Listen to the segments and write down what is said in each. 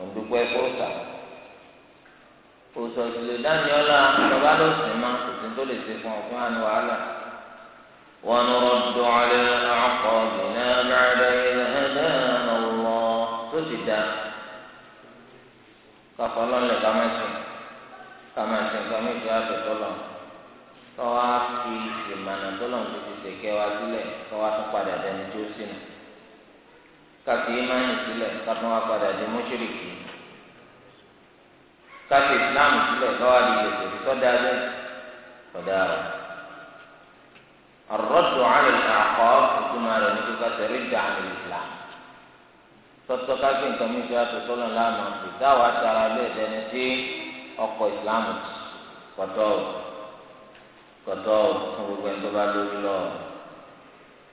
òǹdúpọ̀ ẹ̀kọ́sà òsò òsìlè dání ọlá bàbá ló sì má òsì tó lè ṣe fún ọ̀fun àánú wàhálà wọn rọdọ alẹ àkọ bìnnà bàdà ilẹ ẹdẹ tó ti dá kọfọ lọlẹ kàmẹsìn kàmẹsìn kàmẹsìn àtọtọ lọ tọwọ fi ìmọ̀nà tó lọ́n tó ti ṣèkẹ́ wá sílẹ̀ tó padà dẹni tó sínú. káfí imáyé sílẹ̀ káfí wọn padà di mọ́ṣíríkì káfí islam sílẹ̀ lọ́wọ́ di gbèsè sọ́dá bẹ́ẹ̀ sọ́dá rẹ̀ arọ́dù alẹ́ àkọ́ ìtumọ̀ rẹ̀ ní kíkọ́ sẹ́rí dà ní islam tọ́tọ́ káfí nǹkan mi sọ́dá tó sọ́nà lánà kò dáwàá tara bẹ́ẹ̀ dẹni sí ọkọ̀ islam pọ̀tọ́ pọ̀tọ́ gbogbo ẹni tó bá lórí lọ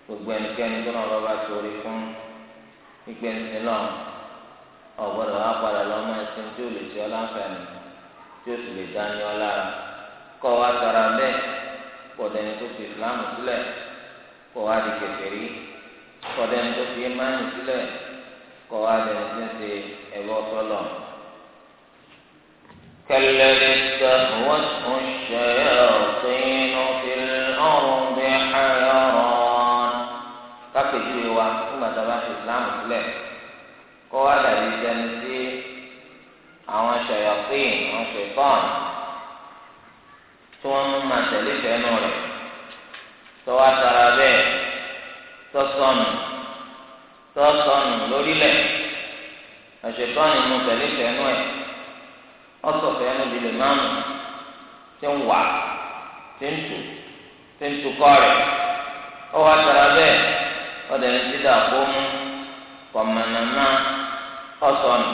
gbogbo ẹnikẹ́ni tó náà lọ́ bá sórí fún ìgbẹ́ ńsìn náà ọ̀gbọ́dọ̀ wá padà lọ́mọ ẹ̀sìn tí ó lè ṣe ọláǹfààní tí ó sì lè dání ọlára kọ́ wa tara bẹ́ẹ̀ pọ̀dẹ́ni tó fi ìsìláàmù sílẹ̀ kọ́ wa di kèfèrí pọ̀dẹ́ni tó fi ìmáàmù sílẹ̀ kọ́ wa dẹni tí ń ṣe ẹ̀rọ sọ́lọ̀. كالذي استهوته الشياطين في الأرض islam sílẹ̀ kó wá dàbí sẹni sí àwọn ṣayọ̀pín àwọn ṣẹ̀fọ́n tí wọ́n mú máa tẹ̀lé fẹ́nu rẹ̀ tọ́wọ́ tara bẹ́ẹ̀ tọ́sọ̀nù tọ́sọ̀nù lórílẹ̀ àṣetọ́ ni mo tẹ̀lé fẹ́nu ẹ̀ ọ̀sọ̀ fẹ́nu di lè máa mú tí ń wà tí ń tù tí ń tukọ̀ rẹ̀ ọwọ́ tara bẹ́ẹ̀ ọ̀dẹ̀ ní dídà kó mú kọ̀mọ̀nà náà ọ̀sọ̀nù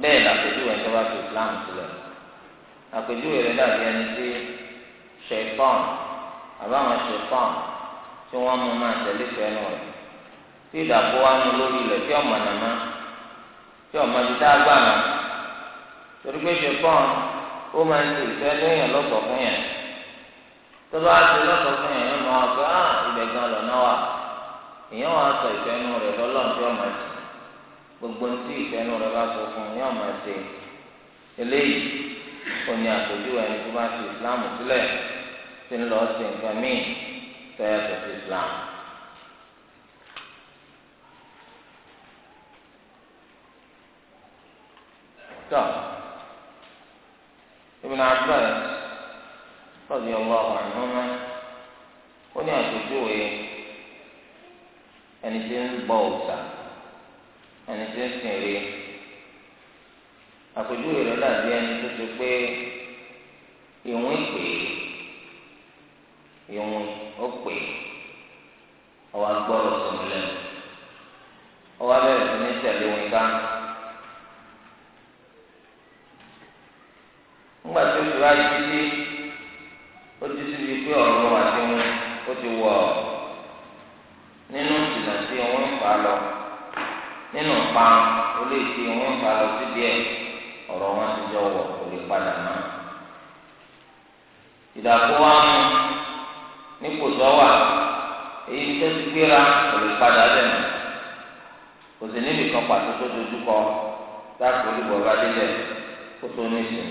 bẹ́ẹ̀ làpèjúwe ẹ̀ṣọ́ bá fi Islam sílẹ̀ àpèjúwe rẹ̀ dàbí ẹni tí ṣẹ̀fọ́n àbáwọn ṣẹ̀fọ́n tí wọ́n mú máa tẹ̀lé fẹ́nu rẹ̀ tí ìdàpọ̀ wa mú lórí ilẹ̀ tí ọ̀mọ̀nà náà tí ọ̀mọ̀dé tá a gbà náà torí pé ṣẹ̀fọ́n ó máa ń lè fẹ́ lẹ́yìn lọ́sọ̀ fún yẹn tó bá ti lọ́sọ̀ fún yẹn yẹn mọ̀ ọ́ ìyẹn wọn sọ ìfẹnu rẹ lọlọmọdé ọmọ ẹsẹ gbogbo ntí ìfẹnu rẹ bá sọ fún ìyẹn ọmọ ẹsẹ eléyìí ó ní àpèjúwe ẹni tó bá ti islam sílẹ̀ tí ń lọ sí nǹkan míì tó yàtọ̀ sí islam. tọ́ Ibn Abbas radiyallahu anhuma ó ní àpèjúwe. ẹni tí ń bọ òòṣà ẹni tí ń sìn rí àpèjúwe rẹ̀ dàbí ẹni tó ṣe pé ìwọ̀n ìpè ìwọ̀n ó pè ọwọ́ agbọ́rọ̀ sọ̀rọ̀ ọwọ́ abẹ́rẹ́ sí ní tẹ̀lé wọn ká. ńgbà tó ti wáyé títí ó ti ti tí wọ́n ń bá lọ nínú pa olè tí lọ sí díẹ̀ ọrọ wọn ti jọ wọ̀ lè padà náà ìdàpọ̀ wa mú nípò sọ́wà èyí tó ti gbéra lè padà lẹ́nu kò sì níbi kan pàtó tó dojú kọ láti olúbọ̀ bá délẹ̀ kó tó ní sùn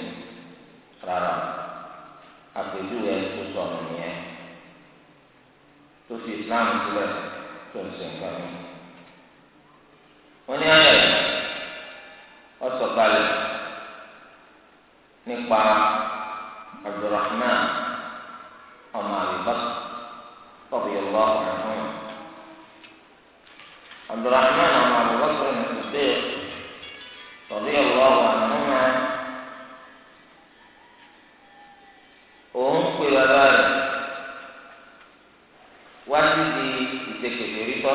tó ń ṣe nǹkan mi. wọ́n ní ayọ̀ ọ̀sọ̀kalẹ̀ nípa Abdulrahman ọmọ àlùbọ́sọ̀ tọ́bi ìlú ọ̀rẹ́ fún mi. Abdulrahman ọmọ àlùbọ́sọ̀ ní kùsẹ́ tọ́bi ìlú ọ̀rẹ́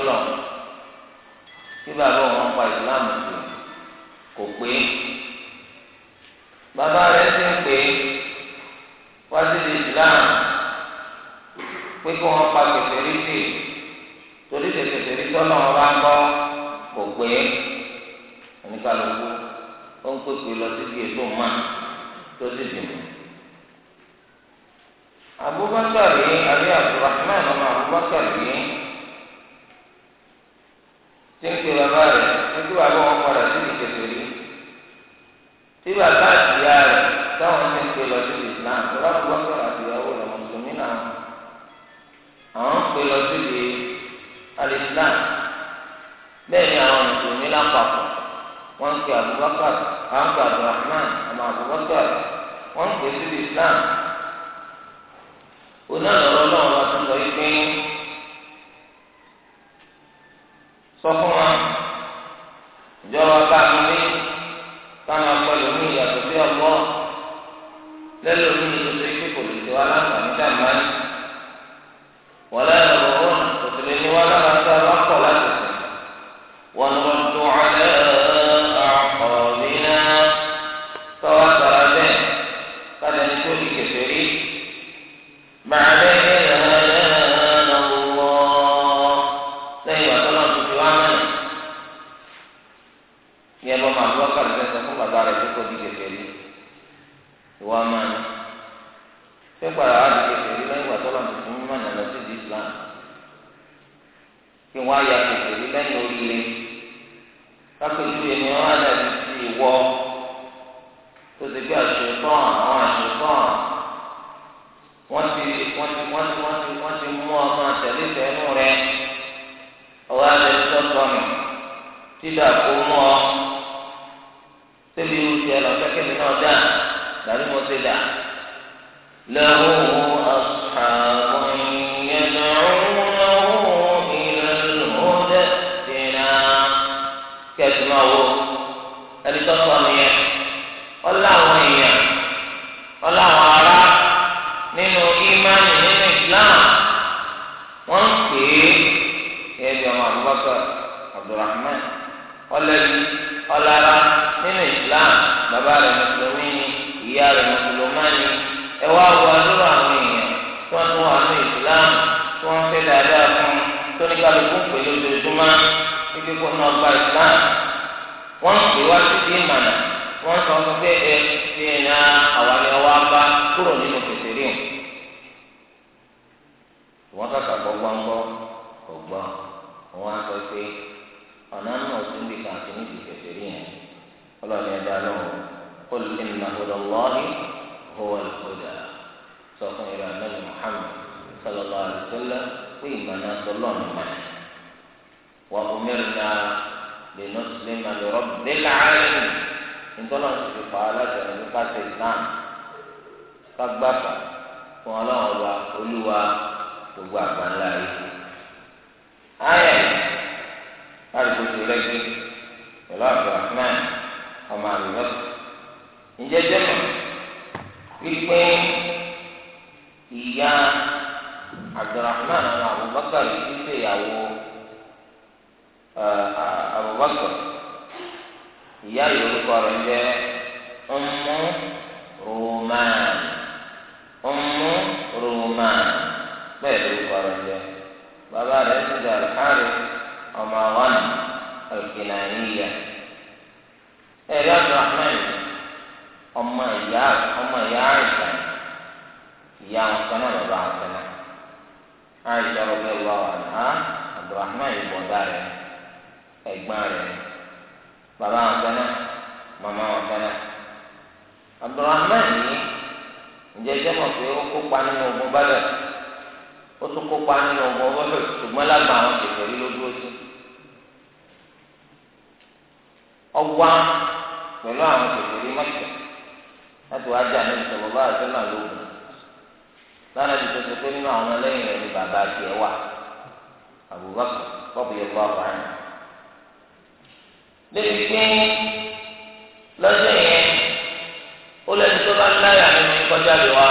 sọlọ kí bàbá òun pa ìsìláàmù sí kò pé bàbá rẹ ti ń pè é wá sí ìsìláàmù pé kí wọn pa kẹfẹrí sí torí kẹfẹrí sọlọ wọn bá ń bọ kò pé oníkàlùkù ó ń pèpè lọ síbi ètò mọ tó sì tí ń pe bàbá rẹ̀ nígbà bàbá wọn padà sí ìkẹsẹ̀ rí tí bàbá àtìyá rẹ̀ táwọn ti ń pe lọ sí Islam tó bá gbọ́ sọ̀rọ̀ àtìyàwó rẹ̀ mùsùlùmí náà àwọn ń pe lọ sí Islam bẹ́ẹ̀ ni àwọn mùsùlùmí lápapọ̀ wọ́n ń pe Abubakar àwọn ń pe Abdulrahman àmọ́ Abubakar wọ́n ń pe sí Islam onáà pé kó náà gba islam wọ́n pè wá sí sí ìmànà wọ́n sọ fún pé ẹ ti ẹ̀yà àwọn ẹ̀ wá bá kúrò nínú kẹsẹ̀ rí òun. wọ́n kàkà gbọ́gbọ́ ń gbọ́ kò sọ pé ọ̀nà náà tún bí kan àti níbi kẹsẹ̀ rí yẹn ọlọ́ọ̀ni ẹ̀dá lọ́wọ́ kó lè nà ọ̀dọ̀ lọ́ọ̀ni hùwà ìkọjà sọ fún ìrànlọ́ọ̀ni muhammed sallallahu alayhi wa sallam pé ìmànà sọlọ́ọ̀ni وأمرنا لنسلم لرب العالمين إن تلون في فعالات المقاس الإسلام فاقبقى فعلا الله أولوا gbogbo àgbáńlá yìí ayẹ alùpùpù tó lẹgbẹ pẹ̀lú abdulrahman ọmọ àlùbọsọ ìjẹjẹ mọ wípé ìyá abdulrahman ọmọ àbúbọsọ yìí ti ṣe ìyàwó. Abubakar ìyá ìlórúkọ rẹ̀ ń jẹ́ Ummu Ruman Ummu Ruman bẹ́ẹ̀ lórúkọ rẹ̀ ń jẹ́ bàbá rẹ̀ ti jẹ́ Al-Harith ọmọ àwọn Al-Kinaniyya ẹ̀rí Abdulrahman ọmọ ìyá ọmọ ìyá àìsàn ìyá wọn bàbá wọn kan náà àìsàn wà wà ní Abdulrahman ìbọ̀dá rẹ̀ ẹ̀gbọ́n rẹ̀ bàbá wọn kan náà màmá wọn kan náà Abdulrahman yìí ǹjẹ́ jẹ́ mọ̀ pé ó kópa nínú ogun bálẹ̀ ó tún kópa nínú ogun bálẹ̀ ṣùgbọ́n lágbà àwọn kẹfẹ́ rí lójú ojú ọwá pẹ̀lú àwọn kẹfẹ́ rí mọ́tò láti wá jà nínú sọ̀rọ̀ bá àti náà lóògùn lánàá ti tẹ̀sán pé nínú àwọn ẹlẹ́yìn rẹ̀ ni bàbá tiẹ̀ wà Abubakar bọ́ọ̀bù yẹn bọ́ àbáyé. débi pé lọ́jọ́ yẹn ó lẹ́nu tó bá láyà nínú kọjá lè wá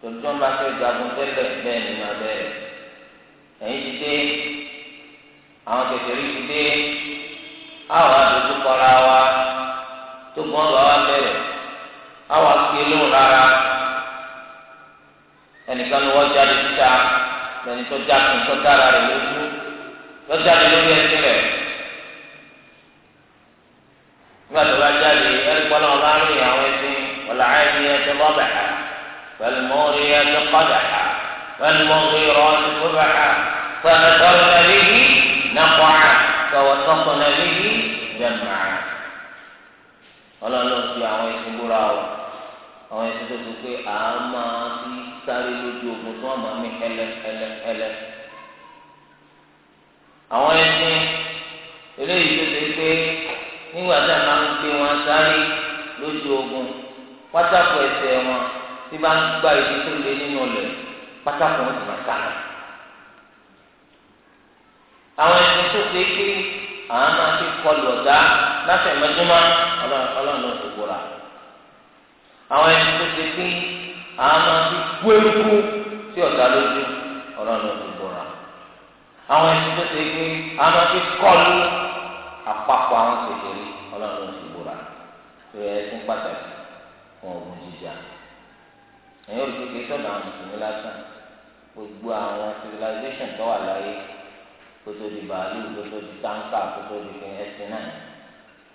tòótọ́ bá fẹ́ jagun tẹ́lẹ̀ bẹ́ẹ̀ ni màá bẹ́ẹ̀ ti dé àwọn ti dé àwọn wa tó gbọ́n bá wa bẹ̀rẹ̀ àwọn akéwì rárá ẹnìkan ni wọ́n jáde síta lẹ́ni tó jákun tó dára rẹ̀ lójú lọ́jà lórí ẹsẹ̀ rẹ̀. gbàdúrà bá jáde ẹnìkan ọba rìn àwọn ẹsìn ọ̀làáyé ẹsẹ̀ lọ́bẹ̀ ha pẹ̀lúmọ́rí ẹsẹ̀ kọ́dà ha pẹ̀lúmọ́rí ọ̀rọ̀ ṣùgbọ́n ha pẹ̀lúmọ́rí nàbíyí nàkọ́ ha pẹ̀wọ́sọ́kọ̀ nàbíyí jẹ̀mà ha. ọlọ́run àwọn ẹsìn o àwọn ẹsìn tó pé à máa fi sáré lójú ogun tó wà máa mi ẹlẹ ẹlẹ ẹlẹ. àwọn ẹsìn eléyìí tó ti pé. nígbà tí a máa ń gbé wọn sáré lójú ogun pátákó ẹsẹ̀ wọn tí bá ń gba ibi tó lé nínú ọlẹ̀ pátákó wọn ti máa sáà. àwọn ẹni tó ṣe é pé àwọn máa fi kọlù ọ̀dá láfẹ̀mẹ́júmọ́ ọlọ́run ló ti gbòòrà. àwọn ẹni tó ṣe pé àwọn máa fi kú eruku sí ọ̀dá lójú ọlọ́run ló ti àwọn ẹni tó ṣe pé àpapọ̀ àwọn kékeré ọlọ́run ti búra tó yẹ ẹsìn pàtàkì fún ogun jíjà ẹ̀yin olùkókè sọ̀dọ̀ àwọn mùsùlùmí lásán gbogbo àwọn civilization tó wà láyé kótó di bàálù kótó di táǹkà kótó di ẹsìn náà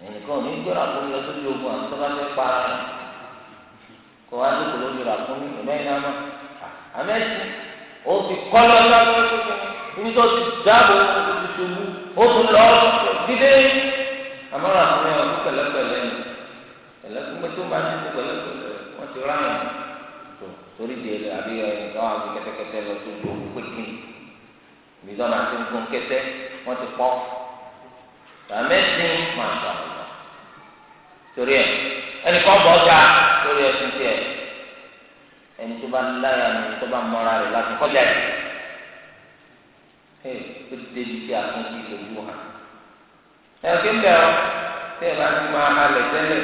ẹnìkan ò ní gbéra fún mi lọ́sọ́dí ogun àti tọ́ba pa ara kó wá dúkù lójú rà fún mi ìmẹ́yìn náà ó fi kọ́ lọ́wọ́ lọ́wọ́ ibi tó ti dáàbò ó ti ṣubú ó tún lọ́ọ́ dídé àmọ́ra àti ẹ̀rọ pẹ̀lẹ́pẹ̀lẹ́ ni ẹ̀lẹ́kùnrin tó máa ń ṣe pẹ̀lẹ́pẹ̀lẹ́ wọ́n ti ráyìn tó torí di ẹ̀lẹ́ àbí ẹ̀rọ àwọn kẹ́tẹ́kẹ́tẹ́ lọ tó gbó pékin ìbílẹ̀ máa ti ń gun kẹ́tẹ́ wọ́n ti pọ́ tàmẹ́sìn máa ṣà torí ẹ̀ ẹnìkan bọ̀ ọ́ ta torí ẹ̀ tuntun ẹ̀ ẹni tó bá láyà ni tó bá mọ́ra rẹ̀ láti kọ́jà ẹ̀ ẹ̀ tó débi tí a tún ti lójú hàn. ẹ̀kí ń bẹ̀ ọ́ tí ẹ̀ bá ti máa halẹ̀ tẹ́lẹ̀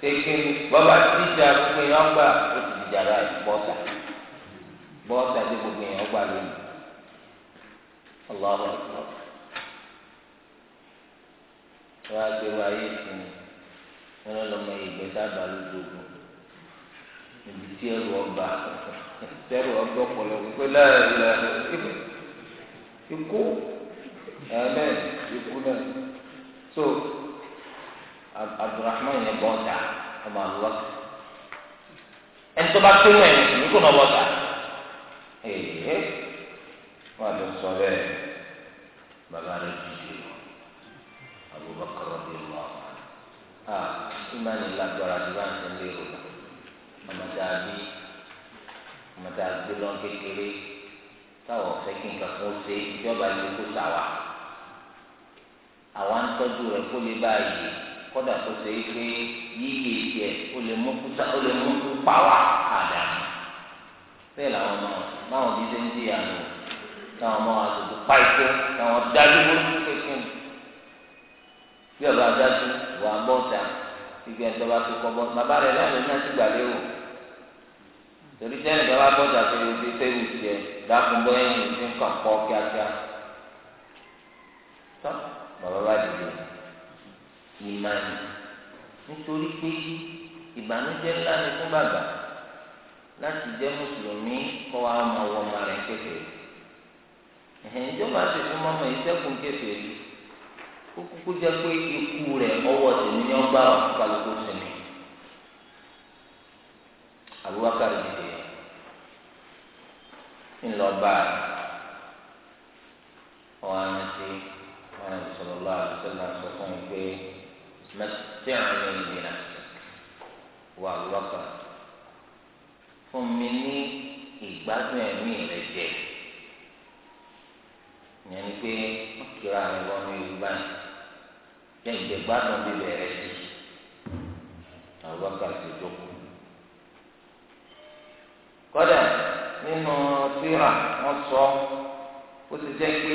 kékeré bọ́ba ti dìjà gbogbo èèyàn gbà ó ti dìjà báyìí bọ́ọ̀tà bọ́ọ̀tà tí gbogbo èèyàn gbà lónìí ọlọ́run ọ̀tọ̀ wọ́n á gbé wa yé fún mi wọ́n lọ́ ìgbẹ́ sábà lójoojú ibi tí ẹrù ọba tẹrù ọba ọpọlọ pípé láàrin ìlànà ẹ̀mẹ́ náà. so abdulrahman yẹn bọ́ ọ̀tá ọmọ àlùwà ẹni tó bá tó mọ̀ ẹ̀ ní kò náà bọ́ ọ̀tá ee wọn àti sọ bẹ́ẹ̀ bàbá rẹ̀ dìde Abubakar rọ̀bì lọ a ah, ìmánì lágbára ti bá ń sẹ́ lé o ọmọdé àbí ọmọdé àgbélọ́n kékeré táwọn ọ̀fẹ́ kí nǹkan kan ṣe ìjọba ìlú kó sàwà àwa ń tọ́jú rẹ̀ kó lè bá yìí kódà tó ṣe é pé yíyí ìjẹ ó lè mú kúta ó lè mú kú pa àdàmú bẹ́ẹ̀ làwọn ọmọ báwọn bí ṣe ń di àná táwọn ọmọ àtòkù pa ìkó táwọn dájú ló ń kékeré bí ọba dájú wà bọ́ta ìgbẹ́ ẹ̀dọ́ bá tó kọ́ bọ́ bàbá rẹ̀ lẹ́nu ní àti gbàlẹ́ o torí sẹ́ni tó bá bọ́ta tó lè fi ṣé ìjẹ dákun bọ́ ẹ̀yìn ìdí nǹkan kíákíá. bàbá bá dìde ìmánì nítorí pé ìbànújẹ́ ńlá ni fún bàbá láti jẹ́ mùsùlùmí kọ́ wa ọmọ rẹ̀ kékeré ẹ̀hìn ìjọba ti fún mọ́mọ́ ìṣẹ́kùn kékeré ó kúkú jẹ́ pé ikú rẹ̀ ọwọ́ tèmi ni ọgbà kálukú dìde ńlọba ọ̀hánà wọn àti sọlọ lọ àti sọlọ sọ fún un pé mẹsítẹ́rìn ní ìdènà wà lọ́kà fún mi ní ìgbádùn ẹ̀mí rẹ̀ jẹ ìyẹn ni pé wọ́n kíra rẹ̀ lọ́nu ìlú báyìí jẹ́ ìjẹ̀gbádùn bíbẹ̀ rẹ̀ sí àlọ́kà ti dókòó kọ́dà nínú síra wọ́n sọ ó ti jẹ́ pé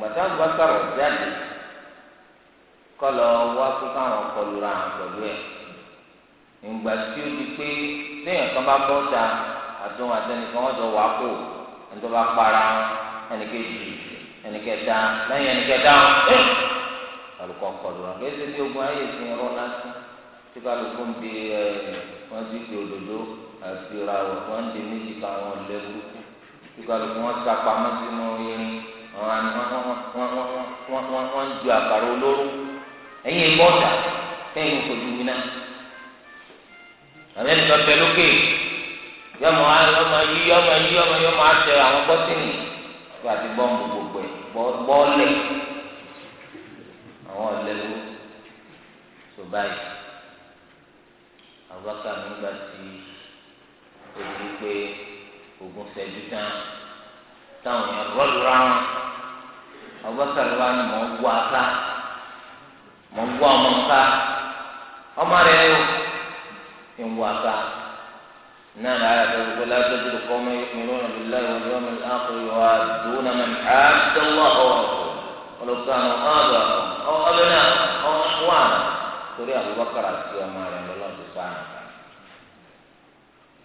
gbàtà ń bá sọ̀rọ̀ jáde kọlọ wá pé káwọn kọlura hàn pẹ̀lú ẹ̀ ìgbà tí ó di pé lẹ́yìn kan bá bọ́ ta àtúnwò àtẹnìkan wọ́n jọ wà kó ẹni tó bá para ẹnìkejì ẹnìkẹta lẹ́yìn ẹnìkẹta kálukọ kọlura kí ẹsẹ̀ tí ogun ayé ti ń rọ lásán tí kálukọ ń di ẹ wọ́n ti di òdòdó àti ìràwọ̀ wọ́n ń di méjì káwọn lẹ́kú tí kálukọ wọ́n sá pamọ́ sínú irin wọ́n ń ju àkàrà olóró ẹ̀yin ń bọ́dà kẹ́yìn kò ju iná àbẹ́ni tó tẹ lókè yọmọ yọmọ yí yọmọ yí yọmọ yọmọ àtẹ àwọn bọ́tìnì tó àti bọ́ọ̀mù gbogbo ẹ̀ bọ́ọ̀lẹ̀ àwọn ọ̀lẹ́wọ́ tó báyìí Abubakar nígbà tí o ti pé ogun ṣẹ́jú tán táwọn èèyàn rọ́ọ̀lù ra wọn abubakar wa ni mò ń wá ká mò ń wá ọmọ ká ọmọ rẹ yóò ń wá ká náà ní ayé àtàwọn ìgbàlá tó ti kọ́ ọmọ yìí mi lónà bí láyé wọn lọ́mọ àpò ìwà dùnà mọ̀ àdánwò ọ̀rọ̀ olùkànnì ọ̀gá ọ̀bẹ̀nà ọ̀wà torí abubakar àti ọmọ rẹ lọ́lọ́dún sáà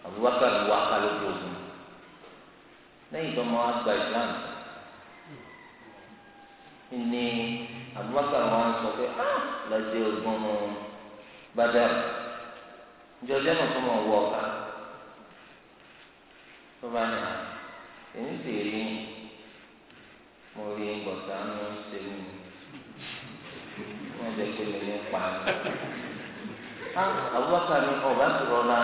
abubakar wá ká lójú ogun lẹ́yìn tó máa gba islam ní abubakar wọn sọ pé ah, lọ́jọ́ ogun badar jọjọ́ náà tó máa wọ ọ̀gá tó bá ní èmi sì rí mo rí gbọ̀ngàn ní ṣe mí wọ́n jẹ́ pé mi ní pa ah, abubakar ní ọ̀gá tó rọra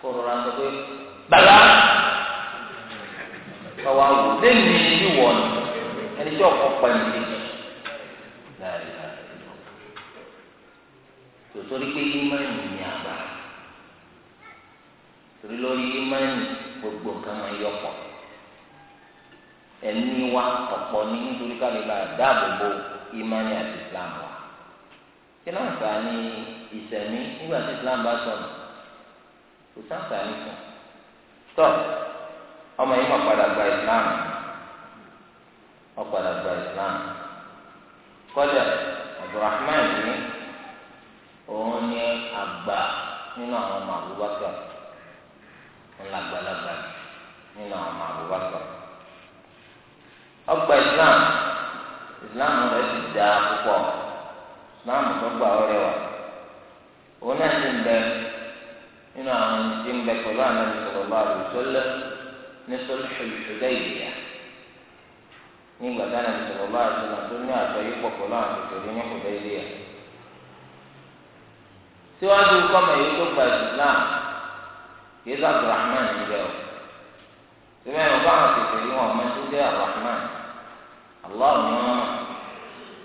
kó rọra sọ pé bàbá kọ́wá wù lẹ́nu ní wọ̀ ni ẹni tí ọkọ̀ pa ní ti láàrin láàrin lọ. tòtòrí pé ímánì ní àbá torí lórí ímánì gbogbo nǹkan máa yọ pọ̀ ẹni wa ọ̀pọ̀ ní nítorí káàlì dáàbò bo ímánì àti Islam wa kí náà fà ní ìsẹ̀mí nígbà tí Islam bá sọ̀rọ̀ kò sáǹfà ní sùn. tọ́ọ̀. ọmọ yìí máa padà gba islam máa padà gba islam kọjá abdulrahman ní òun ní àgbà nínú àwọn ọmọ abubakar ńlá àgbàlagbà nínú àwọn ọmọ abubakar ọgbà islam islam rẹ ti dá islam tó gbà ọ̀rẹ́ wa òun náà ti ń bẹ nínú àwọn ti ń bẹ nítorí ṣòlùṣòdà ìlẹyà nígbà dáná ìṣòro bá àtúnà tó ní àtọyé pọ̀ pẹ̀lú àwọn ìṣòro ní ṣòdà ìlẹyà síwájú kọ́mọ èyí tó gba islam kì í sọ abdulrahman níbẹ̀ o síbẹ̀ ní ọba àwọn kẹfẹ́ yìí wọn ọmọ tó jẹ́ abdulrahman allah ni wọn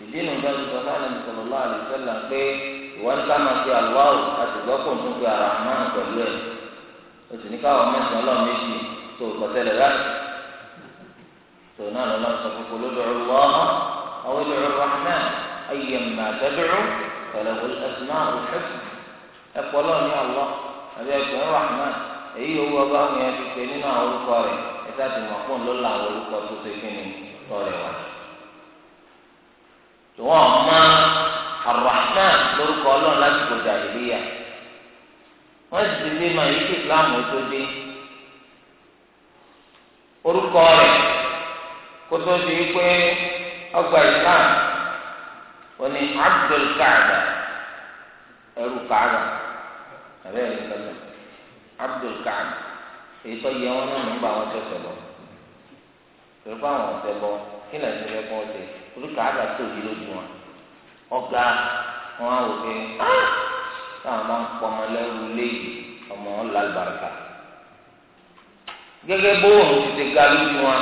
ìdí nu bẹ́ẹ̀ sọ sáyẹn ní sọlọ́lá àdìsẹ́lá pé ìwọ ń sá máa fi allah àti gbọ́kùn tó gba arahman pẹ̀lú ẹ̀ o sì ní káwọn mẹ́sàn-án lọ́ọ̀ méjì tó kọ̀tẹ́lẹ̀ rẹ̀ tó náà lọ́la sọ fúnfún lójú ọ̀rọ̀ ọ̀hún àwọn ìlú ọ̀rọ̀ ọ̀hún ayé mà tẹ́bìrú pẹ̀lú ẹ̀sìnà òṣèlú ẹ̀pọ̀ lọ́ọ̀ni àlọ́ àbí ẹ̀pọ̀ ọ̀hún èyí owó ọba àwọn yẹn ti pè nínú àwọn orúkọ rẹ̀ ẹ̀ta ti mọ̀ fún lọ́la àwọn orúkọ tó ṣe kí ni tọ́lẹ̀ wá. tòun ọ̀ma arahman lórúkọ ọlọ́run láti gbọdọ̀ àdìyà wọ́n sì ti orúkọ rẹ̀ kó tó di pé ọgbà islam wọn ni abdul kaaba ẹrú kaaba ẹrú ẹrú kaaba abdul kaaba èyí tó yẹ wọn náà nígbà wọn tẹsẹ̀ lọ pẹ̀lú báwọn ọ̀tẹ̀ lọ kí lẹ́yìn tó yẹ kó ọ̀tẹ̀ orí kaaba tó yí lójú wọn ọ̀gá wọn á wò pé ah! táwọn máa ń pọmọ lẹ́rú léyìí ọmọ wọn lálùbáríkà gẹ́gẹ́ bó òun ti ṣe ga lójú wọn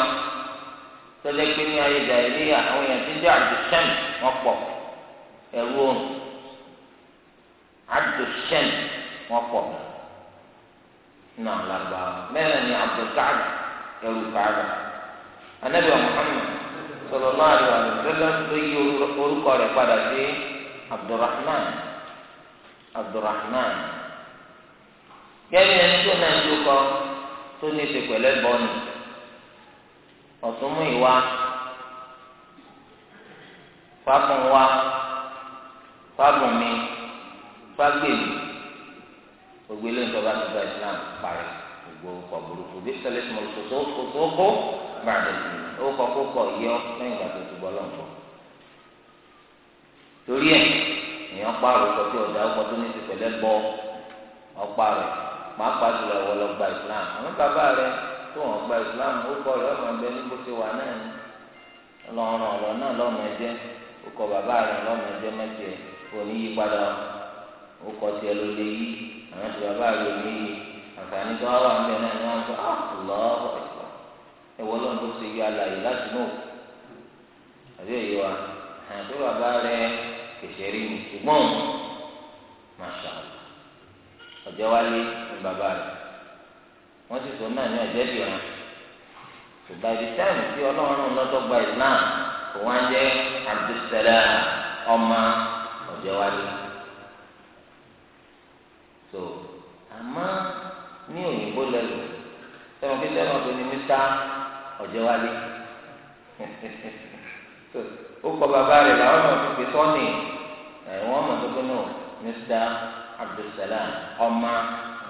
tọ́jà pé ní ayé dàìríyà àwọn èèyàn ti ń jẹ́ àdùsẹ́m wọn pọ̀ ẹ̀rú òun àdùsẹ́m wọn pọ̀ náà làgbà mẹ́rin ni àdùsẹ́m ẹ̀rú kàdà anabi Muhammad sallallahu alaihi wasallam ló yí orúkọ rẹ̀ padà sí Abdurrahman Abdurrahman yẹ́nì ẹni tó náà ń dúkọ́ tó ní ṣe pẹ̀lú ẹ̀bọ ni ọ̀tún mú ìwà fábùn wa fábùn mi fágbèmí gbogbo ilé ìjọba ti gba Islam parí gbogbo ọkọ̀ burúkú bí sẹ́lẹ̀ tí mo lò tó tó kó bàdé ó kọ́ kó kọ́ yọ lẹ́yìn ìgbà tó ti bọ́ lọ́nfọ̀ torí ẹ̀ èèyàn pààrọ̀ ọkọ̀ tí ọ̀dà ọkọ̀ tó ní ti pẹ̀lẹ́ bọ́ ọ̀pá rẹ̀. ma jùlọ ìwọ lọ gba islam àwọn bàbá rẹ tó wọn gba islam ó kọ rẹ ọmọ ẹgbẹ níbo ti wà náà ni lọrùn náà lọmọ ẹjẹ ó kọ bàbá rẹ lọmọ ẹjẹ mẹjẹ òní yí padà ó kọ ló lé yí àwọn ti bàbá rẹ yí ah, tó wà bàbá rẹ̀ wọ́n sì sọ náà ní ọ̀jẹ́ bí wọn ṣùgbọ́n ibi táìmù tí ọlọ́run lọ́tọ́ islam kò wá ń abdulsalam ọmọ so àmọ́ ní òyìnbó mr ó kọ bàbá làwọn náà fi ẹ̀wọ̀n tó abdulsalam ọmọ.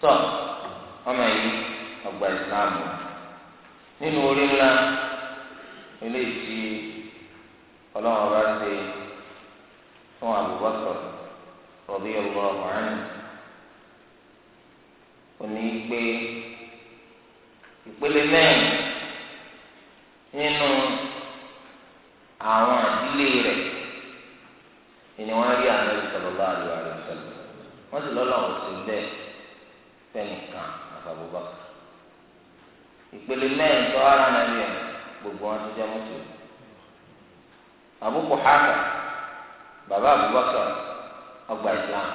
tọ ọmọ yìí ọgbà ìsìlámù nínú orí ńlá eléyìí tí ọlọ́run bá ṣe fún Abubakar radiyallahu anhu òní pé ìpele mẹ́rin nínú àwọn àdílé rẹ̀ ni wọ́n rí àná ìsọ̀rọ̀ bá a lò àrẹ. wọ́n sì lọ́lọ́ ò sí fẹ́nìkan àfàbùbá ìpele mẹ́rin tó ara gbogbo wọn ti jẹ́ mùsùlùmí àbúkù hàkà bàbá Abubakar ọgbà Islam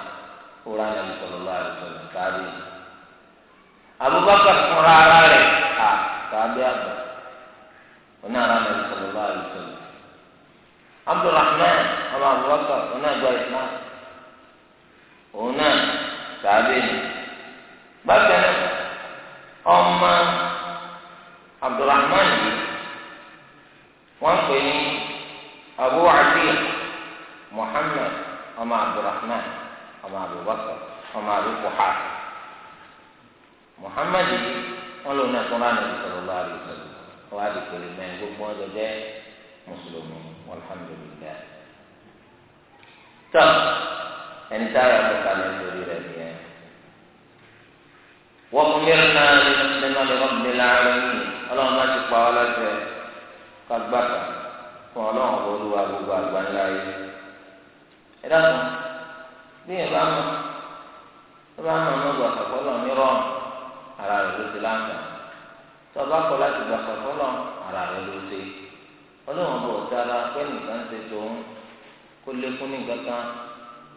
ó rà nàbí sọlọ́lá àdìsọ̀lù káàdì fúnra ara rẹ̀ à káàdì àgbà oní ara nàbí Abdulrahman ọmọ oní àgbà òun náà sàábé ni bákan náà ọmọ abdulrahman yìí wọn pè ní abu adiya Muhammad ọmọ abdulrahman ọmọ abubakar ọmọ abubuhar muhammed wọn lòun náà tún ránà sallallahu alaihi wasallam wọn á di pèlè mẹ́rin gbogbo wọn jọ mùsùlùmí walhamdulillah ẹni tá a yà kọta lẹ nítorí rẹ nìyẹn. wọ́n mú mi rìn náà ní mẹ́mọ́ mi wọ́n mi láàrin yìí ọlọ́run má ti pa ọ́ lọ́sẹ̀ ká gbàgbà fún ọlọ́run olúwa gbogbo àgbà ńlá yìí. ẹ dákun bí ẹ bá mọ̀ ẹ bá mọ̀ ọmọ gbàgbà fọlọ́ ní ara rẹ̀ ló ti láǹkà tọ́ba kọ́ láti gbàgbà fọlọ́ ara rẹ̀ ló ti ọlọ́run bọ̀ dára pé nìkan ti tó ń kó lékún ní kan.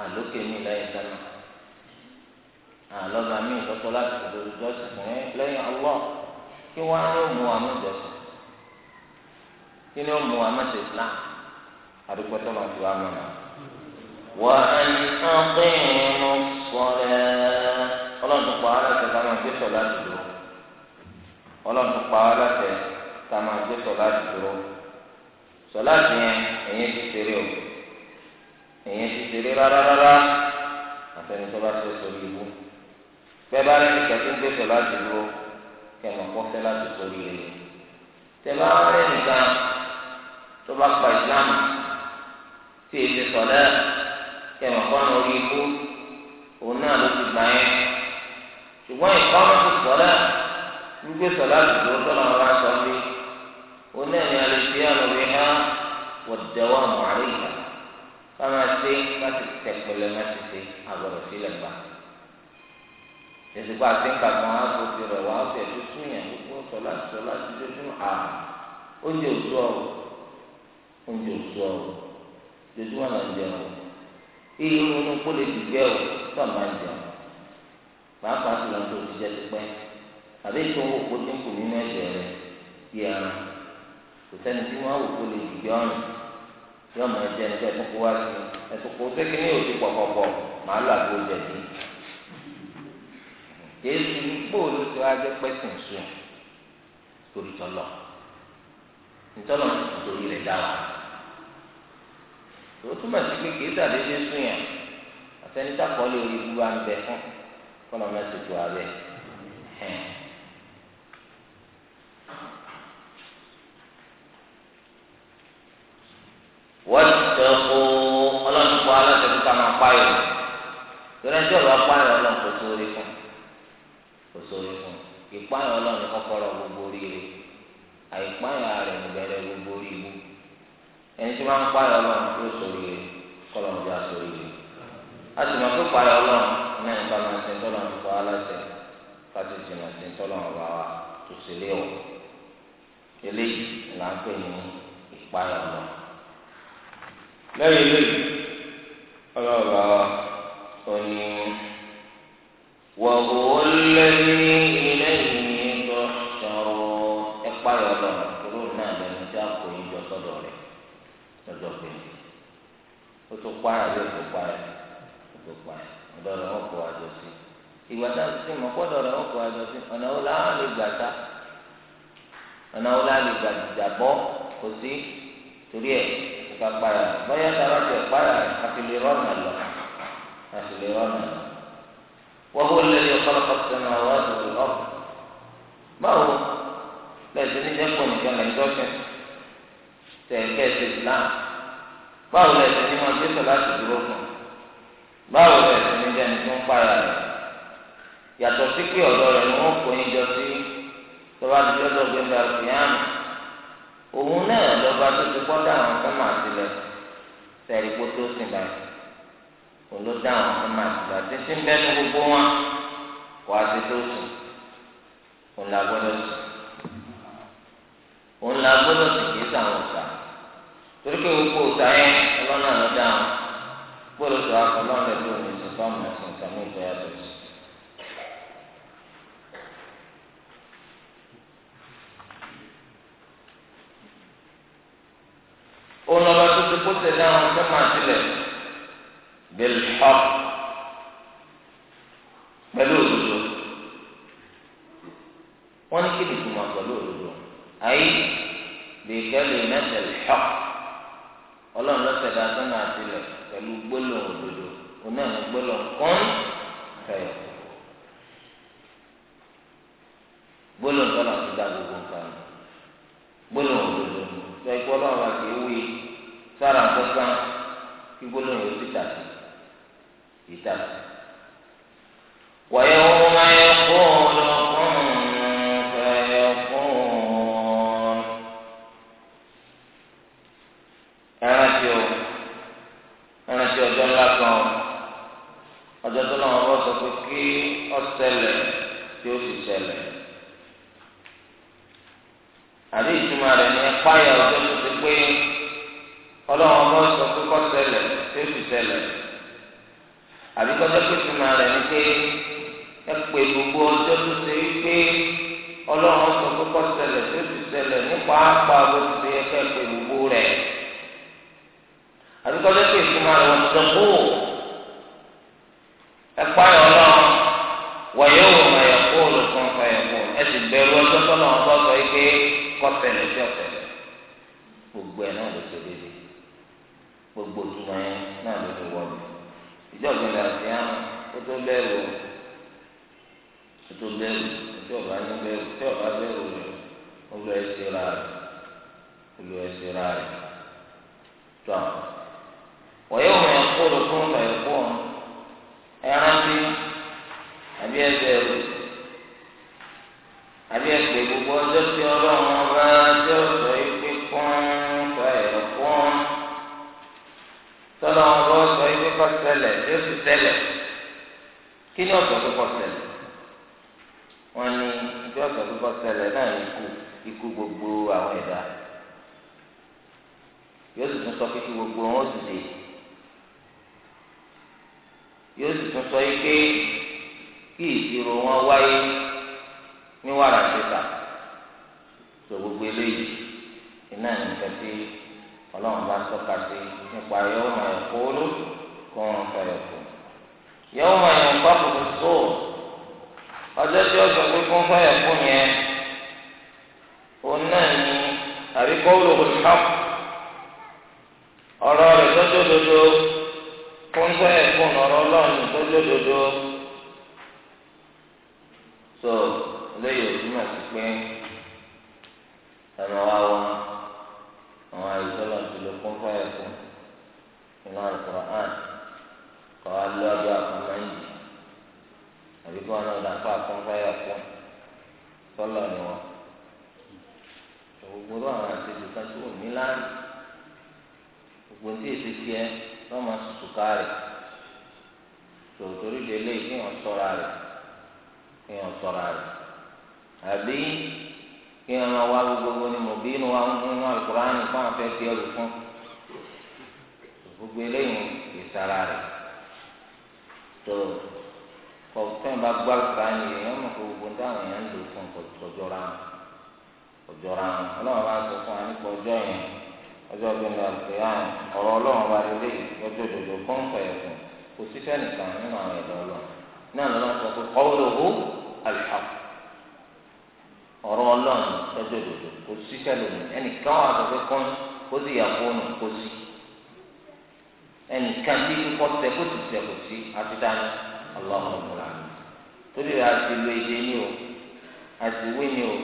àlókè ah, mi lẹ́yìn sẹ́nu àlọ́ba ah, mi lọ́tọ́ láti ṣòdodo jọ́sìn fún ẹ lẹ́yìn ọwọ́ kí wọ́n á yóò mú wa mọ́ jọ́sìn kí ni ó mú wa mọ́ ṣe Islam àdúgbò tó máa fi wá mọ́ náà. wà á ní ọ̀pẹ́yìn sọ̀rẹ́ ọlọ́dún pa ara ṣe ká máa gbé láti dúró ọlọ́dún pa ara ṣe ká máa gbé láti dúró sọ̀ láti yẹn ẹ̀yìn ti ṣeré o. èyí ti ṣeré rárá rárá àtẹni tó bá ṣe sórí ibú bẹ́ẹ̀ bá rẹ́ni kẹ́tí ń gbèsè láti dúró kẹ́mọ̀ kọ́ fẹ́ láti sórí ilé tẹ́ bá rẹ́ni kan tó bá pa ìsìlámù tí èsì sọ̀lẹ́ kẹ́mọ̀ kọ́ orí ibú òun náà ló ti gbà yẹn ṣùgbọ́n ìkọ́nà ti sọ̀lẹ́ gbígbèsè láti dúró tó lọ́wọ́ bá sọ bí òun náà ni alẹ́ fi hàn lórí hàn wọ́n dẹ̀wọ́ àmọ́ àríyá káma ṣe láti tẹpẹlẹ láti ṣe àgbọ̀rọ̀ sílẹ̀ gbà. ìsìnkú àti nǹkan kan á kó ti rẹ̀ wá ó fẹ̀ tó sún yẹn gbogbo sọ láti sọ láti tó sún àrùn oúnjẹ òṣù ọ̀rọ̀ oúnjẹ òṣù ọ̀rọ̀ lójúmọ́ náà ń jẹun iye oorun kó lè dìgbẹ́ ò tó máa ń jẹun pàápàá sì lọ́n tó ti jẹ́ ti pẹ́ àbí ètò owó kó dínkù nínú ẹ̀jẹ̀ rẹ̀ yẹ ẹran kò sẹ́ni tí wọ́n á wò kó lè dìgbẹ́ yóò máa jẹ ẹni tó ẹtún kó wá sí ẹtún kó sékè ní màá là kó jẹ bí. Jésù nígbò ló ti wá sùn torí tọ́lọ̀ nítọ́lọ̀ nítorí rẹ̀ dá wa. Tòótú mà sí pé kìí sàdédé sùn yẹn àtẹnitá kọ́lé orí búwa ń bẹ wọ́tẹ̀kù ọlọ́run kọ́ aláṣẹ máa páyọ̀ lórí ẹjọ́ ìwà ọlọ́run kò fún kò fún ọlọ́run kọ́kọ́rọ́ gbogbo oríire gbogbo oríire ẹni tí wọ́n ń ọlọ́run kọ́lọ̀ ń bí a sì máa tó ọlọ́run náà máa ṣe tọ́lọ̀ ń kọ́ aláṣẹ máa ṣe tọ́lọ̀ lẹ́yìn lẹ́yìn ọlọ́ọ̀bá wa ó ní wọ̀hùn lẹ́yìn ìlẹ́yìn tó sọ̀rọ̀ ẹ̀pá yọ̀dọ̀ kúrò náà lẹ́yìn tí a kò yín jọ sọ́dọ̀ rẹ̀ lọ́jọ́ pé ó tó para bí ó tó para ó tó para ọ̀dọ̀ rẹ̀ wọ́n kó sí ìgbà tá a ti mọ̀ pọ́dọ̀ rẹ̀ wọ́n kó àjọ sí ọ̀nà wo làwọn lè gbà ta ọ̀nà wo làwọn lè gbà dìgbà kò sí torí ẹ̀ ká para bóyá sábà tẹ para àfìlè rọ́nà lọ àfìlè rọ́nà lọ. wọ́n kó lè yọ kọ́lọ́kọ́ sẹ́nu àwọn àdúgbò náà. báwo lẹ́sìn ní jẹ́pọ̀ nìkan lẹ́yìn dọ́kẹ́ tẹ̀kẹ́ ti islam báwo lẹ́sìn ní wọn gbèsè láti dúró fún báwo lẹ́sìn ní jẹ́ni tó ń para rẹ̀ yàtọ̀ sí pé ọ̀dọ́ rẹ̀ ni wọ́n kò ní jọ sí tọ́ba àdúgbò tó gbé ń bá ọ̀sìn yáàmù. òun náà lọ́ba tó ti gbọ́ dáhùn fún tilẹ̀ sẹ́rí kó tó sìn báyìí òun ló dáhùn fún tilẹ̀ àti sí bẹ́ẹ̀ gbogbo wọn kó a ti tó sùn òun là gbọ́dọ̀ sùn òun là gbọ́dọ̀ sùn ọ̀sà torí pé yẹn ọlọ́nà gbọ́dọ̀ sọ àmọ̀ tó tẹ̀lé àwọn tó máa tilẹ̀ bilhaq pẹ̀lú òdodo wọ́n ní kí ni ìtumọ̀ pẹ̀lú òdodo ayé bèkẹ́lì mẹ́tẹ̀lì haq ọlọ́run lọ́sẹ̀ dá sọ́nà àtìlẹ̀ pẹ̀lú gbólóhùn òdodo oní àwọn gbólóhùn kan fẹ̀yọ̀ gbólóhùn tọ́lá ti dá gbogbo nǹkan gbólóhùn òdodo sọ ikú ọlọ́run àti ewé sára àkọ́kọ́ kí gbólóhùn yóò ti tà sí ìta. wàyẹ̀ wọ́n máa yẹ kó lọ́kùnrin fẹ̀yẹ̀ fún ẹrántí o ẹrántí ọjọ́ ńlá kan ọjọ́ tó náà wọ́n sọ pé kí ọ̀sẹ̀lẹ̀ tí ó sì ṣẹlẹ̀ àbí ìtumọ̀ rẹ̀ ní ẹ̀páyà ọjọ́ tó ti pé ọlọ́run bọ́ sọ pé kọ́ ṣẹlẹ̀ tó sì ṣẹlẹ̀ àbí kọ́jọ́ pé tí màá rẹ̀ ní pé ẹ pè gbogbo ọjọ́ tó ṣe wípé ọlọ́run sọ pé kọ́ ṣẹlẹ̀ tó sì ṣẹlẹ̀ nípa àpá bó ti ṣe ẹ̀ka ẹ pè gbogbo rẹ̀ àbí kọ́jọ́ pé tí màá rẹ̀ wọ́n sọ ẹ pààyàn ọlọ́run wọ̀nyẹ́wò màyà kó olùkọ́ fàyà ẹ sì bẹ̀rù ọjọ́ tọ́lọ́run bọ́ sọ wípé kọ́ ṣẹlẹ̀ ó tó bẹ́ẹ̀rù ó tó bẹ́ẹ̀rù tí ọba ní bẹ́ẹ̀rù tí ọba bẹ́ẹ̀rù rẹ̀ olú ẹsẹ̀ ra rẹ̀ olú ẹsẹ̀ ra rẹ̀ tó wọ́n yóò mọ ẹ̀kọ́ ló fún ọ̀nà ẹ̀kọ́ ẹran bí àbí ẹsẹ̀ rẹ̀ àbí ẹsẹ̀ gbogbo ọjọ́ tí ọlọ́run ọba ẹ̀kọ́ tọ́lọ́run ọba kí ni ọ̀sọ̀ púpọ̀ ṣẹlẹ̀ wọ́n ní ibi ọ̀sọ̀ púpọ̀ ṣẹlẹ̀ náà ní ikú ikú gbogbo àwọn ẹ̀dá yóò sì tún sọ pé kí gbogbo wọn sì dé yóò sì tún sọ yìí pé kí ìṣirò wọn wáyé ní wàrà ṣẹta sọ gbogbo eléyìí iná nìkan tí ọlọ́run bá sọ́ka sí nípa ayé ọmọ ẹ̀kọ́ ló kọ́ ọ̀run fẹ́rẹ̀ kù yẹ́wò máa yàn kó àbùkù tó ọjọ́ tí ó sọ pé fún fáyà fún yẹn òun náà ni àbí kọ́wúlò kò sá ọ̀rọ̀ rẹ̀ tọ́jú òdodo fún fáyà fún ọ̀rọ̀ ọlọ́run tọ́jú òdodo tó lẹ́yìn òtún náà ti pé ẹnu wa wá àwọn àìsàn lọ́dún ló fún fáyà fún ìlànà kọ̀ọ̀án. kọ́ wa lọ adó àbí kí wọn náà dà fún àkànfáyà fún sọlọ ni wọn gbogbo àwọn àtẹjù kan tí wọn ní láàyè gbogbo tí èsì tiẹ wọn máa tutù kárẹ tòótórí délé kí kí àbí kí máa wá gbogbo inú wa ń mú alukóra ní fún àwọn afẹ́ ẹrù fún gbogbo eléyìí ìsara rẹ. tó kọ̀ọ̀tàn bá gbọ́ àlùkàní èèyàn mọ̀ pé gbogbo táwọn èèyàn ń lò fún ọ̀jọ̀ra ọ̀jọ̀ra ọlọ́run bá sọ fún wa nípa ọjọ́ yẹn ọjọ́ ọdún ní àlùkìyàn ọ̀rọ̀ ọlọ́run bá lè lọ́jọ́ òdòdó kọ́ńfẹ̀ ẹ̀sùn kò sí fẹ́ nìkan nínú àwọn ẹ̀dọ́ ọlọ́run náà lọ́wọ́ sọ pé qawluhu al-haqq ọ̀rọ̀ ọlọ́run lọ́jọ́ òdòdó kò sí fẹ́ lónìí ẹnìkan wà sọ pé kọ́ń ó sì yà fóònù kó sí ẹnìkan bí kíkọ́ tẹ kó sì tẹ kò sí àti dáná ọlọ́run ọ̀gbọ̀nà torí rẹ̀ àti lu èdè ni o àti wí ni o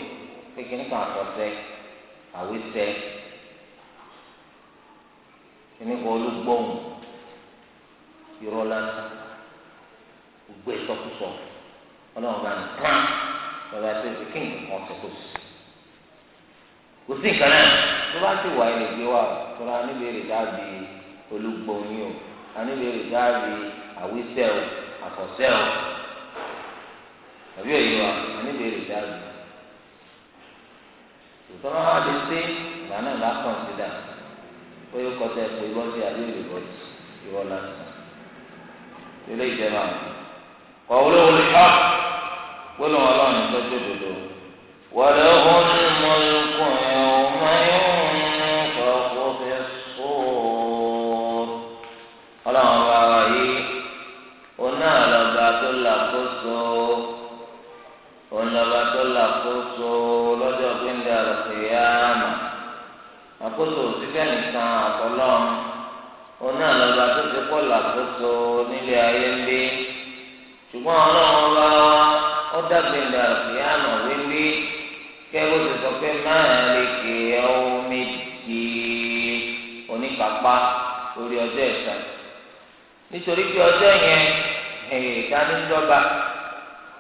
kékeré kan àkọsẹ́ àwísẹ́ kíníkan olúgbóhùn irọ́ lásán gbogbo ìsọkúsọ ọlọ́run bá nìkan lọ́ba tó ti kí nǹkan ọ̀sẹ̀ kò sí. kò sí nǹkan náà tó bá ti wà ẹ̀ lè gbé wa tó ra níbi èrè dábìí. olùgbòòyìn o aníbèrè gáàrí àwísẹ́ o àfọ̀sẹ́ o àbí òye wa na gáàrí ìtọ́nà wa lè ṣe ìlànà ìlà kọ̀ǹsídà ó yẹ kọ́tà ẹ̀kọ́ ìbọn sí abẹ́rẹ́ ìbọn ìwọ lásán ilé ìjẹba kọ̀wé wọlé ká gbólóhùn ọlọ́run tó tó dodo wọlé ó ń mọ ikú àkóso síbẹ̀ nìkan àtọ́lọ́run òun náà lọ́ba tó ti kọ́ làkóso nílé ayé ń bí ṣùgbọ́n ọlọ́run bá wa ó dàgbé ní àfihàn wíwí kẹ́rù ti sọ pé máa lè ké omi di oníkápá lórí ọjọ́ ẹ̀sà nítorí pé ọjọ́ yẹn ìdánidọ́ba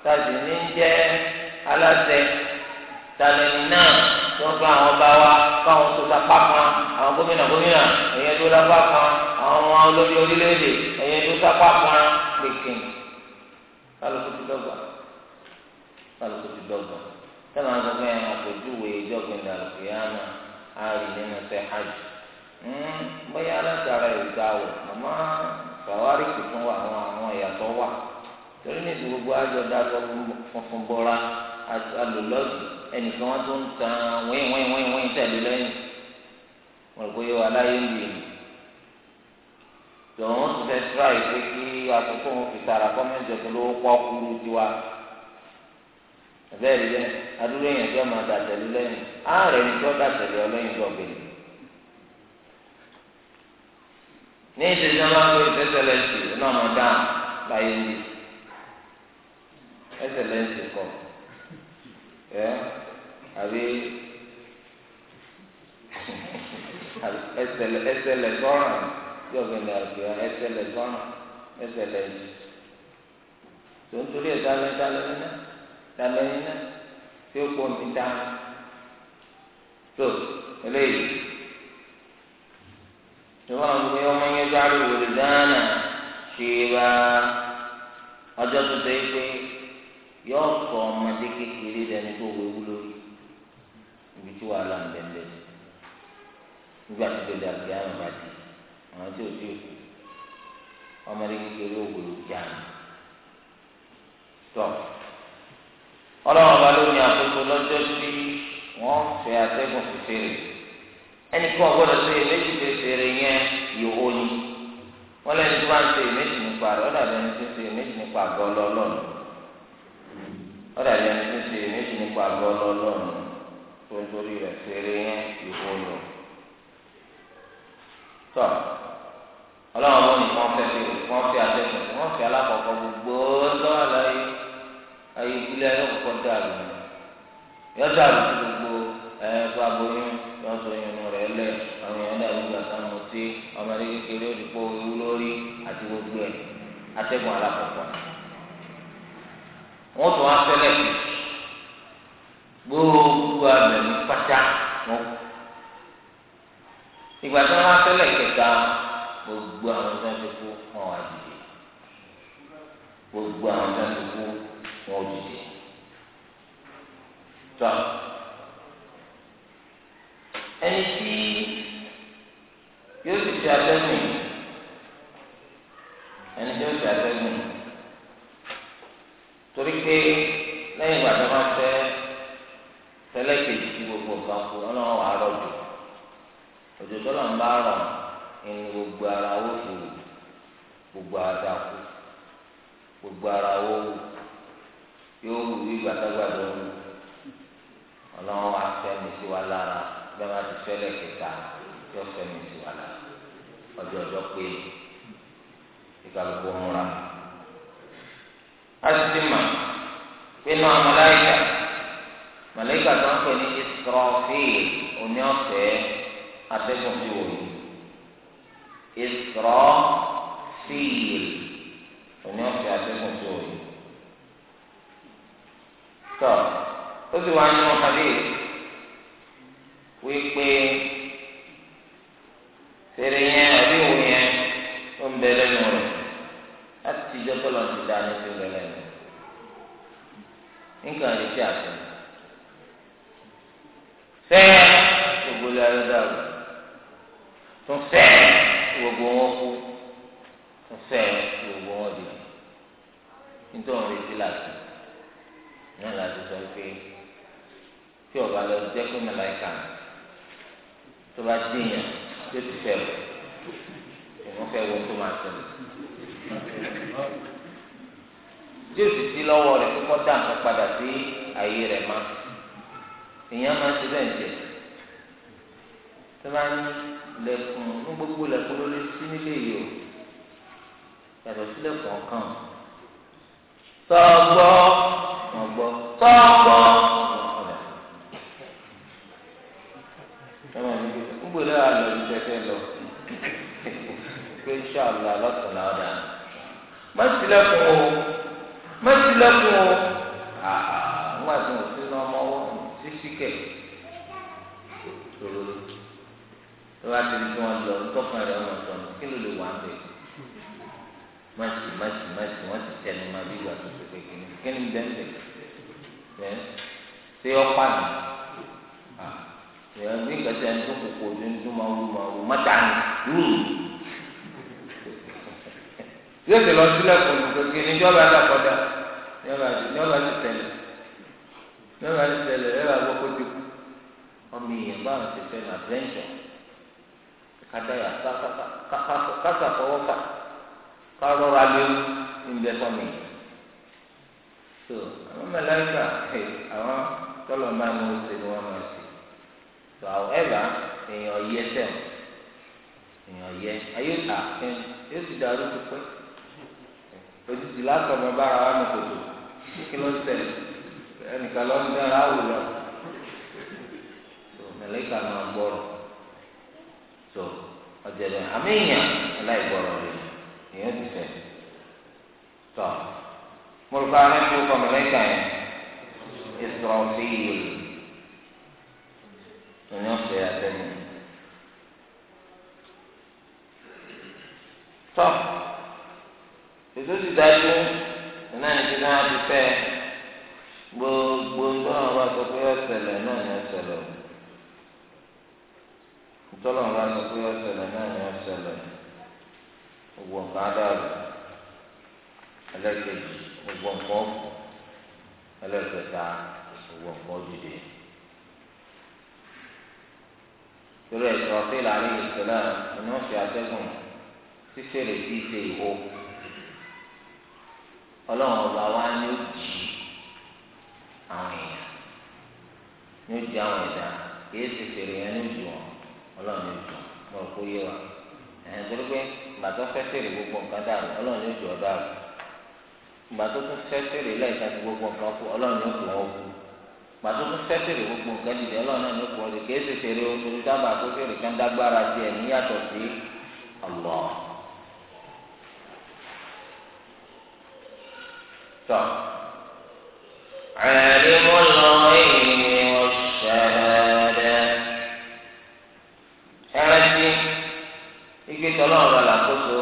tàbí ní jẹ́ aláṣẹ tàlẹ́ni náà wọn bá àwọn bá wa báwọn tó sapá kan àwọn gómìnà gómìnà ẹ̀yẹ tó lápá kan àwọn ọmọ olórí orílẹ̀-èdè ẹ̀yẹ tó sapá kan kékin kálukú ti dọ́gba kálukú ti dọ́gba sẹ́nu àwọn sọ́kẹ́ yẹn àpèjúwe ìjọgbìn dàlùkù yá nà á rí nínú sẹ́ hajj hmm, bóyá alátara ìgbà wò àmọ́ fàwárí tuntun wà àwọn àwọn ìyàtọ̀ wà torí ní ìdúró gbogbo àjọ dájọ́ funfun bọ́ra alùlọ́sì. ẹnìkan wọn tó ń tan wíìn wíìn wíìn wíìn tẹ̀lé lẹ́yìn wọn rò pé aláyé ń bì í tòun ti fẹ́ tíráì pé kí akókò wọn fi tara kọ́mẹ́ntì ọ̀tún ló kúrú tiwa bẹ́ẹ̀ lẹ́yìn adúlé yẹn máa dàtẹ̀lé lẹ́yìn ààrẹ ni tó dàtẹ̀lé ọlẹ́yìn tó gbẹ̀lẹ̀ ní náà máa dáhùn láyé ẹ àbí ẹsẹ lẹ sọrọ tí ọgbẹni àgbẹ ẹsẹ lẹ sọrọ ẹsẹ lẹ yìí tó ń torí ẹsẹ alẹ dalẹ nínú dalẹ nínú tí ó kó mi dá tó eléyìí tí wọn ń gbé ọmọ yẹn sáré wòlé dáná ṣe é bá ọjọ́ tó ṣe é pé. yóò sọ ọmọdé kékeré dẹni tó wéwu lórí ibi tí wàhálà ń bẹ lẹ nígbà tó lè dàgbé àwọn ìbàdí àwọn tí ò tí ò kú ọmọdé kékeré òwò ló jà ní. tọ ọlọ́run ọba ló ní àkókò lọ́jọ́ sí wọ́n fẹ́ atẹ́gùn fèrè ẹnì kan gbọ́dọ̀ ṣe méjì fèrè yẹn yòówó ni wọ́n lẹ́nu ń nípa rẹ̀ nípa àgọ́ ọ̀dà yẹn ní tó ṣe méjì nípa àgọ́ ọlọ́ọ̀nù tó ń torí rẹ̀ ṣeré yẹn ìhóòlò. tọ́ ọlọ́run ló ní kí wọ́n fẹ́ fi wọ́n fi àtẹ̀sùn wọ́n fi alákọ̀ọ́kọ́ gbogbo lọ́wọ́ láyé ayé ìdílé ayé òkùnkùn dàrú yọ dàrú sí gbogbo ẹ̀ẹ́dọ́ aboyún yọ sọ rẹ̀ lẹ̀ àwọn èèyàn dàrú gbà sánú sí ọmọdé kékeré òdìpọ̀ owó lórí àti gbogbo ẹ̀ atẹ́gùn alákọ̀ọ́kọ́ wọ́n tún wá sẹ́lẹ̀ kù gbogbo abẹ̀mí pátá wọn kù ìgbà tí wọ́n wá sẹ́lẹ̀ kẹta gbogbo àwọn tó ń ti wọn wá dìde gbogbo àwọn tó ń ti wọn dìde tọ́ ẹni tí yóò ti ṣe abẹ́mí ẹni tí yóò ṣe abẹ́mí torí pé lẹ́yìn ìgbà tó máa fẹ́ tẹ́lẹ̀ kejì tí gbogbo nǹkan kú ọlọ́run wà á rọ̀ jù òjò tó lọ́n bá rọ̀ ìní gbogbo ara ó fi wù gbogbo ara dà kú gbogbo ara ó wù yóò wù bí gbàdágbàdó wù ọlọ́run wà á fẹ́mi sí wa lára bí wọ́n ti fẹ́lẹ̀ kẹta yóò fẹ́mi sí wa lára ọjọ́ ọjọ́ pé ìkàlùkù ń ra mi asitima pínu amalaika malaika tó ń pè ní Israfil òní ọ̀fẹ́ atẹ́gùn sí wòye Israfil òní ọ̀fẹ́ atẹ́gùn sí wòye. tọ́ ó sì wá nínú hadith wípé fèrè yẹn àbí yẹn ó ń bẹ lẹ́nu rẹ̀ láti ti jẹ́ kọ́lọ́ ti dá ní ti rẹ̀ lẹ́nu nǹkan lè ti àtẹ fẹ́ẹ́ gbogbo ilé ayé dàrú tún fẹ́ẹ́ gbogbo wọn kú tún fẹ́ẹ́ gbogbo wọn dì nítorí wọn retí láti náà láti sọ pé tí ọba lọ jẹ́ pé mẹ́láìkà tó bá dìyàn tó ti fẹ́ wọ́n fẹ́ wọ́n tó máa tẹ̀lé tí o sì sí lọ́wọ́ rẹ̀ kókó dá nǹkan padà sí ààyè rẹ̀ má èèyàn máa ń ṣe bẹ́ẹ̀ jẹ tó bá ní lẹ́kùn ní gbogbo lẹ́kùn ló lé sí nílé yìí o yàtọ̀ sí lẹ́kùn ọ̀kan tọ́gbọ́ ọ̀gbọ́ tọ́gbọ́ ọ̀rẹ́ ẹ̀rọ mi gbogbo lẹ́wà lọ ibi tẹ́tẹ́ lọ pé ṣáà lọ alọ́sọ̀lá ọ̀dà mọ́sílẹ̀kùn o mọ́sílẹ̀kùn o àwọn àti wọn sí náà ọmọ wọn sísí kẹ̀ lọ́lọ́lọ́ tó bá ti di kí wọ́n lọ tọ́kàn rẹ̀ wọ́n sọ kí ló lè wà bẹ́ẹ̀ mọ́sí mọ́sí mọ́sí wọ́n ti tẹnu ma bí ìgbà tó tẹ̀lé kí ni kí ni bẹ́ẹ̀ bẹ́ẹ̀ ṣé ọ̀pá ni ìyẹn bí ìgbà tí a ń tó kókó ojú ń dún máa wú máa wú mọ́tà ni rúùlù yóò ti lọ sílẹ̀ fún mi kékeré ní ìjọba àdàkọ́dà ìjọba ti tẹ̀lé ìjọba ti tẹ̀lé ẹ̀rọ àgbọ̀kọ́ ti kú ọmọ èèyàn bá àwọn ti fẹ́ nà adventure kàdáyà kásàfọwọ́fà kárọ́ra léwu níbi ẹ̀kọ́ mi. so àwọn mẹlẹ́kà àwọn tọ́lọ̀ máa ń ṣe ni wọ́n máa ṣe. so however èèyàn yẹ sẹ́wọ̀n èèyàn yẹ ayé ta yóò ti dàrú ti pẹ́ òsì lásán bàbá ara wa ní kòtò kí ló ń tẹ̀lé ẹnìkan lọ ń dára àwùjọ mẹlẹ́kà náà gbọ́rọ̀ tó ọ̀jẹ̀lẹ̀ àmì èèyàn aláìgbọ́rọ̀ rẹ̀ èèyàn ti fẹ́ tọ́ mo rò pé àwọn ẹni tó kọ yẹn ìsọ̀rọ̀ sí iye lónìí ọ̀fẹ́ àtẹnu tọ́ ètò ti dájú náà ní kíkọ́ wọn ti fẹ́ gbogbo ńlọrọ̀ wa sọ pé ọ̀sẹ̀lẹ̀ náà ní ọ̀sẹ̀lẹ̀ ńtọ́lọ̀ wa sọ pé ọ̀sẹ̀lẹ̀ náà ní ọ̀sẹ̀lẹ̀ gbogbo nǹkan adáàbò ẹlẹ́kẹ̀jì gbogbo nǹkan ọ̀pọ̀ ẹlẹ́kẹta gbogbo nǹkan ọ̀dìdè. torí ẹ̀sọ́ fílà àríyìn ìṣẹ̀lẹ̀ ni fi àtẹ́gùn ṣíṣe lè fi ṣe ìhó. ọlọ́run ọba wa ni ó jì àwọn èèyàn ni ó jì àwọn ẹ̀dá kìí ṣe fèrè yẹn ni ó wọn ọlọ́run wọn gbogbo nǹkan dàrú ọlọ́run wọn dàrú gbogbo nǹkan kú ọlọ́run wọn gbogbo nǹkan dìde ọlọ́run ṣe fèrè tọ́ ààrẹ wọn lọ èyí wọn ṣàdá ẹrántí igbe tọ́lọ́run lọ làkóso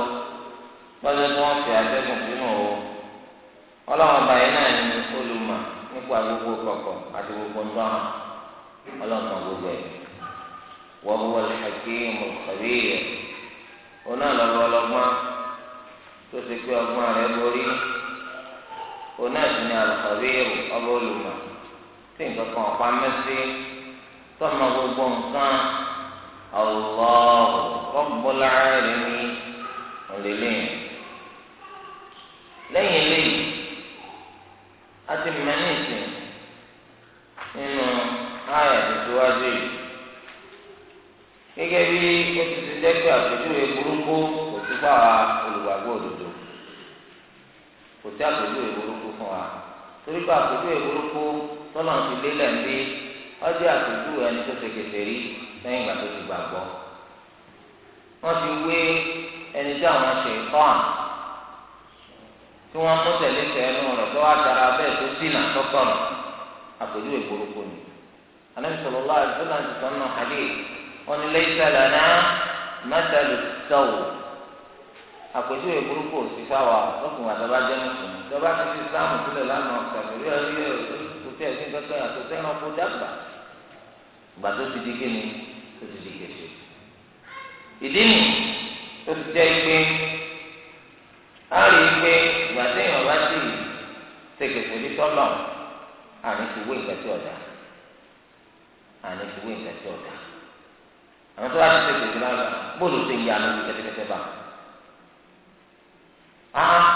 lọ́jọ́ tí ọrụ fi àtẹ́gùn sínú o onáàtì ní alùpàbíyèrò ọba olùmọ̀ tí nǹkan kan ọ̀pá mẹ́sí tọ́mọ gbogbo nǹkan ọlọ́ọ̀rọ̀ rọ́gbọ́lá rẹ̀ ní òlélẹ́ lẹ́yìn eléyìí a ti mẹ́rin ìsìn nínú ayà tẹ̀síwájú yìí gẹ́gẹ́ bí ó ti ti jẹ́ pé burúkú kò sí fáwọn kò sí àpèjú ìwúrúkú fún wa torí pé àpèjú ìwúrúkú tọ́lọ̀ ti lélẹ̀ ń bí ọjọ́ àpèjú ẹni tó ṣe kèfèrí lẹ́yìn ìgbà tó ti gbàgbọ́ wọ́n ti wé ẹni tí àwọn ṣe tán tí wọ́n mú tẹ̀lé tẹ̀lé rẹ̀ tó wá dára bẹ́ẹ̀ tó dínà tọ́tọ̀nà àpèjú ìwúrúkú ni anabi sọlọ lọ àti ti sọ wọn ni lẹ́yìn náà àpèjúwe burúkú òsì fáwa lọkùnrin àtàbà jẹ mùsùlùmí ìjọba ti fi sáàmù sílẹ̀ lánàá ọ̀sẹ̀ lórí ẹ̀rí kò tí ẹ̀ sí kankan àti sẹ́ran kó dàgbà ìgbà tó ti di kíni tó ti di kẹsì. ìdí nì tó ti jẹ́ pé a rí i pé ìgbà téèyàn bá sì ṣe kẹsì ní sọ́lọ̀ àní ti wé nǹkan tí àní ti wé nǹkan tí àwọn tó bá ti ṣe kẹsì lánàá bóòlù ti ń yanu kẹtẹkẹtẹ báyìí. ah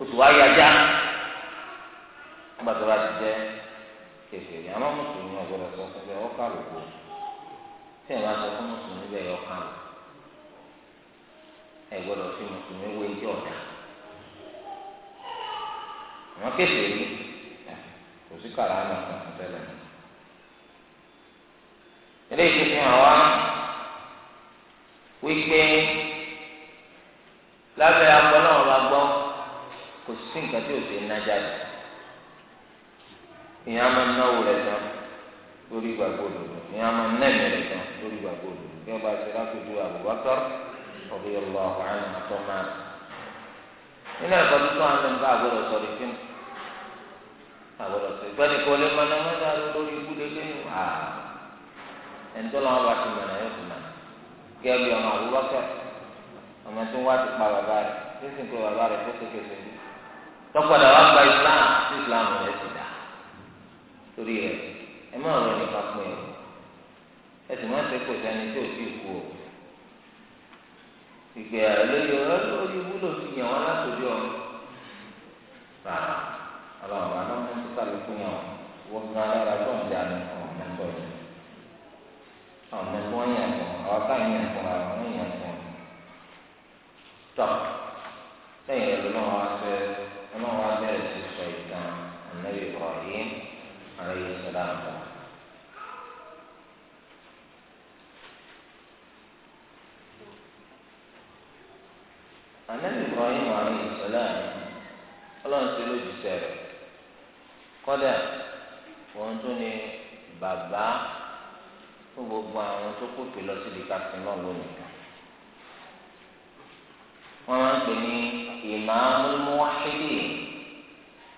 oṣù wa yájá gbàtọ́ bá ti jẹ́ kẹsẹ̀ ní àwọn mùsùlùmí ọ̀gbọ́dọ̀ sọ fún bẹ́ẹ̀ ọ̀ká ló kó tí ẹ̀ bá sọ fún mùsùlùmí bẹ́ẹ̀ ọ̀ká ló ẹ̀ gbọ́dọ̀ fi mùsùlùmí kàrà ánà ní. wípé. lábẹ́ agbọ́ náà wọ́n bá gbọ́ kò sí nǹkan tí òsè ń nájà lọ. ìyá máa ń náwó rẹ̀ tán lórí ìgbàgbọ́ òdòdó ìyá máa ń nẹ́ẹ̀mí rẹ̀ tán lórí ìgbàgbọ́ òdòdó bí wọ́n bá ti rákojú Abubakar ọ̀bí ọlọ́ àkàrà àtọ́ máa. nínú ẹ̀kọ́ tó tún àwọn ẹ̀ka àgbọ̀dọ̀ sọ ní fíìmù àgbọ̀dọ̀ sọ ìgbẹ́ni kò lè mọ̀nà ọmọ tó ń wá ti pa bàbá rẹ̀ tí sì ń pe bàbá rẹ̀ tó kéke sójú tọ́padà wá gba islam tí islam rẹ̀ ti dà torí rẹ̀ ẹ má rọ nìkan pín ẹ̀ ẹ sì má ṣe kò sẹ́ni tí ò tí ì kú o ìgbé àlejò lórí wúlò ti yàn wọn látòjú ọ rárá ọlọ́run bá lọ fún kálukú yàn wọn gan alára tó ń jà ní ọmọ mẹtọ yìí ọmọ mẹtọ yàn fún àwọn káyìn yàn fún àwọn tọ lẹ́yìn rẹ̀ lọ́wọ́ wá fẹ́ ọlọ́wọ́ wá bẹ̀rẹ̀ sí sọ ìtàn ànábì Ibrahim alayhi salam. ànábì Ibrahim alayhi salam ọlọ́run ti lójú sẹ́rẹ̀ kọ́dà wọ́n tún ní bàbá fún gbogbo àwọn tó kópe lọ sí ibi káfíńnà lónìí kan. wọn máa ń pè ní ìmáàmù mọ́ṣídì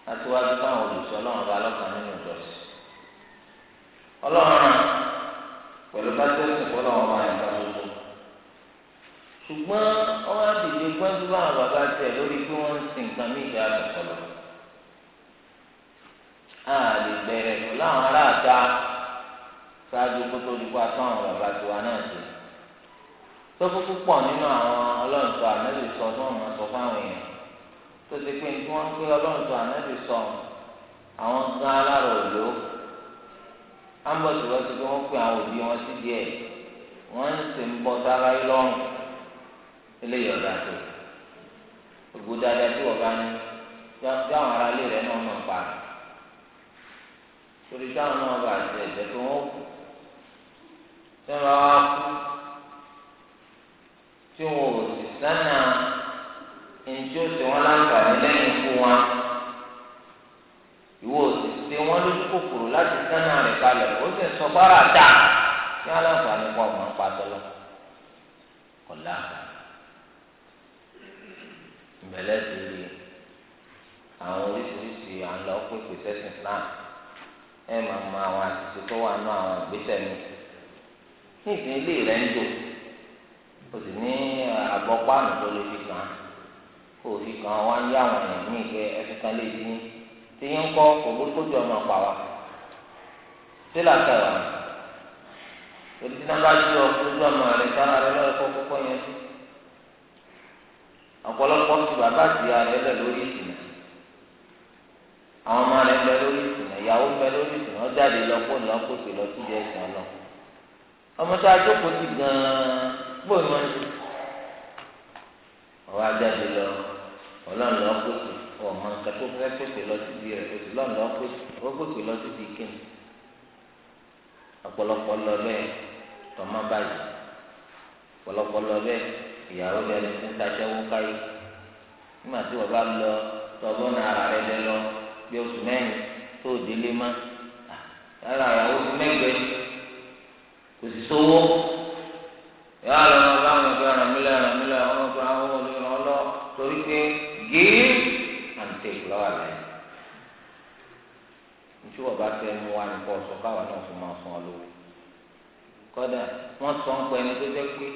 láti wájú fáwọn olùsọ ọlọ́run bá lọ́kàn nínú ìjọsìn. ọlọ́run pẹ̀lú bá tẹ̀sán fọlọ́ wọn máa ń bá lóko. ṣùgbọ́n wọ́n á dìde bàbá tẹ̀ lórí wọ́n ń sin nǹkan a lè bẹ̀rẹ̀ pẹ̀lú àwọn aráàta ṣáájú kótó sọfún púpọ̀ nínú àwọn ọlọ́run tó ànábì sọ tí wọ́n máa sọ fáwọn èèyàn tó ti pé tí wọ́n ń pé ọlọ́run tó ànábì sọ àwọn gan alára òjò ámbọ̀tì lọ́sí pé wọ́n pe àwọn òbí wọn sí díẹ̀ wọ́n ń sì ń bọ́ sára lọ́rùn eléyìí ọ̀dà tó ògbó dáadáa tí wọ́n bá ní tí àwọn ará ilé rẹ̀ náà mọ̀ pa torí táwọn náà bá ẹ̀jẹ̀ tó wọ́n kù tí wọ́n bá wá kú. tí wọn ò sì sánà ẹni tí ó ṣe wọn láǹfààní lẹ́yìn ikú wọn ìwọ ò sì wọn lójú kòkòrò láti sánà rẹ̀ kalẹ̀ ó sì sọ fárá dà kí wọn láǹfààní pọ̀ mọ́ pàtó ìbẹ̀lẹ̀ ti rí àwọn oríṣiríṣi à ń lọ ma àwọn àṣìṣe tó wà nù àwọn ìgbésẹ̀ mi ní rẹ̀ o sì ní àgbọ̀páàmù tó lè fi kàn án kó o fi kàn án wá ń yá àwọn èèyàn ní ìgbẹ́ lè dín tí yín ń kọ́ kò ọmọ wa sí làkàrà èdè tí bá yọ ojú ọmọ rẹ sára rẹ lọ́wọ́ kó yẹn sí ọ̀pọ̀lọpọ̀ ti bàbá àtìyá rẹ lẹ̀ ọmọ rẹ bẹ lórí ìsìn ìyàwó bẹ lórí a bóyá wọn ti ọwọ́ ajáde lọ ọlọ́run lọ pèsè lọ síbi rẹ̀ pèsè ọlọ́run lọ pèsè lọ síbi kíni ọ̀pọ̀lọpọ̀ lọ bẹ́ẹ̀ tọmọ báyìí ọ̀pọ̀lọpọ̀ lọ bẹ́ẹ̀ ìyàwó rẹ̀ lọ tọgbọ na ara rẹ̀ lẹ lọ bí ara yàrá lọ wọn bá wọn fẹ́ ràn mí lọ ràn mí lọ wọn fẹ́ àwọn ọmọ ìlú ọlọ torí pé give and take lọ́wọ́ rẹ̀ nítorí wọn bá fẹ́ mú wa nípa ọ̀sọ̀ káwa náà fún máa fún ọ lówó kọ́dà wọ́n sọ ń pẹ́ ẹni tó jẹ́ pé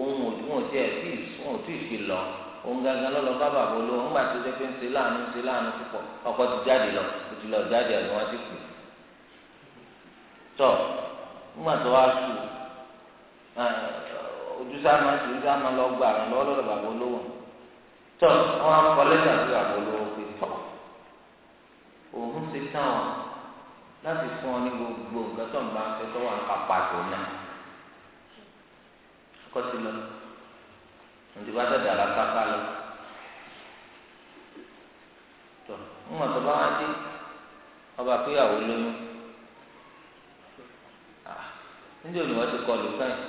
òun ò tí wọn ò tí ẹ̀ tí wọn ò tí ì fi lọ òun gangan lọ́lọ́ bá bàbá olówó ńgbà tó jẹ́ pé ń ṣe láàánú ṣe láàánú púpọ̀ ọkọ̀ ti jáde lọ kò ti lọ jáde ẹ̀ ni ti kù tọ́ ńgbà tó wá sùn ojúsàmà ojúsàmà lọ gba àwọn lọ́wọ́ bàbá olówó tọ́ wọn akọ lẹ́tà sí bàbá olówó pé tọ́ òun ti tán láti fún ọ ní gbogbo nǹkan tó ń bá ń fẹ́ tó wà ń papà tó náà kọ́sí lọ ǹdí bá dàda la kápá lọ tó ńmọ̀ tó bá wá dé ọba lóyún ah, olùwọ́ ti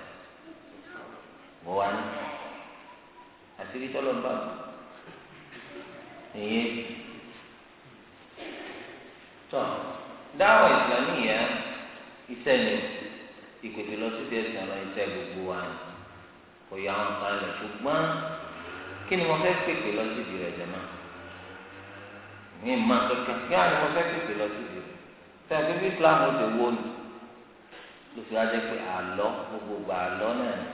wọ́n wá ní àṣírí tọ́lọ̀ ń bà mí tọ́ dáwọ̀ ìsìlámù yẹn iṣẹ́ ni ìpèsè lọ síbi ẹ̀sìn àwọn iṣẹ́ gbogbo wa ni kò yà wọn kan lẹ̀ ṣùgbọ́n kí ni mo fẹ́ pèpè lọ síbi rẹ̀ jẹ́ máa mi ma kankan kí wọn ni mo fẹ́ pèsè lọ sí ìdìbò fẹ́ẹ́ pé Islam ó ti wó ni ló fi jẹ́ pé àlọ́ gbogbo àlọ́ náà ni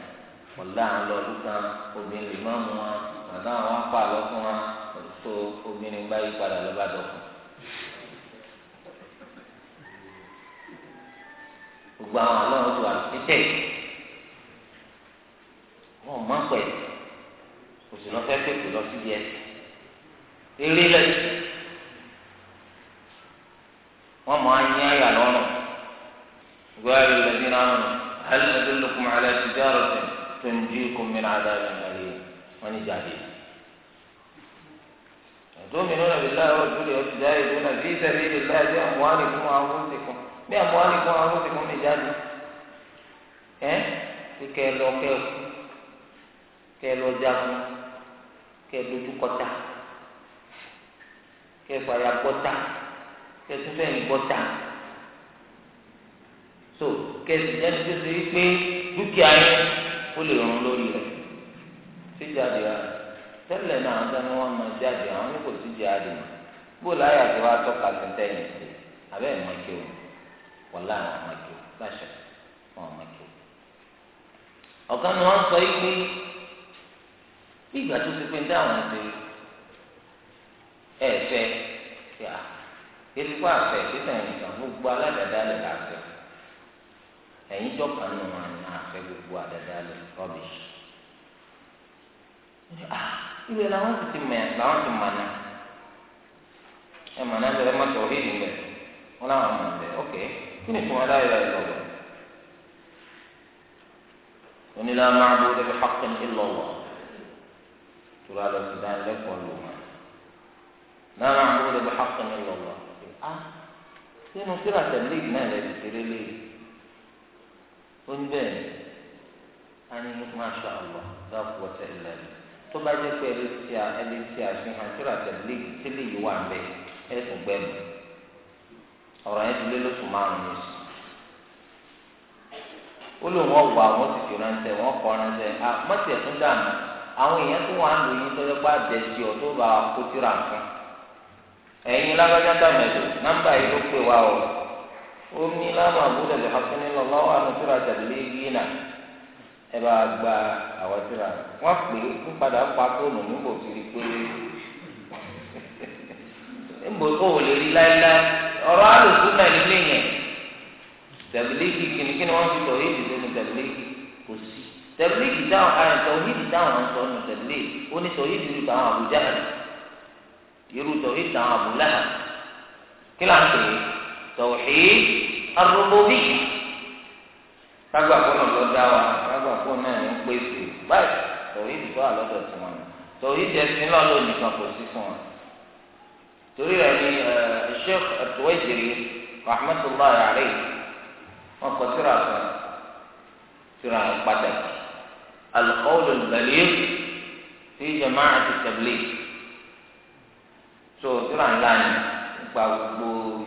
ọ̀la àlọ́ lùkàn obìnrin lè mú wa màdá àwọn apá fún wa tó obìnrin bá yí padà lọ́ba dọ̀kun. gbogbo àwọn àlọ́ ọ̀dọ̀ wà títẹ̀ wọn má pẹ̀ kò lọ fẹ́ pèpè lọ sí díẹ̀ eré lẹ́yìn wọn mọ anyi ayà lọ́rùn gbọ́ ayọ̀ náà ala تنجيكم من عذاب أليم ونجعله تؤمنون بالله ورسوله وتجاهدون في سبيل الله بأموالكم وأنفسكم بأموالكم وأنفسكم نجعله ẹ kẹ lọ kẹ o kẹ lọ jagun kẹ dojú kọta kẹ fàyà gbọta kẹ súnfẹ̀yìn gbọta so kẹ sì jẹ́ ní tó so yí pé dúkìá yẹn. ó lè rún lórí rẹ̀ sí jáde wa na náà àwọn wọn máa jáde àwọn ní kò sí jáde mọ́ bó láyà tó wá tọ́ka sí tẹ́yìn sí abẹ́ ẹ̀ o wọ́n láwọn mọ́kí o láṣẹ o. ọ̀kan ni wọ́n sọ bí ìgbà tó ti pín ẹ̀yin jọ kàn nù wọn ní àfẹ́ gbogbo àdàdà lè rọ́bìṣì. ìwé ah, làwọn ti ti mẹ làwọn ti mọ̀ náà ẹ mọ̀ náà bẹ̀rẹ̀ mọ̀tò orí ìlú rẹ̀ wọn làwọn mọ̀ bẹ́ẹ̀ ok kí ni fún aláìlá ẹ̀ lọ́wọ́. onílà máa bó débi haqqin illa Allah tura lọ sí dánilẹ́kọ̀ọ́ lò wọn. náà máa bó débi haqqin illa Allah. sínú ah, síra tẹ̀lé ìgbìmọ̀ ẹ̀ lẹ́yìn tẹ̀lé lẹ́yìn. ó ní bẹ́ẹ̀ ni a ní masha allah la quwwata illa billah tó bá jẹ́ pé ẹni tí a ẹni a fi hàn síra tẹ̀lé tẹ́lẹ̀ yìí wà mbẹ́ ẹ tún gbẹ́ mi ọ̀rọ̀ yẹn ti lé lóṣù márùn-ún ní sùn àwọn èèyàn omi lámà àbúdà lè ha fún nínú ọlọ́wọ́ ànútúrà tẹ̀lé yíyínà ẹ bá gba àwọn tíra wọn pè é ń padà ń pa fóònù níbo ti rí pé níbo tó wò lè rí láéláé ọ̀rọ̀ àlùkù náà nílé yẹn tẹ̀bílíkì kìnnìkìnnì wọn fi tọ̀hí ìdílé ní tẹ̀bílíkì kò sí tẹ̀bílíkì dáhùn àyàn tọ̀hí ìdí dáhùn sọ ní tẹ̀bílíkì ó ní tọ̀hí ìdí dáhùn àbújá irú tọ̀hí dáhùn àbúlá kí là ń pè é tauhid ar-rububiyyah kágbà fún ọ̀dọ́ dá wa kágbà fún náà ń pèsè báyìí tauhid ìdìbò àlọ́dọ̀ tí wọn tauhid ìdẹ́sìn lọ́lọ́ nìkan kò sí fún wọn. torí rẹ̀ ni sheikh at-Tuwaydiri rahmatullahi alayhi wọn kọ síra kan síra al-qawl al-baligh fi jama'at tabligh so síra ńlá ni gbogbo.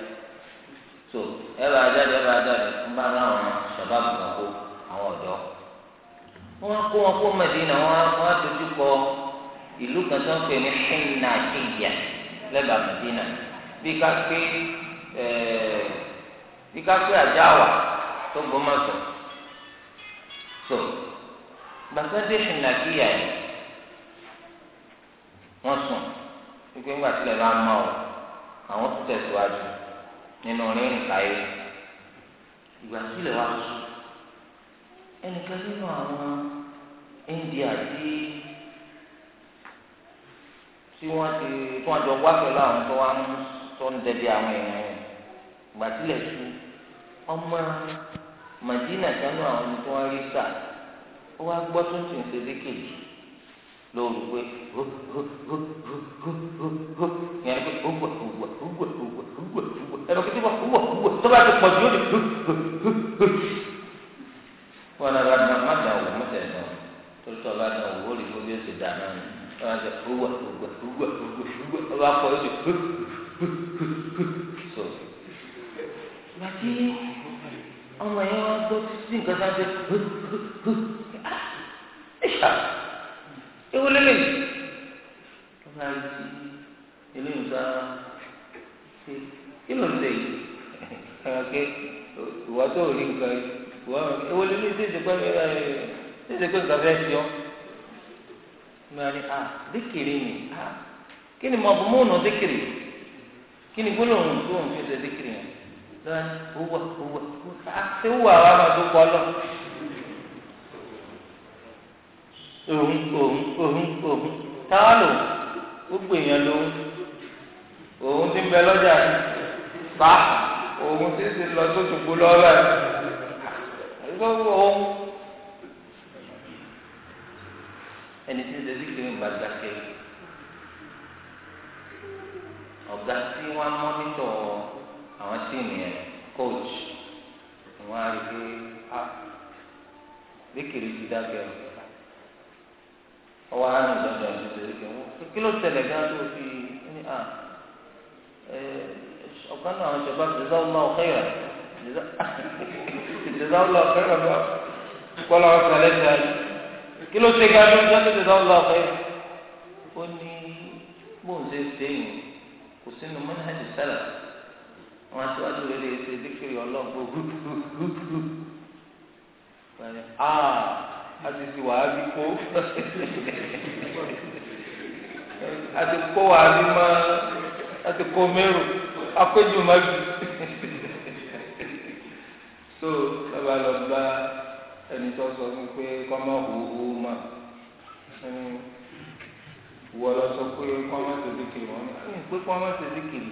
so ẹ bá jáde ẹ bá jáde ń bá láwọn sọ̀báàbù kan kó àwọn ọ̀dọ́ wọ́n kó wọn kó Mẹdínà wọ́n wọ́n dojú kọ ìlú kan tó ń pè ní Hinnakiya lẹ́bàá Mẹdínà bí ká pé bí ká àjáwà tó gbọ́ máa sọ so gbàgbọ́dé Hinnakiya yìí sùn wípé ńgbà tí lè àwọn tó nínú rírìn káyé ìgbà sílẹ̀ wá sùn ẹnìkan nínú àwọn India tí tí wọ́n ti tí wọ́n jọ wá pẹ̀lú àwọn tó wá ń tó ń dẹbi àwọn èèyàn yẹn ìgbà sílẹ̀ sùn ọmọ Madina kanu àwọn tó wá rí sà ó wá gbọ́ tó ń ń ṣe dékèjì. lórí pé yẹn pé gbogbo gbogbo gbogbo gbogbo gbogbo gbogbo ẹnu kí tí wọn gbogbo gbogbo tó bá ti pọ̀ jù ó lè wọn náà bá dá má dá òwò mọ́tẹ̀ ẹ̀ náà tó tọ́ bá dá òwò ó lè gbogbo ẹsẹ̀ dá náà ni wọn á sọ gbogbo gbogbo gbogbo gbogbo gbogbo ọba pọ̀ ó lè so gbàtí ọmọ yẹn wọn gbọ́ sí nǹkan sáfẹ́ ewu lélẹ̀ ọba ìdí eléyìí sá ṣe kí ló ń ṣe yìí ẹ̀rọ̀kẹ́ ìwà tó rí nǹkan ìwà ewu lélẹ̀ ṣe é ṣe pé ṣe ṣe pé nǹkan fẹ́ ṣe ọ́ ìgbà ni a díkìrì ni a kí ni mo mú nù díkìrì kí ni gbólóhùn tó ń fi ṣe díkìrì yẹn lọ́wọ́ owó owó a ṣe wúwo àwọn àgbàdo kọ́ lọ́wọ́. òun òun òun òun táwa gbogbo èèyàn ló òun ti bẹ lọ́jà bá ti ti lọ sóṣù gbó lọ́wọ́ gbogbo ẹni tí ń ṣe síkìrì ń bá dákẹ́ ọ̀gá tí wọ́n mọ́nítọ̀ àwọn tíìmù yẹn coach wọ́n á rí i pé ah bí kiri ti dákẹ́ ọwọ́ àánú ìjọba ìjọba ìṣẹ̀lẹ̀ kẹwọ́ kí ló ṣẹlẹ̀ gan tó fi ní à ọ̀kan náà àwọn ìjọba ìjọba ọlọ́ ọ̀kẹ́yọ̀ ìjọba ọlọ́ ọ̀kẹ́yọ̀ bá kọ́lá ọ̀sán lẹ́sẹ̀ ayé kí ló ṣe gan tó fi jẹ́ ìjọba ọlọ́ ọ̀kẹ́yọ̀ ó ní bóun ṣe ṣe yìí kò sínú mọ́nájì sálà wọn àti wájú rẹ̀ lè ṣe díkìrì ọlọ́ọ̀ àti ti wàá bí kó àti kó wàá bí mọ́ àti kó mẹ́rù akójú mọ́jú so bàbá lọ bá ẹni tó sọ fún pé kọ́ mọ́ hùhù mọ́ wọ́n lọ sọ pé kọ́ mọ́ tẹ̀lé kiri wọ́n pé kọ́ mọ́ tẹ̀lé kiri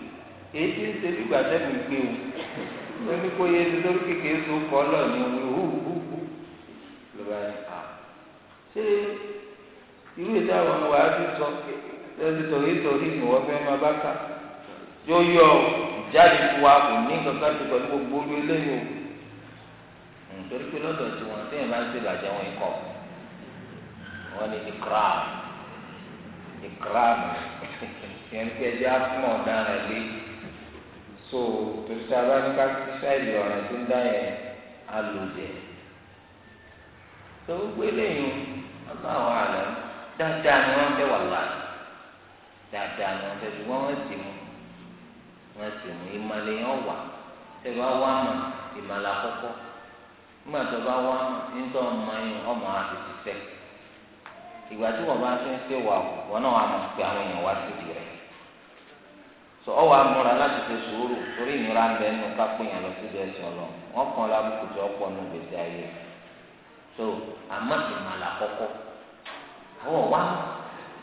èyí tí ń ṣe bí gbàdẹ́bù gbé o lórí kó yẹ lórí kékeré tó kọ́ lọ́ọ̀ ni wọ́n hùhù lọ́ba yẹn ṣé irú ìta àwọn wà á ti sọ lọ́sí torí torí ìwọ fẹ́ máa bá kà yóò yọ ìjáde fún wa kò ní kankan tó pẹ̀lú gbogbo orí eléyìí o nítorí hmm, pé lọ́dọ̀ tí wọ́n sẹ́yìn máa ń ṣe bàjẹ́ wọn ikọ̀ wọn ni ìkra ìkra yẹn ní ẹjẹ́ afúnmọ̀ ọ̀daràn lé so tòṣìṣẹ́ abáníkà ṣáìlì ọ̀ràn tó ń dá yẹn alòjẹ́. tó gbé o ọmọ àwọn àná dáadáa ni wọ́n fẹ́ wà lá dáadáa ni wọ́n fẹ́ ṣùgbọ́n wọ́n sì mú wọ́n sì mú ìmàlẹ́ yẹn wà tẹ́ wà mọ̀ ìmàlẹ́ àkọ́kọ́ nígbà tó bá wà nítorí ọmọ yẹn ọmọ àtẹ̀tẹ̀ fẹ́ ìgbà tí wọ́n bá fẹ́ fẹ́ wà wọ́n náà wà pé àwọn èèyàn wá sí sọ ọ wàá múra láti fi sùúrù torí ìnira ń bẹ nínú kápẹ́yìn lọ síbi ẹ̀sìn ọlọ́run wọ́n kàn lábùkù tí pọ̀ nù gbèsè ayé so àmọ́ ìmọ̀lá kọ́kọ́ àwọn wá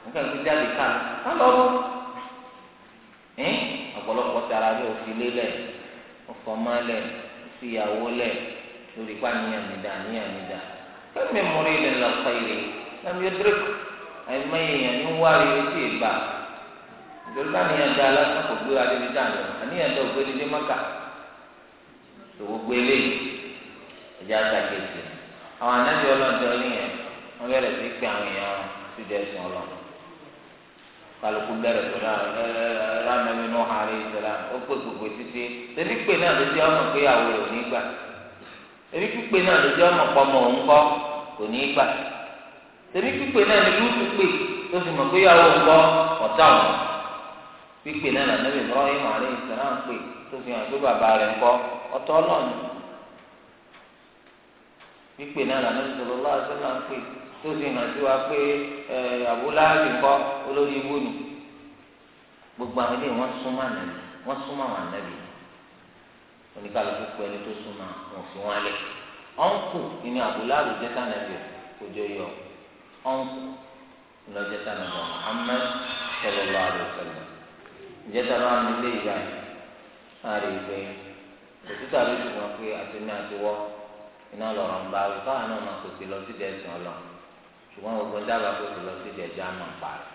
nǹkan tó jáde ká ká lọ rú ẹ ọ̀pọ̀lọpọ̀ tara rẹ òfin lélẹ̀ ọ̀fọ̀mọ́lẹ̀ ìfìyàwó lẹ̀ lórí pàníyàn mi dà níyàn mi dà kẹ́mi múrí ilẹ̀ lọ́kọ̀ ilé kẹ́mi odrik ẹ̀mọ́ èèyàn ní wárí etí ìgbà ìdòwú káníyàn dá lásán kò gbé adébí dànù àníyàn dá ògbé dídé mọ́kà tó gbogbo ẹ̀já sàkéèsì àwọn anábì ọlọ́dọ̀ yẹn wọ́n bẹ̀rẹ̀ sí pé àwọn èèyàn ti dẹ̀ sùn ọlọ́ kálukú bẹ̀rẹ̀ pẹ̀lú rámẹ́mí náà hàrí ìsẹ̀lá ó pè gbogbo títí ebi pè náà ló jẹ́ ọmọ pé àwọn ò ní gbà ebi pípé náà ló jẹ́ ọmọ pọ́mọ òun kọ́ kò ní gbà ebi pípé náà ni lùtù pè tó fi mọ̀ pé ìyàwó òun kọ́ ọ̀tá òun pípé náà lànà ìbọn ìmọ̀ àrí ìsẹ̀lá pè tó fi hàn pé bàbá rẹ̀ ń kọ́ ọ̀tọ̀ ọlọ́run pípé náà lànà ìṣòro lọ́wọ́ àti náà ń pè tó sì hàn sí wa pé àbúláàbí kọ́ olórí ibú ni gbogbo àwọn ilé wọn súnmọ́ ànábì wọn súnmọ́ àwọn ànábì oníkàlùkù pé ẹni tó súnmọ́ wọn fi wọn lẹ̀ ọ̀nkù ni àbúláàbí jẹ́ sànàbì òjò yọ ọ̀nkù lọ jẹ́ sànàbì Muhammad sallallahu alaihi wasallam ìjẹta bá mi ìgbà láàrin ìgbẹ́ iná lọ̀rọ̀ ń bá wí káwọn náà máa pèsè lọ sí ìdí ẹ̀sìn ọlọ́run ṣùgbọ́n gbogbo dábàá pèsè lọ sí ìdí ẹ̀jẹ̀ àmọ̀ ń parí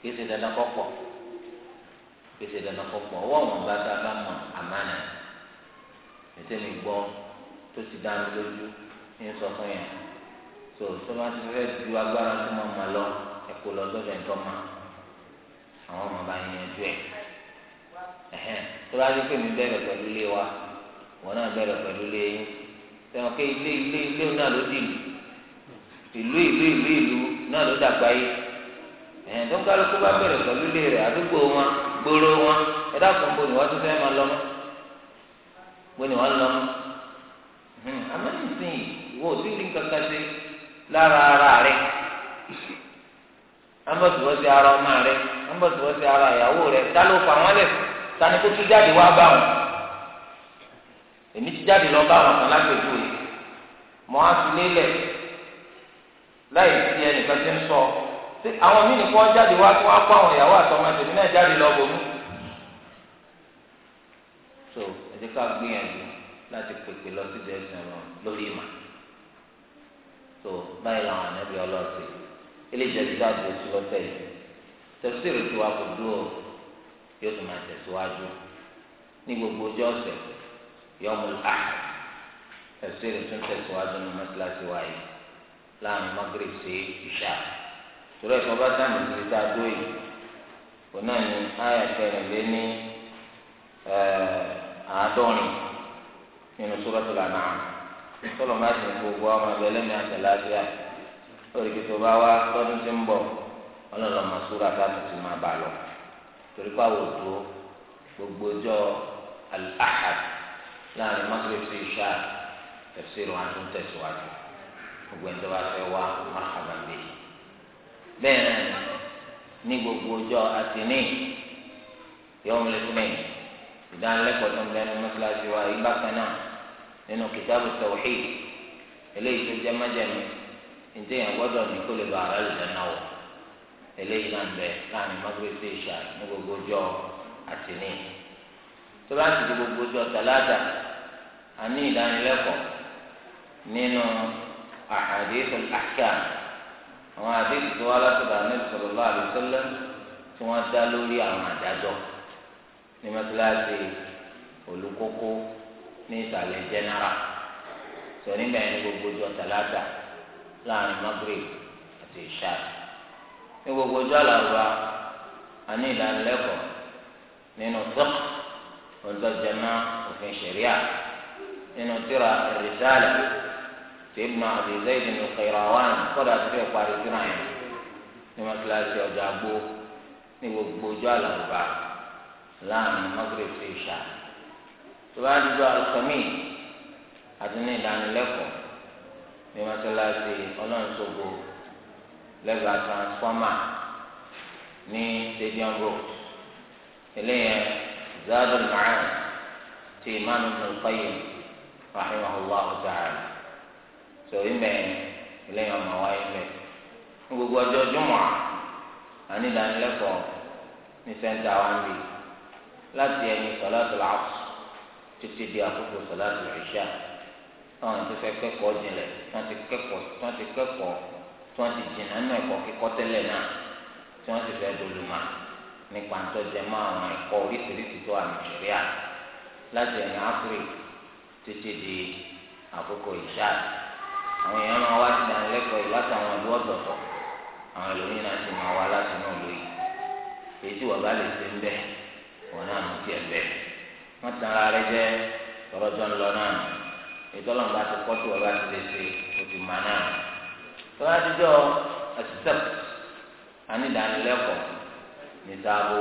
kí ṣe dandan kọ́pọ̀ kí ṣe dandan kọ́pọ̀ ọwọ́ wọn bá dábàá mọ̀ àmánà ìtẹ́ni gbọ́ tó ti dá mi lójú ń sọ fún yẹn tó tó bá ti fẹ́ ju agbára tó máa ma lọ ẹ̀kọ́ lọ sọ́dọ̀ ẹ̀tọ́ ma àwọn ọmọ bá yẹn ju ẹ̀ ẹ̀hẹ́n tó bá dé pé mi bẹ̀rẹ̀ pẹ̀lú ilé wa wọn náà bẹ̀rẹ̀ pẹ̀lú ilé yín sẹwọn ké ilé ilé ilé náà ló dìlù ìlú ìlú ìlú ìlú náà ló dàgbà yìí ẹ̀ẹ́n tó ń kálukú bá bẹ̀rẹ̀ pẹ̀lú ilé rẹ̀ àdúgbò wọn gbòòrò wọn ẹ̀dá kan bo ni wọ́n tún fẹ́ máa lọ mọ́ bo ni wọ́n lọ mọ́ àmọ́ nísìnyí wo tí ní kankan ṣe lára ara rẹ̀ ambọ̀tìwọ́ sí ara ọmọ rẹ̀ ambọ̀tìwọ́ sí ara ìyàwó rẹ̀ ta ló fà wọ́n lẹ̀ ta ni kó tún jáde wá bá wọn èmi ti jáde lọ bá àwọn kan lágbègbè rẹ mọ á fi lélẹ̀ láì sí ẹnìkan tí ń sọ ṣé àwọn míì nìkan jáde wá kí wọn á kó àwọn ìyàwó àtọmọ tèmi náà jáde lọ bòmí. so ẹ jẹ́ ká gbìyànjú láti pèpè lọ sí ẹsẹ̀ wọn lórí ìmọ̀ so báyìí làwọn ànábì ọlọ́ọ̀sẹ̀ eléjẹ́ ti dáàbò sí lọ́sẹ̀ yìí tẹ̀síìrì tí wàá kò dúró yóò tún máa tẹ̀síwájú ní gbogbo ọjọ́ ọ̀sẹ̀ yọmul ahad tẹsíìrì tún tẹsíwájú ní mọ́sálásí wáyé láàrin magreth sí ìṣá torí ẹ̀sán bá sáàmù sí ta dóyè kò náà ní àyà kẹrin lé ní àádọ́rin nínú suratul an'am sọlọ́ máa ti gbogbo ọmọ ẹgbẹ́ lẹ́nu àtẹ̀láṣíà lórí kí tó bá wá tọ́dún tí ń bọ̀ ọlọ́run ọmọ sóra táàtù ti máa bà lọ torí pàwọ̀ tó gbogbo ọjọ́ al láàrin magreth sí ìṣá tafsir wọn tún tẹ̀síwájú gbogbo ẹni tó bá fẹ́ wá marhaban bi bẹ́ẹ̀ náà ní gbogbo ọjọ́ àtìní yawm al-ithnain ìdánilẹ́kọ̀ọ́ tó ń bẹ́ẹ̀ ní mọ́sálásí wa ìgbà kan náà nínú kìtàbù tawhid eléyìí tó jẹ́ májẹ̀mú ìdíyàn gbọ́dọ̀ ní kó lè ba ara lè dáná wọ̀ eléyìí náà ń bẹ láàrin magreth sí ìṣá ní gbogbo ọjọ́ àtìní tó bá ti di gbogbo ọjọ́ tàlátà àní ìdánilẹ́kọ̀ọ́ nínú ahadithul ahkam àwọn àdéhùn tó wá látọ̀dọ̀ àmì sallallahu alaihi wasallam tí wọ́n dá lórí àwọn àdájọ́ ní mọ́tíláṣí olùkókó ní ìsàlẹ̀ jẹ́nẹ́rà tó nígbà yẹn ní gbogbo ọjọ́ tàlátà láàrin Maghrib àti ìṣá ní gbogbo ọjọ́ àlàrúbá àní ìdánilẹ́kọ̀ọ́ nínú fiqh ọlọ́jọ́ náà òfin ṣẹ̀ríà nínú tíra rìsálà tí ibùn àbíyèzé ìdìní Qayrawan kọ́dà tó fẹ́ parí tíra yẹn ní mọ́tíláṣí ọjà gbó ní gbogbo ọjọ́ àlàbà láàrin mọ́gírè sí ìṣà tó bá dúdú àlùkọ́mì àti ní ìdánilẹ́kọ̀ọ́ ní mọ́tíláṣí ọlọ́nṣogbo lẹ́gbàá transformer ní stadium road eléyẹn. زاد المعاد ti imaamu ibn qayyim rahimahullahu ta'ala so ime eléyìí ọmọ wa ime gbogbo ọjọ́ jumua ani dánilẹ́kọ̀ọ́ ní sẹńtà wa ń bì láti ẹni sọláàtù làásù títí di àkókò sọláàtù ìṣá táwọn ti fẹ́ kẹ́kọ̀ọ́ jinlẹ̀ tí wọ́n ti kẹ́kọ̀ọ́ tí wọ́n ti kẹ́kọ̀ọ́ tí wọ́n ti jìnnà nínú ẹ̀kọ́ kíkọ́ tẹ́lẹ̀ náà tí wọ́n ti fẹ́ dolùmọ nípa ntọ́jẹ mọ́ àwọn ẹ̀kọ́ oríṣiríṣi tó wà ní Nàìjíríà láti ẹ̀yìn áfírí títí di àkókò ìṣá àwọn èèyàn máa wá sílẹ̀ lẹ́kọ̀ọ́ yìí láti àwọn ìlú ọ̀dọ̀tọ̀ àwọn ẹlòmíín náà sì máa wá láti inú ìlú yìí èyí tí wọ́n bá lè ṣe ń bẹ̀ wọ́n náà mú tiẹ̀ bẹ̀ wọ́n tan ara rẹ jẹ́ tọ́lọ́jọ́ ń lọ náà ìtọ́lọ́n bá ti kọ́ tí wọ́n bá ti lè ṣe o ti mà náà tọ́lá ti jọ àtìsẹ́pù anídàánilẹ́kọ̀ọ́ nìdáàbò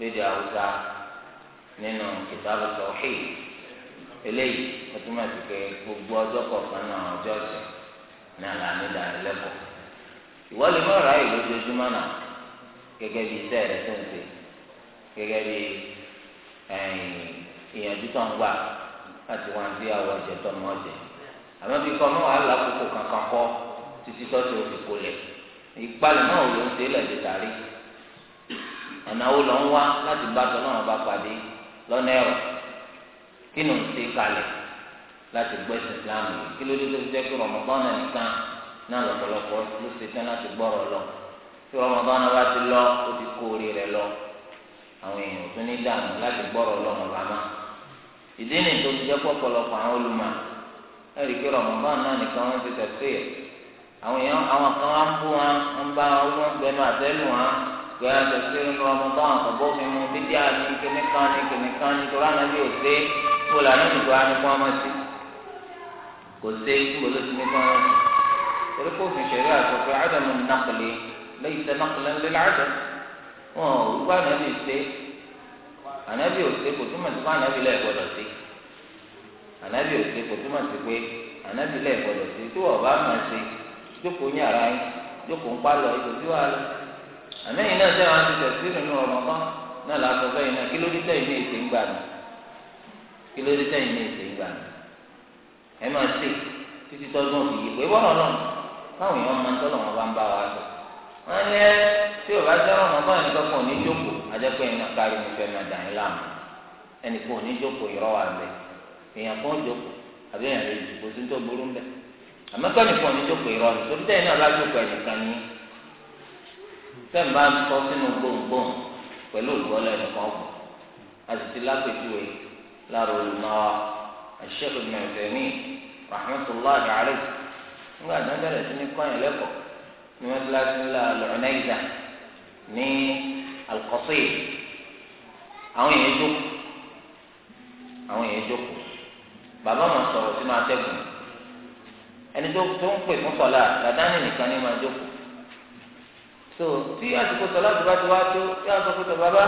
lédè haúsá nínú kìtàbù tọ̀hí eléyìí ó sí pé gbogbo ọjọ́ kọ̀ọ̀kan náà ọjọ́ ọ̀sẹ̀ ní àlàní ìdánilẹ́kọ̀ọ́ ìwọ́lẹ̀ mọ́ ráyè lójoojúmọ́ náà gẹ́gẹ́ bí iṣẹ́ rẹ̀ tó ń ṣe gẹ́gẹ́ bí ìyànjú tó ń gbà láti wá sí àwọn ọ̀jẹ̀ tó mọ́ ọ̀jẹ̀ àmọ́ bí kọ́ kankan kọ́ títí tó ti òfin kò ìpalẹ̀ ọ̀nà wo lọ ń wá láti bá tọ́ náà bá pàdé lọ́nà ẹ̀rọ kí ni ò ń ṣe kalẹ̀ láti gbọ́ ẹ̀sìn Islam yìí kí ló dé tó fi jẹ́ pé Ramadan nìkan náà lọ́pọ̀lọpọ̀ ló ṣe tán láti gbọ́rọ̀ lọ tí Ramadan bá ti lọ ó ti kó orí rẹ̀ lọ àwọn èèyàn tó ní dààmú láti gbọ́rọ̀ lọ mọ̀lámá ìdí ni tó fi jẹ́ pọ̀pọ̀lọpọ̀ àwọn olùmọ̀ ẹ̀rí pé Ramadan náà nìkan wọ́n ti tẹ̀síì àwọn èèyàn àwọn kan wá bú wọn ń bá wọn gbẹnu àtẹ́lù wọn gbẹ́yà tẹ̀sí nínú ọmọdán àtọ̀bọ̀ fi mu dídí àní kìnìkan ní kìnìkan ní torí àná yóò dé kó lànà ìgbà ní kó ọmọ sí kò dé kó ló ti ní kó ọmọ sí torí kó fi ṣẹ̀rí àtọ̀pẹ́ àdàmú nàkìlì lẹ́yìn tẹ́ nàkìlì ńlẹ́ làádọ́ wọn ò gbọ́ ànábì ṣe ànábì ò ṣe kò túmọ̀ sí pé ànábì lẹ́ẹ̀ gbọ́dọ̀ ṣe ànábì ò ṣe kò túmọ̀ sí pé ànábì lẹ́ẹ̀ gbọ́dọ̀ ṣe tí wọ́n bá máa ṣe jókòó àmẹ́yìn náà sẹ́wọ̀n ti tẹ̀sí nínú ọ̀rọ̀ mọ́ náà làásọ bẹ́yìn náà kí ló dé tẹ̀yìn ní èsè gbà mí kí ló dé tẹ̀yìn ní èsè gbà mí ẹ máa ṣe títí tọ́gbọ́n fi yí pé wọ́n náà báwọn èèyàn máa ń tọ́lọ̀ wọn bá ń bá wa sọ wọ́n ní ẹ tí ò bá sẹ́wọ̀n wọn bá ẹnì kankan òní jókòó ajẹ́pẹ́ mi fẹ́ máa sẹ́yìn bá ń kọ́ sínú gbòǹgbòǹ pẹ̀lú ògbọ́lẹ̀ nìkan ọ̀gbọ̀n àtìtì lápẹ̀jùwe lára olùmọ̀wá Sheikh Ibn Uthaymeen rahmatullahi alayhi nígbà tí wọ́n bẹ̀rẹ̀ sí ní kọ́yìn lẹ́kọ̀ọ́ ní wọ́n ti láti ńlá lọ́nàìjà ní Al-Qasir àwọn èèyàn jókòó àwọn èèyàn jókòó bàbá wọn sọ̀rọ̀ sínú atẹ́gùn ẹni tó ń pè fún sọ̀lá làdáni nìkan ní máa jókòó so tí àsìkò sọ láti bá ti wá tó tí a sọ pé tó bàbá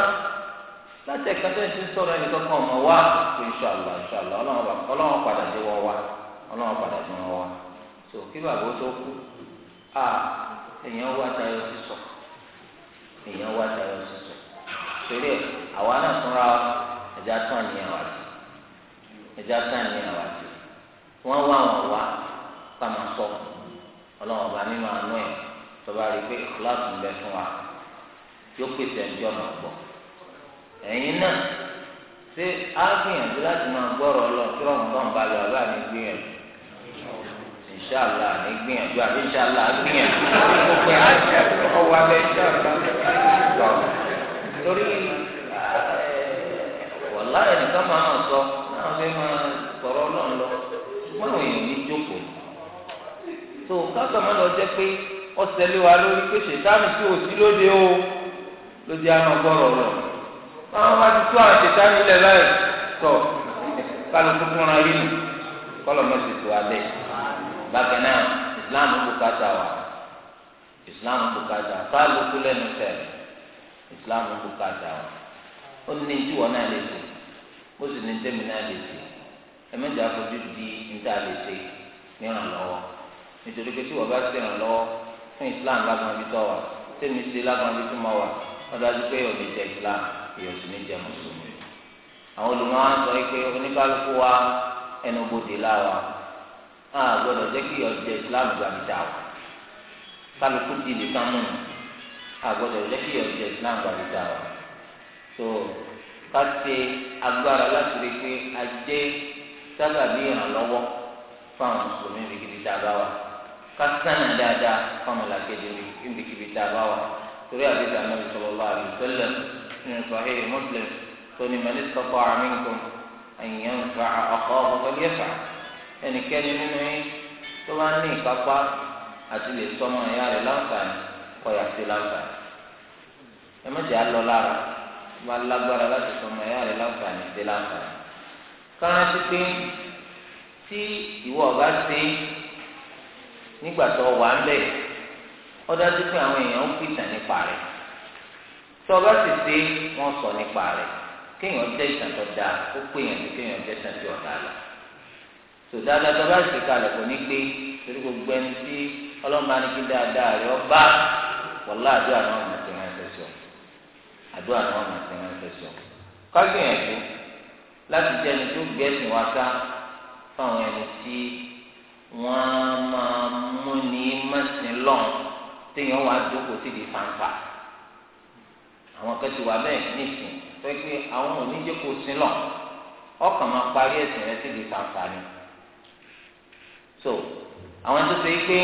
láti ẹ̀ka tó ń ti sọ̀rọ̀ ẹni kankan ọmọ wa tó ìṣàlọ̀ ìṣàlọ̀ ọlọ́run padà dé wọ́n wa ọlọ́run padà dé wọ́n wa tó kí bàbá ó tó kú a èèyàn wá tayọ sísọ èèyàn wá tayọ sísọ torí ẹ àwa náà fúnra ẹja tán ni àwa ti ẹja tán ni àwa ti wọn wá wọn wá ká sọ ọlọ́run ọba nínú àánú ẹ̀ tọba rí pé kíláàsì ń bẹ fún wa yóò pèsè ẹjọ́ náà gbọ́ ẹ̀yin náà ṣé á gbìyànjú láti máa gbọ́rọ̀ lọ kí wọ́n tó ń ba lọ ọlọ́ àní gbìyànjú inṣàlá àní gbìyànjú àbí inṣàlá àgbìyànjú gbogbo ẹ̀ á jẹ́ ọwọ́ abẹ́ inṣàlá torí wàlá ẹnìkan máa ń sọ náà fẹ́ máa sọ̀rọ̀ náà lọ ṣùgbọ́n àwọn èèyàn ní jókòó tó káàkiri máa lọ jẹ́ pé ọ̀sẹ̀lẹ̀ wa lórí pé ṣètánù tí ò sí lóde o lóde àmọ́ gbọ́rọ̀ lọ. Báwọn bá ti tó àwọn ṣètánù ilẹ̀ láì tọ̀ kálukú fúnra yín nù kọ́lọ̀ mọ́ ṣètò alẹ́. Bákan náà ìsìláàmù bùkátà wà ìsìláàmù bùkátà kálukú lẹ́nu tẹ̀ ìsìláàmù bùkátà wà. Ó ní tí wọ́n náà lè ṣe ó sì ní tẹ́mi náà lè ṣe ẹ̀mẹ́jà fojú di ní a lè ṣe ní ìrànlọ́wọ́ nítorí pé tí wọ́n bá ṣèrànlọ́wọ́ fún islam lágbọn ibi tó wà tèmi ṣe lágbọn ibi tó mọ wà pé òní jẹ islam èèyàn sì ní jẹ mùsùlùmí àwọn olùmọ̀ wa ń sọ pé oníkálukú wa ẹnu bodè láwa a gbọ́dọ̀ jẹ kí ọjọ́ islam gbàgbé dà wà kálukú di ìlú kan mú un a gbọ́dọ̀ jẹ kí ọjọ́ islam gbàgbé dà so ká ṣe agbára láti rí pé ajé sábàbí ìrànlọ́wọ́ fáwọn mùsùlùmí ibi kìí dábàá wa kásánà dáadáa fámọlá kejìlì níbikíbi tá a bá wà torí àdéhùn anábì sallallahu alaihi wasallam nínú sahih Muslim tóní mẹlẹ sọpọ minkum ẹyìn nfa ọkọ ọgbẹgbẹ fà ẹnikẹ́ni nínú yín tó bá ní ìkápá àti lè sọmọ ẹyà rẹ láǹfààní kọyà sí láǹfààní ẹ mẹjẹ alọ lára bá lágbára láti sọmọ ẹyà rẹ sí láǹfààní. káràntì pé tí ìwọ ọba ṣe nígbà tó wà ń ó dájú pé àwọn èèyàn ń pìtàn nípa o bá sì ṣe wọ́n sọ nípa rẹ̀ kéèyàn jẹ́ ìtàn tó dáa ó pé èèyàn ní kéèyàn jẹ́ ìtàn tó ọ̀dà lọ tó dáadáa tó bá sì kalẹ̀ kò ní pé torí gbogbo ẹni tí ọba àdúrà náà àdúrà náà kágbìyànjú láti wọ́n á máa mú ní mọ́sílọ́n téèyàn wá jókòó sí di fanfa àwọn kan ti wà bẹ́ẹ̀ nísìn pé pé àwọn oníjókòó sílọ̀ ọkàn máa parí ẹ̀sìn rẹ sí di fanfa ni so àwọn tó ṣe pé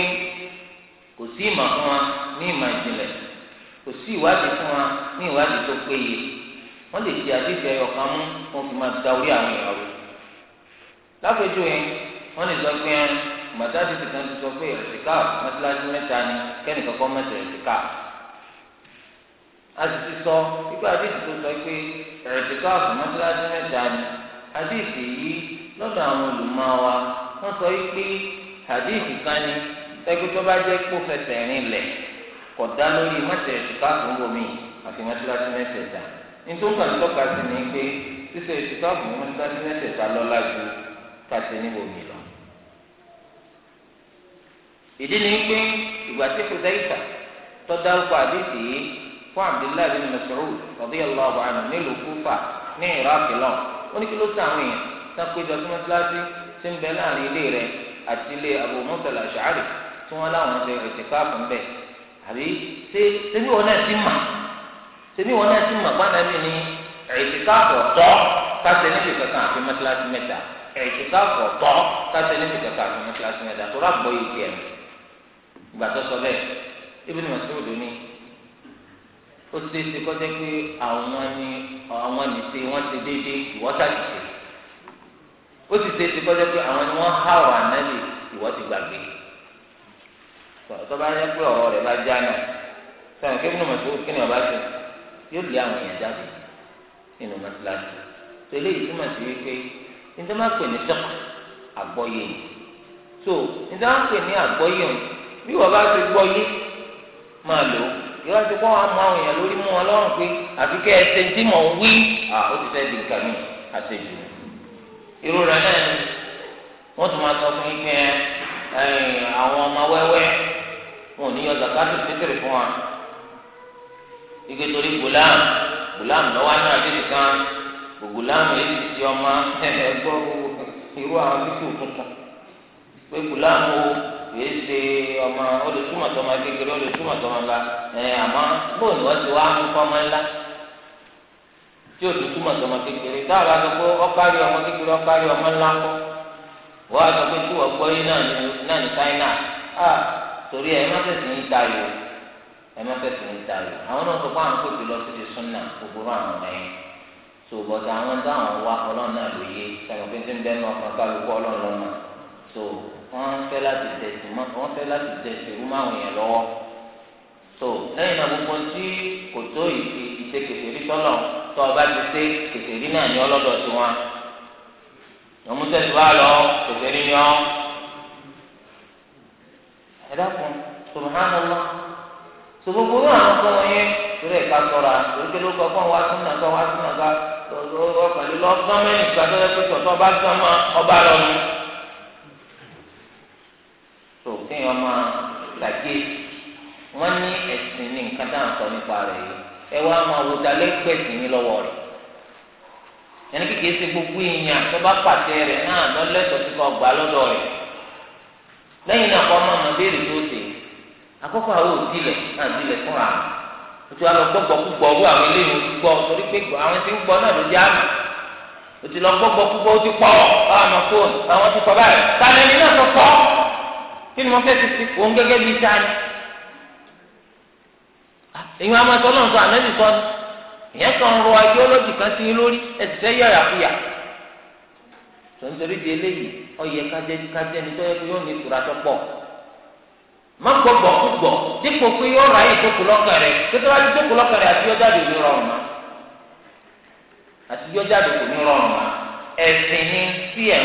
kò sí ìmọ̀ fún wa ní ìmọ̀ ìjìnlẹ̀ kò sí ìwádìí fún wa ní ìwádìí tó péye wọ́n lè fi àdéhùn ẹyọ kan mú wọ́n fi máa da orí àwọn ìyàwó yẹn wọ́n lè sọ pé gbàdáàdì ti kan ti sọ pé ẹ̀sìká mẹ́tíláṣí mẹ́ta ni kẹ́nìkan kọ́ mẹ́tẹ̀ ẹ̀sìká. a sì ti sọ pípẹ́ àdìsí tó sọ pé ẹ̀sìká mẹ́tíláṣí mẹ́ta ni àdìsí yìí lọ́dọ̀ àwọn olùmọ̀ wa wọ́n sọ pé àdìsí kan ni ẹgbẹ́ tó bá jẹ́ kó fẹsẹ̀ rìn lẹ̀ kọ̀ dá lórí mẹ́tẹ̀ ẹ̀sìká fún bomi àti mẹ́tíláṣí mẹ́tẹ̀ẹ̀ta nítorí kan tọ́ka sí ni pé ṣíṣe ẹ̀sìká fún mẹ́tíláṣí mẹ́tẹ̀ẹ̀ta ìdí ni pé ìgbà tí fúzẹ́ìtà tó dárúkọ àdìsí yìí fún abdullahi bin mas'ud radiyallahu anhu nílùú kúfà ní iraq lọ ó ní kí ló sàn àwọn èèyàn tán péjọ sí mọ́tíláṣí tí ń bẹ láàrin ilé rẹ̀ àti ilé abu musa al-ash'ari tí wọ́n láwọn ṣe ìtìkáàfù ń bẹ̀ àbí ṣé ṣébí wọn náà ti mà ṣébí wọn náà ti mà gbọ́dọ̀ bí ní ìtìkáàfù ọ̀tọ̀ káṣẹ́ níbi kankan àfi mọ́tíláṣí mẹ́ta ìtìkáàfù ọ̀tọ̀ káṣẹ́ níbi kankan àfi mọ́tíláṣí mẹ́ta tó rà gbọ́ yìí tiẹ̀ ìgbà tó sọ ni Ibn Mas'ud ni. ó ti ṣe kọjá pé àwọn ni àwọn ni ṣe wọ́n ti déédé ìwọ́ta ti ṣe ó sì ṣe ti kọjá pé àwọn ni wọ́n há wà nẹ́lì ìwọ́ ti gbàgbé tó bá yẹ pé ọ̀rọ̀ rẹ̀ bá já náà sọ̀rọ̀ kí Ibn Mas'ud kí ni ọba ṣe yóò lé àwọn èèyàn jáde nínú mọ́tíláṣí tó eléyìí túmọ̀ sí wípé níta máa pè ní sọ́kà àgbọ́yé yìí tó níta máa pè ní àgbọ́yé yìí bí wọ́n bá ti gbọ́ yé máa lò ó ìwọ́n ti kọ́ àmọ́ àwọn èèyàn lórí mú wọn lọ́rùn pé àfi kẹ́ ẹ ṣe tí mò ń wí ó ti fẹ́ di nǹkan mi àṣejù irú rẹ̀ náà ni wọ́n tún máa sọ fún yín pé àwọn ọmọ wẹ́wẹ́ wọn ò ní yọ zakatu fitiri fún wa ike torí gulam gulam lọ́wọ́ àná àdéhùn kan gulam èyí ti ti ọmọ ẹgbọ́ irú àwọn fífi òkúta pé gulam o kìí ṣe ọmọ olùtúmọ̀ tọmọ kékeré olùtúmọ̀ tọmọ ńlá ẹ àmọ́ bóun ni wọ́n ti wá ń kọ́ ọmọ ńlá tí o tuntun mọ̀ sọmọ kékeré tá a bá sọ pé ọkárí ọmọ kékeré ọkárí ọmọ ńlá kọ́ wọ́n á sọ pé tí wọ́n gbọ́ yín náà ní náà ní China á torí ẹ̀ má tẹ̀sí ní dayò ẹ̀ má tẹ̀sí ní dayò àwọn náà sọ pé àwọn kò ti lọ sí ti súnà òbúrò àwọn ọmọ yẹn tó bọ̀dọ̀ àwọn dáhùn wá ọlọ́run náà lóye sọ̀rọ̀ pé tí ń bẹ́ẹ̀ náà kọ́kọ́ so wọ́n fẹ́ láti tẹ̀sí wọ́n fẹ́ láti tẹ̀sí irú máa wọ̀nyẹn lọ́wọ́ so lẹ́yìn náà gbogbo tí kò tó ìṣe kèfèrí tọ́lọ̀ tó ọba ti ṣe kèfèrí náà ní ọlọ́dọ̀ tí wọn ọmútẹ́síwá lọ kèfèrí ni ọ́ ẹ dákun subhanallah so gbogbo náà àwọn ọkọ wọn yẹn torí ẹ̀ ká sọ̀rọ̀ àtòkè ló kọ́ fún wa tún nàgbà wa tún nàgbà ọ̀pẹ̀lú lọ́gbọ́n mẹ́rin ìgbà tó yẹ kó tọ̀ tó ọba gbọ́n mọ́ ọba lọ́nu. kéèyàn máa tàgé wọn ní ẹ̀sìn ní nǹkan tá à ń sọ nípa rẹ̀ yìí ẹ wá máa wò dalẹ ní rẹ̀ ẹni kékeré ṣe gbogbo èèyàn tó bá pàṣẹ rẹ̀ náà ti kọ gbà lọ́dọ̀ rẹ̀ lẹ́yìn náà ọmọ ọmọ béèrè tó ṣe àwọn náà fúnra òtún àwọn eléyìí gbọ́ torí pé àwọn tí ń gbọ́ náà ló kí ni mo fẹ́ ti fi òun gẹ́gẹ́ bíi sáré ìwọ̀n amọ̀tọ́ náà sọ ànábì sọ ìyẹn kan rọ ideology kan sí i lórí ẹsẹ̀ fẹ́ yọ̀yà fúyà tó di eléyìí ọyẹ kájẹ kájẹ tọ́yẹ yóò ní ìtura tó pọ̀ má gbọ́ gbọ́ kú gbọ́ dípò pé yóò ráyè tókù lọ́kẹ̀rẹ̀ tókù lọ́kẹ̀rẹ̀ àti rọrùn ma àti rọrùn ma ẹ̀sìn ni tí ẹ̀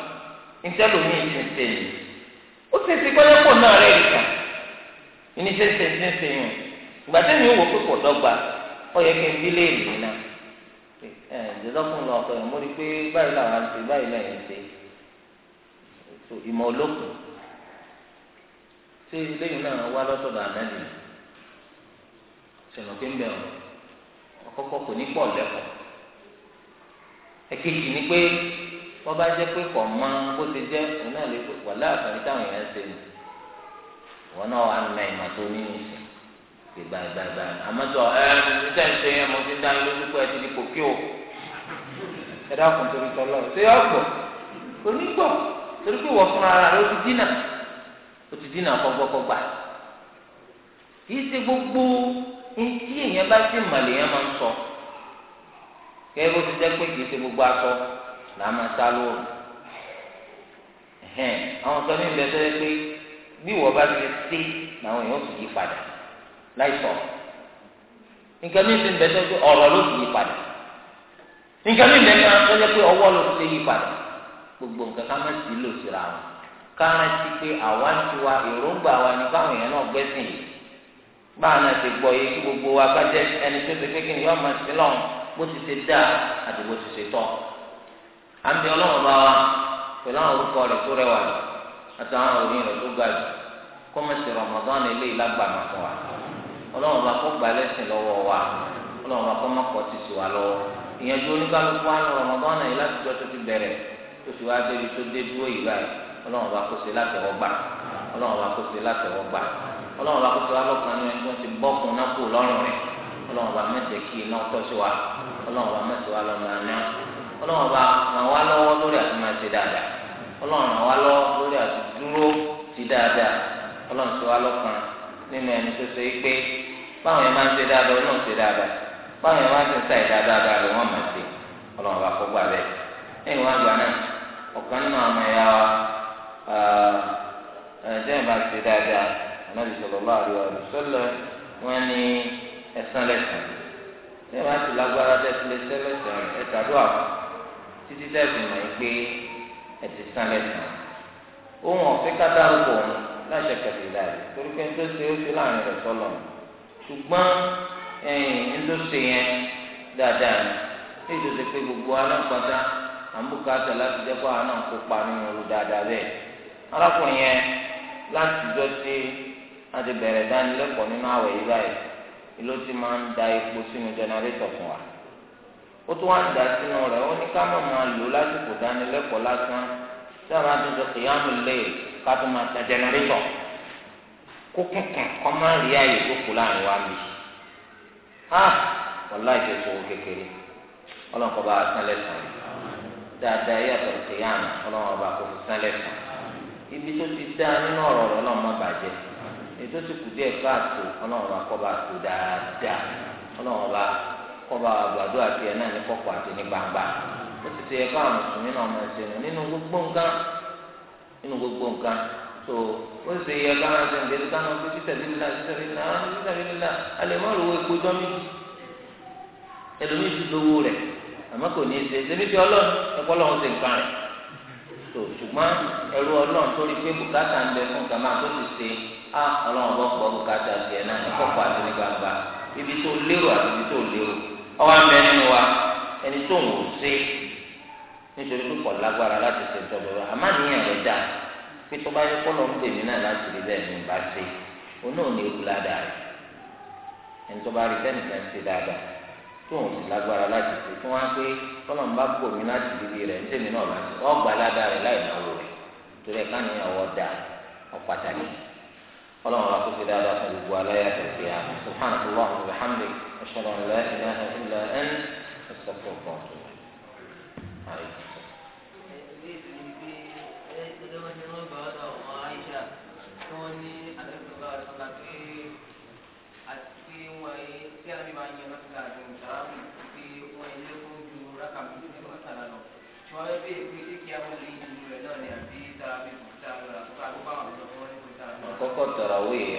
ntẹ́lómi onye yìí ó ti ṣe pẹ́lẹ́pọ̀ náà rẹ̀ rí kan ní ṣẹ̀ṣẹ̀ ṣẹ̀ṣẹ̀ yìí ìgbà tẹ́mi wò pé dọ́gba ó yẹ kí n bí léèrè náà ẹ̀ ǹdẹ́dọ́kùn lọ ọ̀tọ̀ yẹn mo rí i pé báyìí làwọn báyìí ìmọ̀ olókùn ṣé náà wá pé ń kò ní pọ̀ lẹ́kọ̀ọ́ ni pé wọ́n bá jẹ́ pé kọ̀ mọ́ bó ti jẹ́ òun náà lè pè wà láàbàrí táwọn èèyàn ṣe nù wọn náà wà nà ìmọ̀ tó ní ìsìn ṣe gbàgbàgbà àmọ́tọ̀ ẹ ṣe ṣe ti ẹ ti di kòkí o ẹ dákun torí tọ́lọ́ ṣé ọ̀gbọ̀ onígbọ̀ torí pé wọ́n fúnra ó ti dínà ó ti dínà kọ́gbọ́kọ́gbà kì í ṣe gbogbo ntí èèyàn bá ti máa ń sọ kẹ́ bó ti jẹ́ pé kì í ṣe gbogbo aṣọ. làá máa sá lóòrùn ẹ̀hẹ́n àwọn sọ ní ìbẹ̀ tó yẹ pé bí wọ́n bá ti ṣe làwọn èèyàn sì yí padà láì sọ̀rọ̀ nǹkan ní ìbẹ̀ tó yẹ pé ọ̀rọ̀ ló sì yí padà nǹkan ní ìbẹ̀ tó yẹ pé ọwọ́ ló sì yí padà gbogbo nǹkan ká má sí lò síra wọn káràntì pé àwa ń tiwa èròǹgbà wa ni báwọn èèyàn náà gbẹ́sìn yìí báwa náà ti gbọ́ yìí kí gbogbo wa bá jẹ́ ẹni tó ti pé kí ni yọ́ọ́ máa ṣe lọ́hùn bó ti ṣe dáa àti bó ti ṣe tọ́ à ń bẹ ọlọ́run bá wa pẹ̀lú àwọn orúkọ rẹ̀ tó rẹwà jù àti àwọn òrìn rẹ̀ tó ga jù kọ́mẹ̀sì rọmọdán eléyìí lágbàmọ̀ fún wa ọlọ́run bá kó gbà lẹ́sìn lọ́wọ́ wa ọlọ́run bá lọ́wọ́ oníkálukú wa rọmọdán láti jọ tó ti bẹ̀rẹ̀ tó ọlọ́run ọba ràn wá lọ́wọ́ lórí àti máa ṣe dáadáa ọlọ́run ràn wá lọ́wọ́ lórí àti dúró ti dáadáa ọlọ́run ṣe wá lọ́kàn nínú ẹni tó ṣe pé báwọn yẹn máa ń ṣe dáadáa ọlọ́run ṣe dáadáa báwọn yẹn máa ń ṣe ń ṣàì dáadáa rẹ̀ wọ́n máa ṣe ọlọ́run ọba kọ́ gbà bẹ́ẹ̀ ẹ̀yìn wá gbà náà ọ̀kan nínú àwọn ẹ̀yà wa ẹ̀ẹ́dẹ́gbẹ̀rún bá ṣe dáadáa ànábì sallallahu alaihi wasallam wọn títí tẹ̀sí mọ̀ pé ẹ ti sán lẹ́sàn ohun ọ̀fẹ́ kádàrúkọ láṣẹ kẹfìlà rẹ torí pé ń tó ṣe ó ṣe láàrin rẹ sọlọ ṣùgbọ́n ń tó ṣe yẹn dáadáa ní ìdòdò pé gbogbo alápàdá àmúkàtà láti jẹ́ pé àwọn náà kópa nínú ọ̀rọ̀ dáadáa bẹ́ẹ̀ arákùnrin yẹn láti jọ sí àti bẹ̀rẹ̀ dánilẹ́kọ̀ọ́ nínú àwẹ̀ yìí báyìí ló ti máa ń da epo sínú jẹnẹrétọ̀ fún wa. ó tún wá ń dà sínú rẹ̀ ó ní ká má máa lò lásìkò dánilẹ́kọ̀ọ́ lásán tí a máa tún sọ kìyàmù lè ká tún máa tẹ jẹnẹrétọ̀ kó kọ́ máa rí àyè tó kù láàrin wa mi ha wàlá ìjẹsọ kékeré ọlọ́nkọ́ bá sálẹ̀ sàn dáadáa yàtọ̀ kìyàmù bá ibi tó ti dá nínú ọ̀rọ̀ má bàjẹ́ ètò díẹ̀ bá kọ́ bá kọba àgbàdo àti ẹ̀ náà ní kọ̀kọ̀ àti ní gbangba ó sì ti yẹ kó àwọn mùsùlùmí náà máa ṣe nù nínú gbogbo nǹkan nínú gbogbo nǹkan tó ó sì yẹ kó àwọn ṣẹ̀ǹgẹ̀ tó dáná pé títẹ̀ lílá títẹ̀ lílá títẹ̀ lílá alẹ́ mọ́ ìrówó epo jọ́ mi ẹlòmíì ti lówó rẹ̀ àmọ́ kò ní í ṣe ṣe níbi ọlọ́run ẹ̀kọ́ lọ́run ṣe nǹkan rẹ̀ tó ṣùgbọ́n ẹrú ọlọ́run tó rí pé bùkátà ń bẹ fún kàmá tó ti ṣe á ah, ọlọ́run bọ́ pọ̀ bùkátà tiẹ̀ náà ní kọ̀kọ̀ àti ní gbangba ibi tó lérò àti ibi tó lérò. ọwọ́ abẹ nínú wa ẹni tó ń wò sí nítorí pé kọ̀ lágbára láti ṣe ìjọba rẹ àmọ́ àníyàn rẹ dà pé tó bá yẹ kó lọ́n pè náà láti rí bẹ́ẹ̀ ní bá ṣe òun náà ní ewu ládàá ẹni tó bá rí bẹ́ẹ̀ ṣe dáadáa tó ń sì lágbára láti ṣe fún wa pé bá láti rí rẹ̀ أشهد أن لا إله إلا أنت أستغفرك وأتوب إليك àkọ́kọ́ tarawih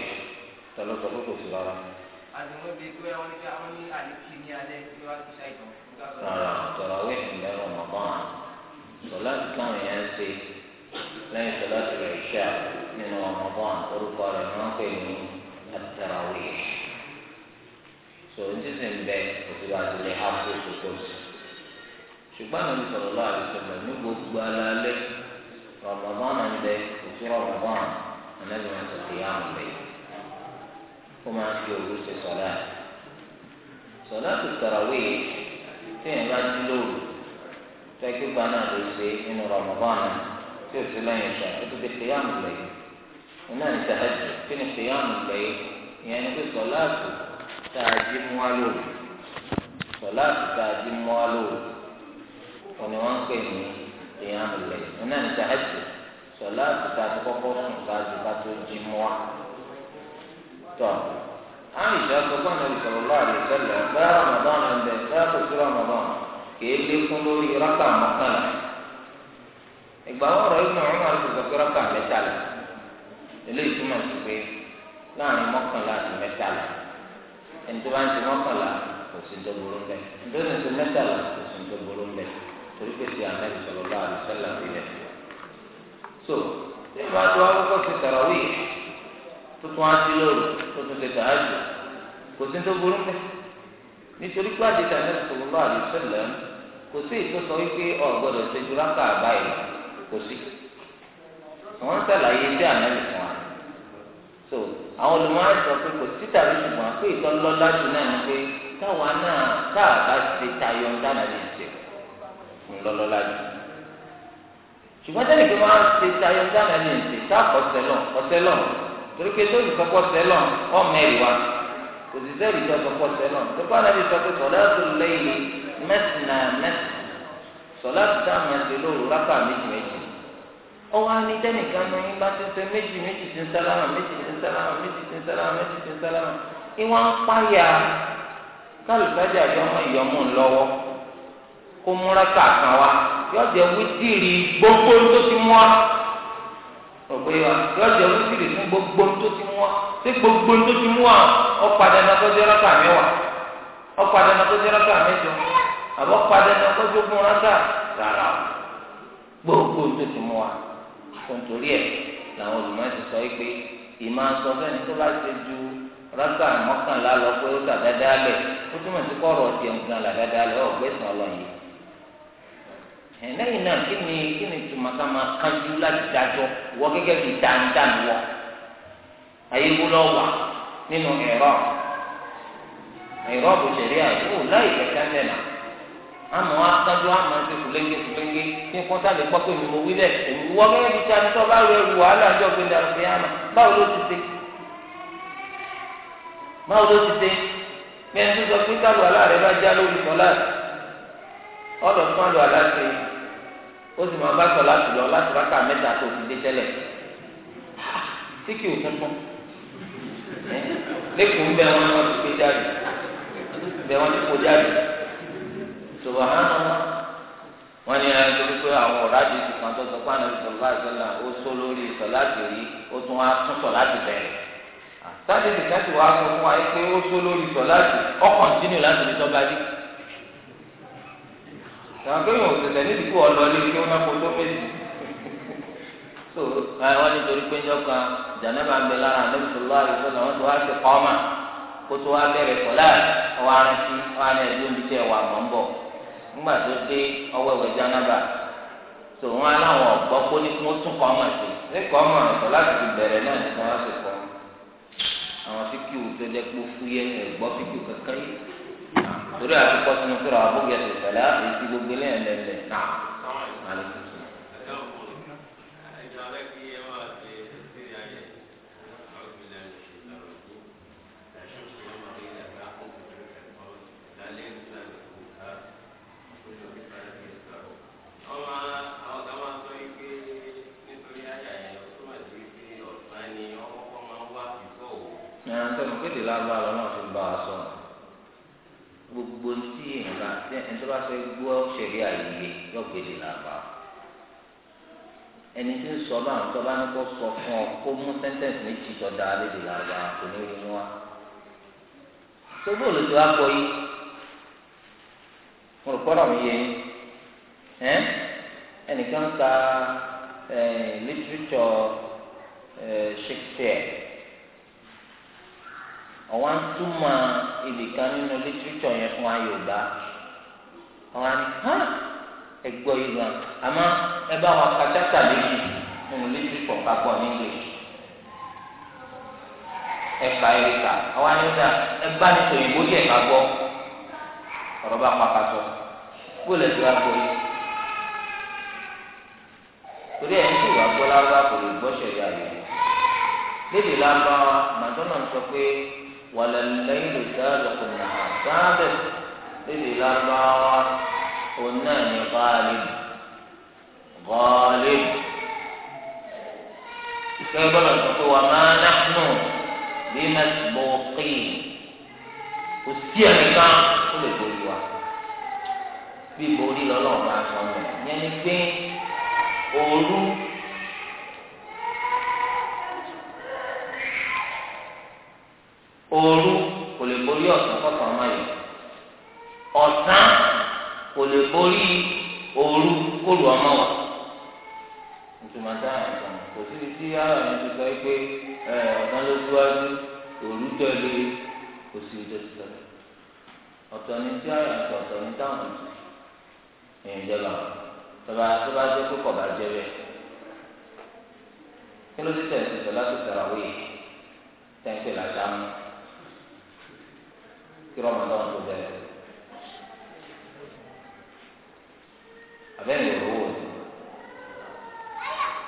tọlọsọ kókò sí rárá àdìmọ́ bíi pé àwọn ní àwọn ní àdìkì ní alẹ́ tí wọ́n ti ṣàìtàn. rárá sọ̀rọ̀ wí ìlẹ̀ rọ̀mọ̀bọ́n sọ̀lá ti táwọn yẹn ń ṣe lẹ́yìn sọ̀lá ti rẹ̀ ṣá nínú rọ̀mọ̀bọ́n orúkọ àwọn ìṣòro lọ́wọ́ ó máa ń fi òru ṣe sọ̀lá sọ̀lá tó tàràwé téèyàn bá dí lóru tó ẹgbẹ́ gba náà ló ṣe nínú Ramadan tí ò sí lẹ́yìn ìṣá ó ti di kéyàmù lẹ́yìn òun náà ní tàhájì kí ni kéyàmù lẹ́yìn ìyẹn ni pé sọ̀lá tó tààjí mú wá lóru sọ̀lá tó tààjí mú wá lóru òun ni pè ní kéyàmù lẹ́yìn òun náà ní tàhájì sọ̀lá tó tààjí kọ́kọ́ sùn ká tọ́ àìsà sọ́kọ́ nàbì sọ̀rọ̀lá àdìsẹ́lẹ̀ bá ramadan ẹ̀ndẹ̀ bá kòsí ramadan kìí lékún lórí rákà mọ́kànlá ìgbà wọ́rọ̀ ibùdó àwọn ọmọ àti sọ̀kọ́ rákà mẹ́tàlá eléyìí túmọ̀ sí pé láàrin mọ́kànlá àti mẹ́tàlá ẹni tó bá ń ti mọ́kànlá kò sí tó burú bẹ́ẹ̀ ẹni tó ń ti mẹ́tàlá kò sí tó burú bẹ́ẹ̀ torí pé ti àná ìsọ̀rọ̀lá àdìsẹ́lẹ̀ fi lẹ̀ so bí wọ́n á tó wá kókó ti tàràwíì tó tún á sí lóru tó tún ṣe tààjù kò sí tó burú pẹ́ nítorí pé àdìsá náà sọ̀rọ̀ lọ́wọ́ àdìsẹ́lẹ̀ kò sí ìtòsọ wípé ọ̀gbọ́dọ̀ ṣe ju rákà báyìí kò sí wọ́n ṣàlàyé sí ànábì fún wa so àwọn olùmọ̀ràn sọ pé kò sí tàbí ṣùgbọ́n pé ìtọ́lọ́lá jù náà ni pé táwa náà táà bá ṣe tayọ dáná lè ṣe ńlọ́lọ́lá jù ṣùgbọ́n tẹ́lẹ̀ kí wọ́n á ṣe tayọ dáná lè ṣe tá ọ̀sẹ̀ lọ ọ̀sẹ̀ lọ torí pé tó ti sọpọ sẹlọ ọmọ ẹrì wa kò sì tó náà ti sọ pé sọláàtù lẹ́yìn mẹ́sìnà mẹ́sì sọláàtù táwọn máa ṣe lóru rákà méjì méjì ó wá ní tẹ́nìkan ní bá ti ṣe méjì méjì ti ń sálámà méjì ti ń sálámà méjì ti ń sálámà méjì ti ń sálámà ń kó òpè wa yọjọ wípìrì fún gbogbo tó ti mú wa ṣé gbogbo tó ti mú wa ọ̀padà náà tó jẹ́ rákà mẹ́wàá ọ̀padà náà tó jẹ́ rákà mẹ́jọ àbọ̀ ọ̀padà náà tó jogún rákà rárá gbogbo tó ti mú wa ẹ̀ làwọn sọ pé ìmọ̀ sọ fẹ́ni tó bá ṣe ju rákà mọ́kànlá lọ pé ó tà dáadáa ó túmọ̀ sí kọ́ ọ̀rọ̀ e náà kí ni kí ni tùmọ̀ká máa kánjú láti dájọ́ wọ gẹ́gẹ́ bí dáńdá wọ ayéwo lọ wà nínú ẹ̀rọ ẹ̀rọ bụ ṣẹlẹ̀ azụ láì kẹ̀kẹ́ mẹ́la àmọ́ akájú àmọ́ ẹsẹ̀ kùlẹ́ńgé kùlẹ́ńgé kí n kọ́tà lè pọ́pẹ́ mi mo wí lẹ̀ èmi wọ́n gẹ́gẹ́ bí sani tó bá wù wàhálà ọjọ́ báwo ló ti dé báwo ló ti dé sọ pé ọlọ tó ń lọ aláṣẹ ó sì máa bá sọ láti lọ láti rákà mẹ́ta tó ti dé tẹ́lẹ̀ tí kì í tuntun lẹkùn bẹ wọn wọn ti gbé jáde bẹ wọn ti kó jáde sọ̀rọ̀ hàn wọn ni ẹni tó pé àwọn ọ̀rọ̀ àti ìsìnkàn tó sọ pé àwọn ìsọ̀rọ̀ bá ìsọ̀rọ̀ ó sọ lórí ìsọ̀rọ̀ láti rí ó tún wá tún sọ̀ láti bẹ̀rẹ̀ sáà tètè kẹ́tù wá sọ fún wa pé ó sọ lórí àwọn pé wọn ò níbi kí kí kó tó méjì. so àwọn nítorí pé njọ́ kan jàǹdàbà ń bẹ lára àdébí sọlá àdébí sọlá wọn tó wá sí kọ́ọ́mà kó tó wá bẹ̀rẹ̀ sọlá arántí wà ń so wọn kó ní tún sí ní bẹ̀rẹ̀ náà ní torí àkókò sínú sọ̀rọ̀ àbúgbé ẹ̀sẹ̀ pẹ̀lẹ́ èsì gbogbo ilé ẹ̀lẹ́lẹ̀ náà. Nyɛ sɛ mo kéde la ba lɔ n'otu ba sɔ gbogbo ntí nǹkan tí ẹni tó bá fẹ́ gbọ́ ṣẹ̀rí àyè yọ̀gbẹ̀dẹ̀ làbà ẹni tí ń sọ bá ń tọ́ bá ní kó sọ fún ọ kó mú sẹ́ńtẹ̀sì méjì tó dáa lédè làbà kò ní rí wọn. tó bóòlù tó wá yìí mo rò pọ́nrọ̀ mi yé ẹ́ ẹnìkan ka lítírítọ̀ Shakespeare ọwọ́ ń túmọ̀ ibìkan nínú lítírítọ̀ yẹn fún wa ọwọ́ ni ẹgbọ́ yìí gan àmọ́ ẹ bá wa ka chapter méjì nínú lítírítọ̀ papọ̀ nílé ẹ̀ka ẹ̀ka ọwọ́ ni ó dà ẹ bá ní sòyìnbó ká gbọ́ ọ̀rọ̀ bá pa pàtó kó lè tó agbó yìí torí ẹni tí ìwà gbọ́ lábá kò lè gbọ́ sẹ̀yà yìí lédè lábá màdọ́nà sọ pé. ولليل سابق النهار سابق إذ الأربعة قلنا غالب غالب كيف وما نحن بمسبوقين وسيرك كل بوريوا bí borí lọ́lọ́ọ̀bá sọ̀rọ̀ yẹn ni pé òru òru kò lè borí ọ̀sán kọ́sán ọmọ yìí ọ̀sán kò lè borí òru kóru ọmọ wa ìtumọ̀ táwọn ọ̀sán kò síbi tí ara mi ti sọ pé ọ̀sán ló gbúwájú òru tẹ̀lé kò sí ìjọ ti sọ ọ̀tọ̀ ni tí ara mi sọ ọ̀tọ̀ ni táwọn ọ̀sán ẹ̀yìn ìjọba tọba tọba jẹ́ pé kọ̀ọ̀bá jẹ́ bẹ́ẹ̀ kí ló ti tẹ̀sí sọ láti tẹ̀ra wíì tẹ̀sí làtàmú kí rọmọdọ́n tó bẹ̀rẹ̀. abẹ́rẹ́ yóò wò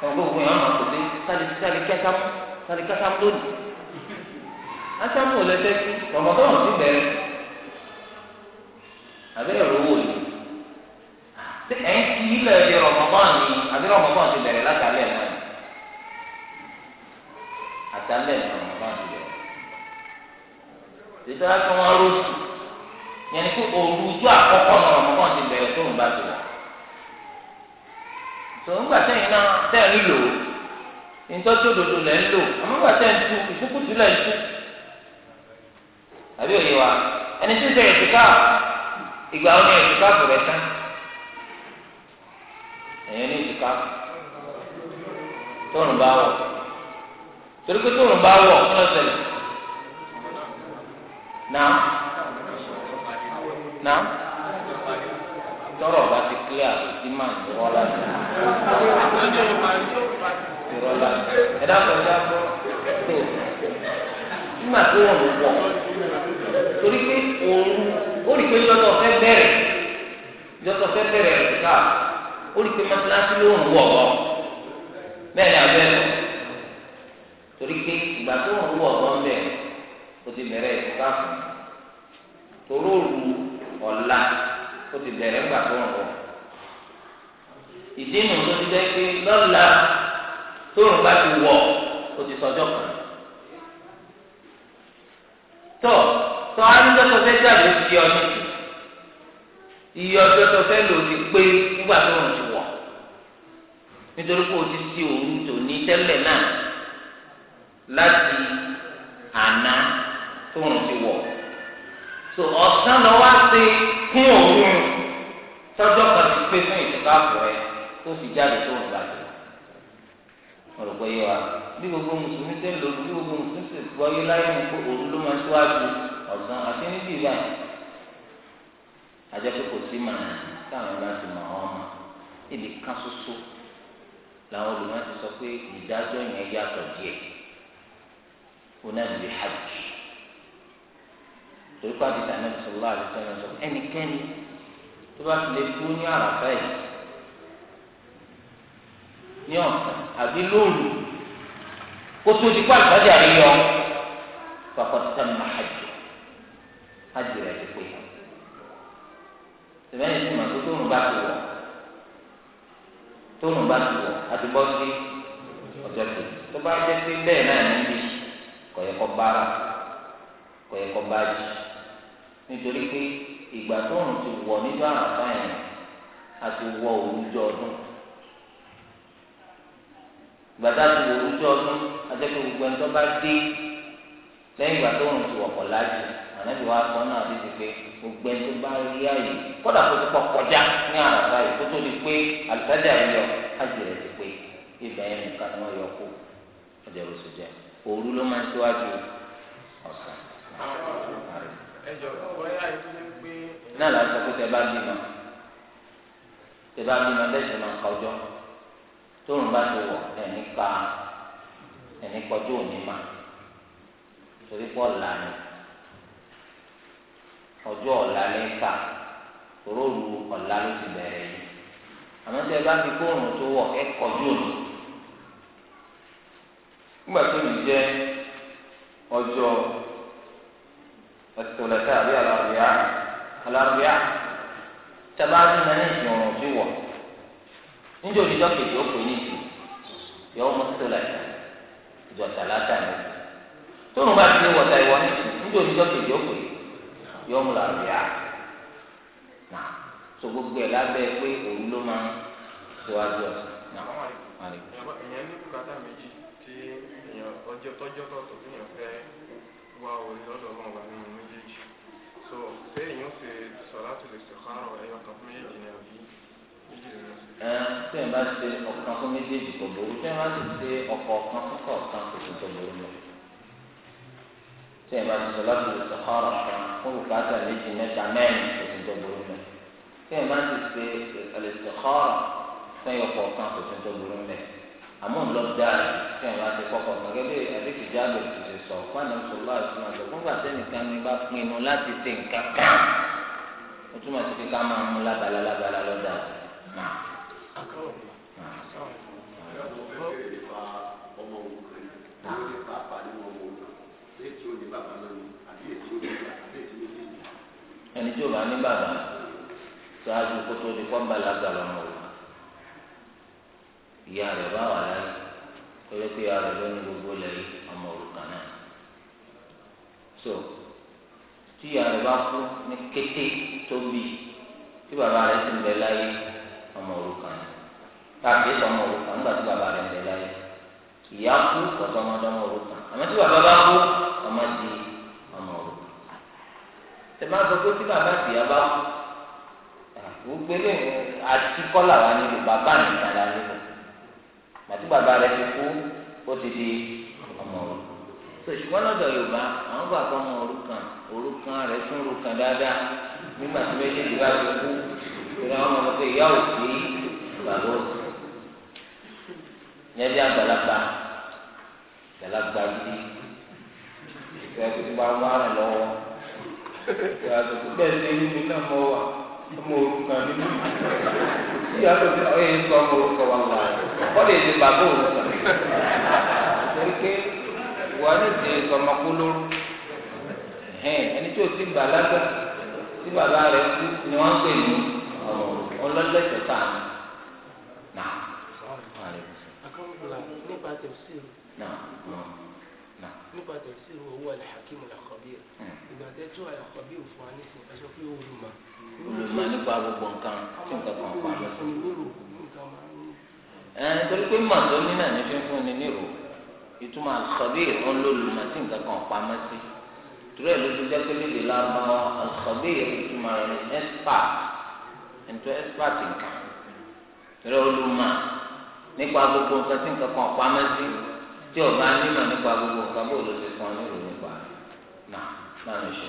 ó gbogbo yẹn wọn kò dé sáré sáré kíákà mú sáré kíákà mú lónìí asámú ò lẹ́sẹ̀ sí rọmọdọ́n tó bẹ̀rẹ̀ abẹ́rẹ́ yóò wò ó ṣe ẹ̀ ń kí ilẹ̀ ẹ̀dẹ̀ rọ̀mọ́bọ́n ni àbí rọ̀mọ́bọ́n ti bẹ̀rẹ̀ látàlẹ́ náà àtàlẹ́ rọ̀mọ́bọ́n ti bẹ̀rẹ̀. tètè wá sọ wọn rọsù yẹn kó òru ojú náà ọmọ ti bẹ̀rẹ̀ tó ń bá ti wà tó gbà sẹ́yìn náà tẹ́ ń lò ìtọ́jú òdodo lẹ́ ń lò àmọ́ gbà tẹ́ tu ìtukùtù lẹ́ ń tu àbí òye wa ẹni tí ń sẹ̀rẹ̀ ìtìká ìgbà wo ni ìtìká kò rẹ̀ tán ẹ̀yẹn ní ìtìká tóun bá wọ̀ torí pé tóun bá wọ̀ kí ló ṣẹlẹ̀. náà náà tọrọ bá ti kílẹ̀ àti máa ń rọ́ láti rọ́ láti ẹ dákọ̀ ẹ dákọ̀ tó nígbà tó wọ̀ ló pọ̀ torí pé òun ó rí pé lọ́tọ̀ fẹ́ bẹ̀rẹ̀ lọ́tọ̀ fẹ́ bẹ̀rẹ̀ ẹ̀ka ó rí pé mọ́tíláṣí ló ń wọ̀ ọ́ bẹ́ẹ̀ ni abẹ́ lọ torí pé ìgbà tó ń wọ̀ ọ́ bẹ́ẹ̀ ó ti bẹ̀rẹ̀ ìfúkà fún toró òru ọ̀la ó ti bẹ̀rẹ̀ ńgbà tó ń bọ̀ ìdí nu tó ti jẹ́ pé lọ́la tóun bá ti wọ̀ ó ti sọjọ́ kan tọ́ tọ́ alúdọ́tọ̀ fẹ́ jáde ó ti yọ ní iye ọjọ́ tó fẹ́ lò ti pé nígbà tó ń ti wọ̀ nítorí pé o ti ti òru tòní tẹ́lẹ̀ náà láti àná tóun ti wọ̀ so ọ̀sán lọ wá sí kún òun tọ́jọ́ kan ti pé fún ìtìkáàfù rẹ tó fi jáde tóun bá dé wọn rò pé yé wa bí gbogbo mùsùlùmí ṣe ń lò bí gbogbo mùsùlùmí ṣe gbọ́ yé láyé ní kó òru ló máa ṣíwájú ọ̀sán àti níbi ìgbà àjẹpé kò sí màá táwọn bá ti mọ̀ ọ́n mọ́ ibi kan ṣoṣo làwọn olùmọ̀ ti sọ pé ìdájọ́ yẹn yàtọ̀ díẹ̀ onáàbí hajj torí pàdé ìdáná ìṣòwò àdìsẹ́nà sọ ẹnikẹ́ni tó bá ti lè kú ní àràfẹ́ yìí ní ọ̀sán àbí lóòlù kó tó di pa àgbàdì àríyọ pàpàtà máa hajj hajj rẹ̀ ti pè é sẹ́fẹ̀ẹ́ ní ìtumọ̀ tó tóun bá ti wọ̀ tóun bá ti wọ̀ àti bọ́ sí ọjọ́ kejì tó bá jẹ́ pé bẹ́ẹ̀ náà níbi kọ̀yẹ́kọ́ bára kọ̀yẹ́kọ́ bájì. nítorí pé ìgbà tó ń ti wọ̀ nínú àràfà yẹn a ti wọ òwúrọ̀ ọdún ìgbà a ti wọ òwúrọ̀ ọdún adẹ́kẹ́ gbogbo ẹni tó bá dé lẹ́yìn ìgbà tó ń ti wọ̀ kọ̀ láti wa sọ náà ti ti pé gbogbo ẹni tó bá rí àyè ti kọ́ kọjá ní àràfà yìí kó tó di pé àlùfáàjà yọ rẹ̀ ti pé yẹn náà là sọ pé tẹ bá bímọ tẹ bá bímọ lẹ́sìn máa kọjọ́ tóun bá ti kọjú òní torí ọ̀la òróòlù ọ̀la ló ti bẹ̀rẹ̀ yìí àmọ́ tẹ bá fi kóòrùn tó kọjú òní الثلاثاء بها الأربعاء الأربعاء تبعت من يوم جوا نجو لدك يوم يوم الثلاثاء ìjọ tàlátà ni tóun bá ti ní wọta ìwọ nísìn níjọ oníjọ kejì ó pè yọ ọmọ làwọn yá nà so gbogbo ẹ lábẹ pé òun ló máa ń síwájú ọsàn nà wà ní. èèyàn ní bùkátà méjì tí èèyàn ọjọ́ tọ́jọ́ tọ̀tọ̀ tí èèyàn fẹ́ wá orí lọ́dọ̀ ọlọ́run wà nínú mi so ṣé èyàn ṣe sọlá tó lè ṣe kárọ ẹyọ kan fún méjì ní àbí méjì lè lọ. ẹ tí ẹ bá ṣe ọ̀kan fún méjèèjì kò burú tí ẹ bá sì ṣe ọ̀kọ̀ọ̀kan fún kọ̀ọ̀kan kò sì tó burú lọ tí ẹ bá ṣe sọlá tó lè ṣe kárọ kan fún bùkátà méjì mẹ́ta mẹ́rin kò sì tó burú lọ tí ẹ bá sì ṣe ẹlẹsẹ kárọ fún ẹyọ kọ̀ọ̀kan kò sì tó burú lọ àmọ́ ń lọ dáa kí ẹ̀ máa ti kọ́kọ́ mọ̀ gẹ́gẹ́ àdéhùn ìjábọ̀ ìṣẹ̀ṣẹ̀ sọ fáànà sọlá àtúnmọ̀ àtọ̀ fún bàtẹ́ nìkan ni bá pinnu láti ṣe nǹkan kan ó túmọ̀ sí pé ká máa mú lábala lábala lọ́dà náà. ẹni tí ó bá ní bàbá ṣáájú kótó ni kọ́ ń balaga lọ́mọ rẹ̀ ìyá rẹ̀ bá wà láyé torí pé ìyá rẹ̀ ló ní gbogbo lẹ́yìn ọmọ òrukàn náà so tí ìyá rẹ̀ bá kú ní kété tó bí tí bàbá rẹ̀ ti ń bẹ láyé ọmọ òrukàn náà tàbí ọmọ òrukàn nígbà tí bàbá rẹ̀ ń bẹ láyé ìyá kú kọ̀tọ̀ ọmọdé ọmọ òrukàn àmọ́ tí bàbá bá kú ọmọ di ọmọ òrukàn tẹ̀ máa sọ pé tí bàbá ti yá bá kú gbogbo eléyìí àti kọ́là wa nílò bàbá nìkan la àti bàbá rẹ̀ ti kú ó ti di ọmọ òru so ṣùgbọ́n lọ́dọ̀ yorùbá àwọn bàbá ọmọ òrukàn òrukàn rẹ̀ tún òrukàn dáadáa nígbà tí méjèèjì bá ti kú ìrìn àwọn ọmọ pé ìyá òsì bàbá òsì yẹn bí àgbàlagbà àgbàlagbà bí ìfẹ́ tó bá wà lọ́wọ́ ìfẹ́ tó bẹ́ẹ̀ lé nínú náà mọ́ wà ọmọ orúkọ ni tí ìyá tó ti ọyẹ ń sọ ọmọ orúkọ wà wà ọdẹ ti bàbá òun sọ torí pé ìwà ní ti sọmọ kó lóru ẹni tí o ti gbà lágbà tí bàbá rẹ kú ni wọn ń pè ní ọlọ́lẹ́sẹ̀ sáà náà. nípa tẹ̀síìrì nípa tẹ̀síìrì owó alẹ́ hakim alakọ̀bí hmm. ìgbà tẹ́tù alakọ̀bí òfin wa nísìnyí aṣọ pé ó wù mà olùmọ̀ nípa gbogbo nǹkan tí nǹkan kan pa lọ sí. ẹ torí pé màtó nínà ní fi ń fún ni nírò ìtumọ̀ àkọ́bí ìhàn lólùmọ̀ tí nǹkan kan pa mọ́ sí. torí ẹ̀ ló ti jẹ́ pé lédè lárúbáwá àkọ́bí ìtumọ̀ rẹ̀ ní expert ẹ̀ńtọ́ expert nǹkan. torí olùmọ̀ nípa gbogbo nǹkan tí nǹkan kan pa mọ́ sí tí ọba nímọ̀ nípa gbogbo nǹkan bó ló ti fún ọ nírò nípa náà náà ló ṣe.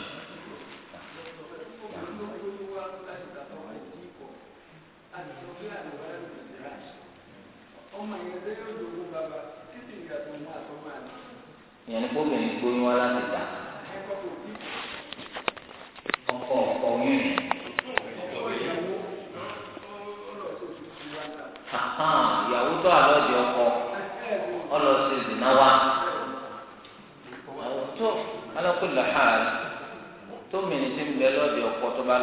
ìyẹn ní kóbìnrin gbóyún wá láti ta ha ọkọ yín. ìyàwó tó àlọ́dì ọkọ ọlọ́sẹ̀ ìdìnnà wa tó alákùnlé ha tó mìíràn ti ń bẹ lọ́dì ọkọ tó bá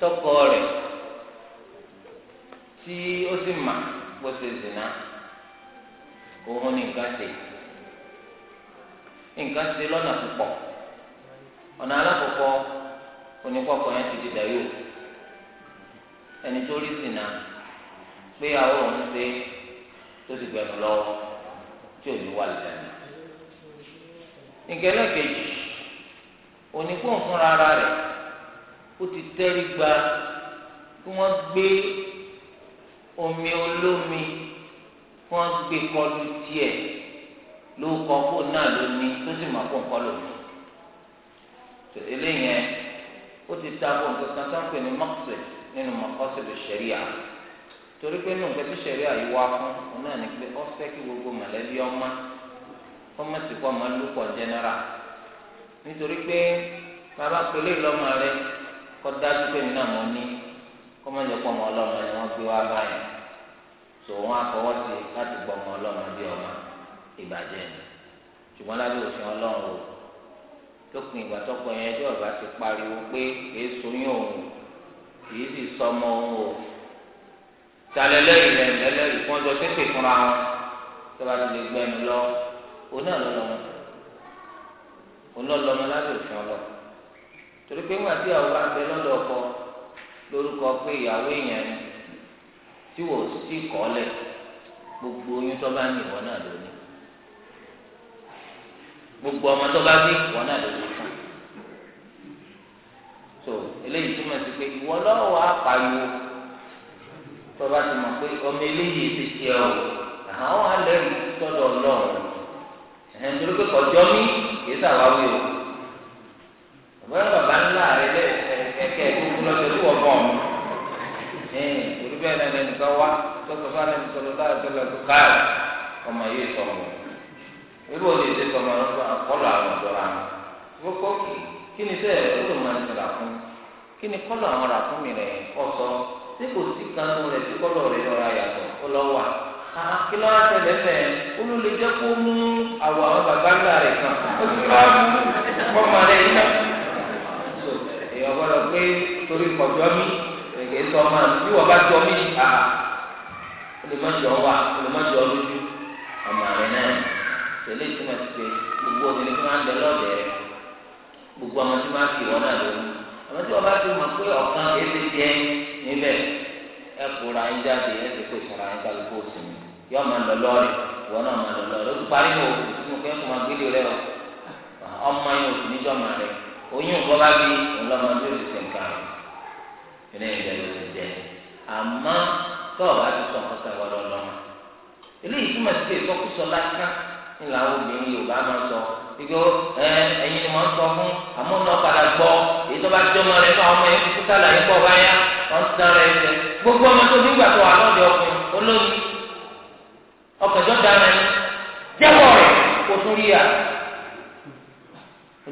tọkọ tí ó sì mà ṣe zina òun ni nǹkan ṣe nǹkan ṣe lọ́nà púpọ̀ ọ̀nà alákọ̀ọ́kọ́ onípọ̀pọ̀ yẹn ti di dàyò ẹni tó rí zina pé àwọn òun ṣe tó ti gbẹ̀mí lọ́wọ́ tí ò ní wà lẹ́nu nǹkan fúnra rẹ̀ ó ti tẹ́rí gba kí wọ́n omi olómi wọ́n gbé kọlu tiẹ̀ ló kọ fóònù náà lómi tó sì máa kó nǹkan lómi ti ta kó nǹkan tó ń pè ní mọ́kùsẹ̀ nínú mọ́kùsẹ̀ lè torí pé nínú nǹkan yìí wá fún un náà ni pé kí gbogbo mọ̀lẹ́bí ọmọ kọ́mọ̀jọ pọ̀ mọ́ ọlọ́mọ ni wọ́n gbé wá báyìí tó wọn akọwọ́ sí láti gbọ́ ọmọ ọlọ́mọ bí ọmọ ìbàjẹ́ ni ṣùgbọ́n lábẹ́ òfin ọlọ́run o lópin ìgbà tọkọ yẹn ẹjọ́ ọ̀gá ti pariwo pé kìí soyún òun kìí sì sọmọ òun o talẹ̀ lẹ́yìn lẹ́yìn lẹ́yìn kí wọ́n jọ fúnra wọn tó ti lè gbẹ́nu lọ oní ọlọ́mọ lábẹ́ òfin ọlọ́run torí pé wọn àti àwọn bá ń bẹ lọ́dọ̀ ọkọ lórúkọ pé ìyàwó èèyàn ni tí wò ó sì kọ́lẹ̀ gbogbo oyún tó bá ní ìwọ náà lónìí gbogbo ọmọ tó bá ní ìwọ náà lónìí fún so eléyìí túmọ̀ sí pé ìwọ lọ́wọ́ apariwo tó bá ti mọ̀ pé ọmọ eléyìí ti tiẹ̀ o àwọn alẹ́rù tọ́dọ̀ lọ́wọ́ ẹ̀hìn nítorí pé kọjọ́ mi kì í sàwáwí o bàbá bàbá ńlá rẹ lẹ́yìn kẹ gbogbo lọsẹ tó wọgbọ ọmọ ẹn torí bẹ́ẹ̀ náà lẹnìkan wá tọsọ fún alẹ sọlọ láti sọlọ tó káàlì ọmọ yìí sọmọ irú òde ìṣe sọmọ lọsọ àkọlù àwọn ọ̀dọ́ ra gbogbo kí ni sẹ ọdún máa ń sọlá fún kí ni kọlù àwọn ra fún mi rẹ ọsọ tí kò sí kanú rẹ tí kọlù rẹ lọra yàtọ̀ ó lọ wà kí ló wá ṣẹlẹ̀ fẹ́ olú kó mú àwọ̀ àwọn bàbá ńlá rẹ̀ kan ó sì máa mú ọmọ rẹ̀ yìí náà gbọ́dọ̀ pé torí kọjọ mi èké sọ ma bí wọn bá jọ mi à olùmọjọ wa olùmọjọ lójú ọmọ rẹ náà tẹ́lẹ̀ tí wọn ti pé gbogbo obìnrin tí wọn ń bẹ lọdẹ rẹ gbogbo ọmọ tí wọn fi wọn náà lórí ọmọ tí wọn bá ti mọ pé ọ̀kan ètè jẹ níbẹ̀ ẹ kóra ń jáde ẹ ti pè sọ̀rọ̀ àyíká gbogbo òsì mi yọ ọmọ lọ lọrẹ wọn náà máa lọ lọrẹ ó ti parí ní òkú oyún nǹkan bá bí ọlọ́mọdé ò sì ṣe nǹkan rẹ̀ ilé ìjẹ́ ló ti jẹ́ àmọ́ tọ́ọ̀ bá ti sọ nǹkan sẹ́wọ́n lọ́lọ́mọ eléyìí túmọ̀ sí pé ìsọkúsọ lásán ní làwọn obìnrin Yorùbá máa sọ igbó ẹ̀yin ni wọ́n sọ fún àmọ́ náà padà gbọ́ èyí tó bá jẹ́ ọmọ rẹ̀ fún ọmọ yẹn kó sálàyé pọ̀ báyà wọ́n ti tán rẹ̀ jẹ gbogbo ọmọ tó nígbà tó wà lọ́dọ̀ ọkùnrin olóyún ọkọ̀ ìjọba rẹ̀ jẹ́wọ́ rẹ̀ kò tún rí à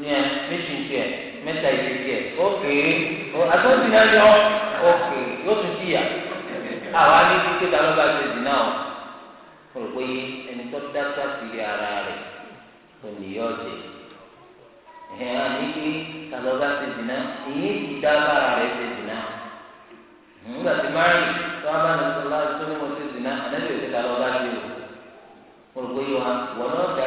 ní ẹ méjì tiẹ̀ mẹ́ta ìdí tiẹ̀ ókè àtúntì náà yọ ókè yóò tún jìyà àwa ní kíkẹ́ ta ló bá ṣe dì náà mo rò pé ẹni tó dáká sí ara rẹ̀ kò ní yọ jẹ ẹ̀ ẹ́ ní kí ta ló bá ṣe dì náà èyí ti dá bára rẹ̀ ṣe dì náà nígbà tí mari tó a bá ní sọlá tó ní mo ṣe dì náà àná lè ṣe ta ló bá ṣe o mo pé wọn náà dá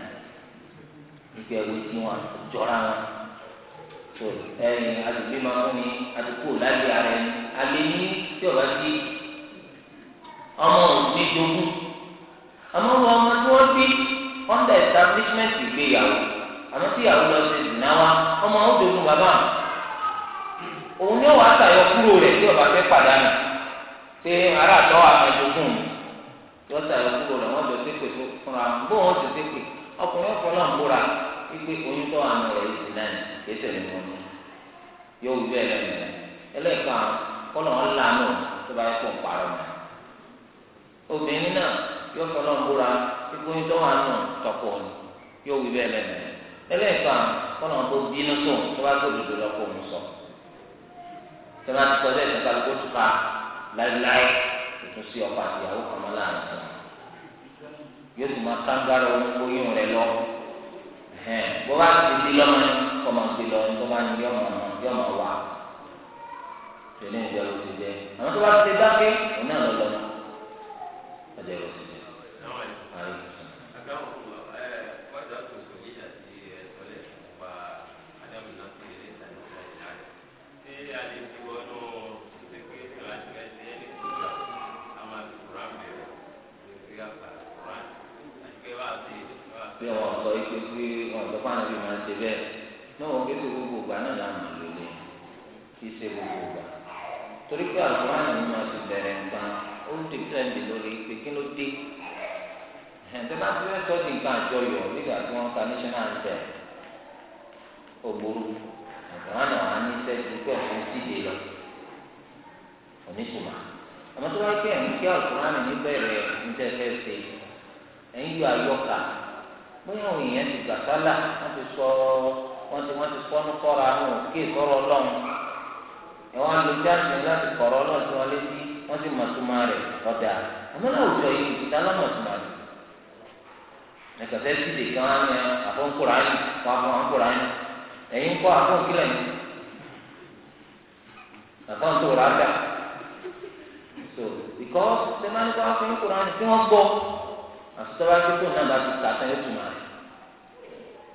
wípé ẹwé tí wọn jọra wọn tó ẹ̀yìn àdùgbò máa ń ní àdùgbò lábẹ́ ara ẹni alẹ́ ní tí ọba ti ọmọ àmọ́ wọn ọmọ tí wọ́n bí under establishment ìgbéyàwó àmọ́ tí ìyàwó lọ sí ọmọ àwọn jogún bàbá òun ni ọwọ́ àtàyọ kúrò rẹ̀ tí ọba fẹ́ pàdánù pé aráàtọ̀ àmọ́ jogún yọ̀ọ́ tàyọ kúrò wọ́n ọkùnrin ọ̀pọ̀lọ́ ń búra wípé oyún tó àná rẹ̀ yìí ti náà kéṣe ní wọn ni yóò wí bẹ́ẹ̀ lẹ́nu rẹ̀ ẹlẹ́ẹ̀ka kọ́nà wọn lànà tó bá yẹ kó ń parọ́ mọ́ obìnrin náà yóò fọlọ́ ń búra wípé oyún tó àná tọ̀pọ̀ ni yóò wí bẹ́ẹ̀ lẹ́nu rẹ̀ ẹlẹ́ẹ̀ka kọ́nà tó bínú tó tó bá tó dòdò lọ́kọ̀ òun sọ tẹ́lá ti sọ bẹ́ẹ̀ tó kálukó tó ká láéláé ètò sí ọkọ̀ yóò sì máa kángárò oyún rẹ lọ bó bá ti di lọ́mọ kọ́ máa ti lọ tó máa ní yọmọ yọmọ wá tẹ̀lé ìjọ ló ti jẹ àwọn tó bá ti dáké òun náà lọ lọ́mọ ọjọ́ ìwé ti jẹ. Yeah, I did. pé wọn sọ ike pé wọn sọ fún àbí máa ń ṣe bẹ́ẹ̀ náà wọn kéde gbogbo ìgbà náà là ń mọ lónìí kì í ṣe gbogbo ìgbà torí pé àlùkò àná ni wọn ti bẹ̀rẹ̀ nǹkan ó ń dìpẹ́ǹdì lórí pé kí ló dé ẹ̀ǹtẹ́ bá ti fẹ́ sọ di nǹkan àjọyọ̀ nígbà tí wọ́n ka national anthem ògbóró àlùkò àná wà ní sẹ́ẹ̀tì pé ọ̀sán ti dé lọ oníṣùmá àmọ́ tó wáyé pé ẹ̀mí kí àlùkò àná ní bẹ̀rẹ̀ ń tẹ́ fẹ́ ṣe ẹ̀yìn yóò ayọ́ka bóyá òun yẹn ti gbà sálà wọ́n ti sọ wọ́n ti wọ́n ti sọ ọ́nù kọ́ra àwọn òkè sọ̀rọ̀ ọlọ́run ẹ̀wọ̀n alùjáde láti kọ̀rọ̀ ọlọ́run tí wọ́n lé sí wọ́n ti mọ̀túmọ̀ rẹ̀ ọ̀dà àmọ́ láwùjọ yìí ìdá lọ́mọ̀túmọ̀ rẹ̀ nìkọ̀tẹ́ sì lè kàn án yẹn yìí wọ́n àfọ̀nkúra yìí ẹ̀yin kọ́ àfọ̀nkílẹ̀ yìí àfọ̀nkúra dà so because ṣe máa ń kọ́ àfọ̀nkúra yìí àtúntàbà kíkó náà bá ti tàtà yóò tún máa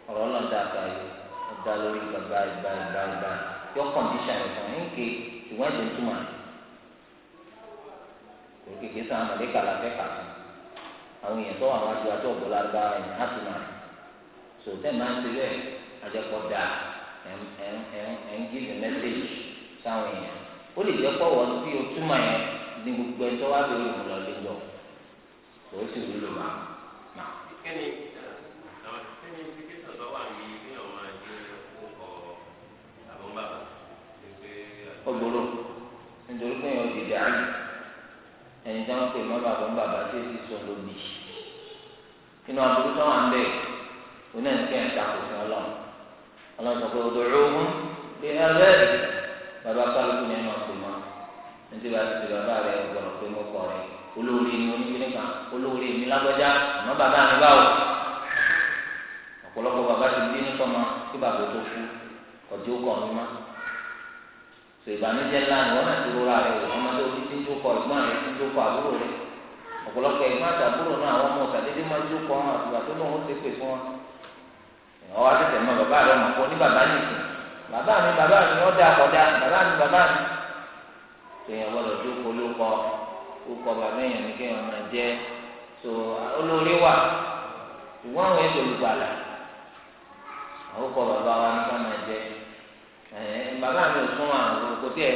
ọ̀rọ̀ ọlọ́dà àgbáyé ọ̀dà lórí bàbá ìgbà ìgbà ìgbà yọ kọ̀ǹdíṣà rẹ̀ fún yín ké ṣùgbọ́n ìdè tún máa kò kéke sàn àmàlẹ́kà làfẹ́ kà fún àwọn èèyàn tó wà wá ju àti ọ̀bọ̀ lágbára ẹ̀yìn á tún máa sòtẹ́ máa ń tilẹ̀ àjẹpọ̀ dà ẹ̀ ń gíbi mẹ́sẹ̀gì sáwọn èèyàn ó kò sì wúlò wá. kíni kíni implication tó wà ní bí ọmọ ẹjẹ ọkọ àbọn bàbá. ó nítorí pé èèyàn dìde àlè ẹni tí wọn pè mọ bàbá bàbá tí èsì sọ lóbi inú àbúrò tó wà ń bẹ oní ẹnìkan ẹ̀ka fún Ọlọ́run Ọlọ́run sọ pé odò ọhún lè ẹlẹ bàbá kálukú ni ẹ máa pè bàbá olóore ni oníkíní kan olóore mi lágbájá àmọ́ bàbá mi báwo ọ̀pọ̀lọpọ̀ bàbá ti dín nípa ọmọ tí bàbá tó kú ọ̀dí ó kọ̀ ọ́ mímá tó ìbànújẹ́ ńlá ni wọ́n náà ti rọra rẹ̀ wò ọmọ tó ti dín tó kọ ìgbọ́n rẹ̀ ti tó kọ àbúrò rẹ̀ ọ̀pọ̀lọpọ̀ ìgbọ́n àti àbúrò náà àwọn ọmọ ọ̀sà dédé máa tó kọ wọn àtìgbà tó náà ó ti pè fún wọn ọwọ́ àtẹ̀tẹ̀ mọ bàbá rẹ̀ mọ̀ fún ní bàbá nìkan bàbá mi bàbá mi ọ̀dà kọ̀dà bàbá mi bàbá mi tèèyàn gbọ́dọ̀ tó kọ ló kọ́ orúkọ bàbá èèyàn ní kéèyàn máa jẹ́ tó olórí wà ṣùgbọ́n àwọn ètò olùgbàlà orúkọ bàbá wa ní ká máa jẹ́ bàbá mi ò fún wa kò tí ẹ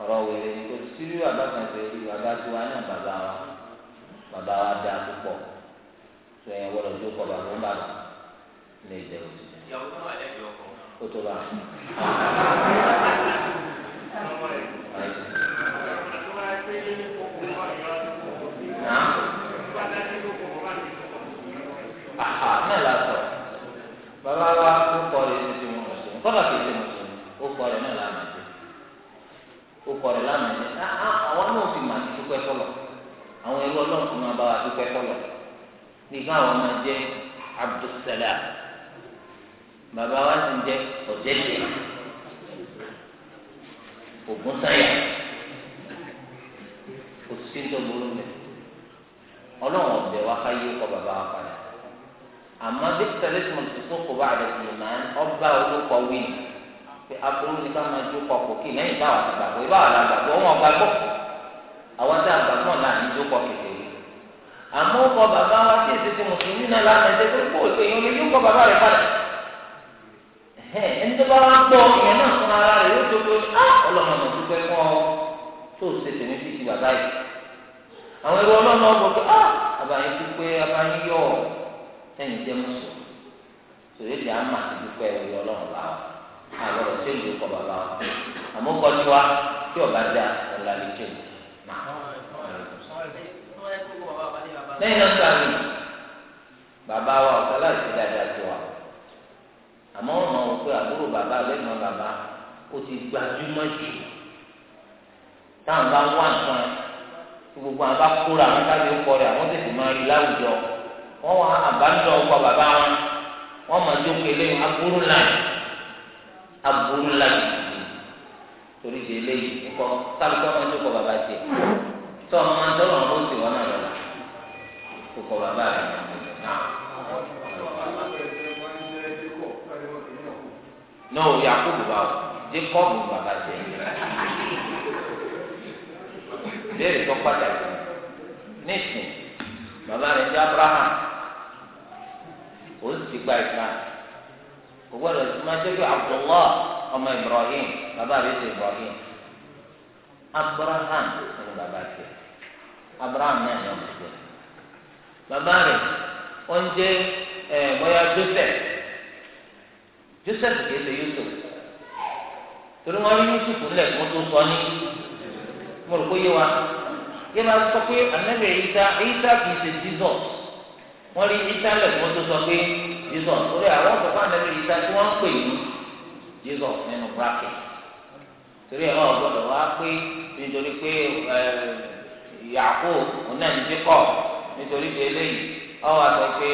o kò sí bàbá kan Aha náà la sọ. Bàbá wa ó kọ rẹ̀ ní ti mú mùsùlùmí. Kọ́lá kìí ṣe mùsùlùmí. Ó kọ rẹ̀ náà lánàá jẹ. Ó kọ rẹ̀ lánàá jẹ. Àwọn náà ti mà ní dúpẹ́ sọ̀lọ̀. Àwọn ẹrú ọlọ́run tó máa bá wa sáyà. Kò sí tó burú mẹ́ta. ọlọ́run ọ̀bẹ wa ká yíwọ́ bàbá wa padà àmọ́ bí tẹlifíṣọ̀n ti tó kó bá àdàbí ìmọ̀ ọba olùkọ́ wí pé aburú ni ká máa jó kọkò kí lẹ́yìn báwa ti gbàgbọ́ ìbáwa la gbàgbọ́ wọn gbàgbọ́ àwọn tá a kékeré àmọ́ bàbá wa èsì ti náà pé kó àwọn ẹrú ọlọ́run náà gbọ́ pé ah abayín dúpẹ́ abayín yọ̀ sẹ́yìn jẹ́ mùsùlùmí sòrí ìdí àmà dúpẹ́ ẹrú ọlọ́run là á àlọ́ ṣé ìlú kọ bàbá wa àmọ́ kọ́ wa tí ọba dà ọ̀la lè jẹ́ lẹ́yìn náà sọ àmì bàbá wa ọ̀sá láti dáadáa tó wa àmọ́ wọn mọ̀ wípé àbúrò bàbá gbogbo àwọn bá kóra àwọn tábìlì ń kọrẹ àwọn tètè máa rí láwùjọ wọn wà àbájọ ọkọ bàbá wọn wọn máa jó pé eléyìí aburú ńlá aburú ńlá torí di eléyìí nípa tábìlì wọn máa jó kọ bàbá tiẹ̀ tó ọmọ máa dọrọ àwọn oṣù wọn náà lọ kó kọ bàbá rẹ náà. no yakubu bá o jacob bàbá tiẹ̀. ìbéèrè tó pàtàkì nísìn bàbá rẹ̀ jẹ́ Abraham ó sì ti gba Islam kò gbọ́dọ̀ tó máa jẹ́ pé Abdullah ọmọ Ibrahim bàbá rẹ̀ ṣe Ibrahim Abraham ni bàbá ṣe Abraham náà ni ọmọ ṣe bàbá rẹ̀ ó ń jẹ́ ẹ̀ bóyá Joseph Joseph kìí ṣe Yusuf torí wọn Yusuf lẹ̀ kó tó sọ ní mo rò pé yé wa yé máa sọ pé ànábì ìta ìta kì í ṣe jesus wọ́n rí ìta lẹ̀ fún tó sọ pé jesus orí àwọn ọ̀pọ̀pọ̀ ànábì ìta tí wọ́n ń pè ní jesus nínú bracket torí ẹ̀ náà gbọ́dọ̀ wá pé nítorí pé yàkó onáni jacob nítorí pé eléyìí ọwọ́ àtọ́ pé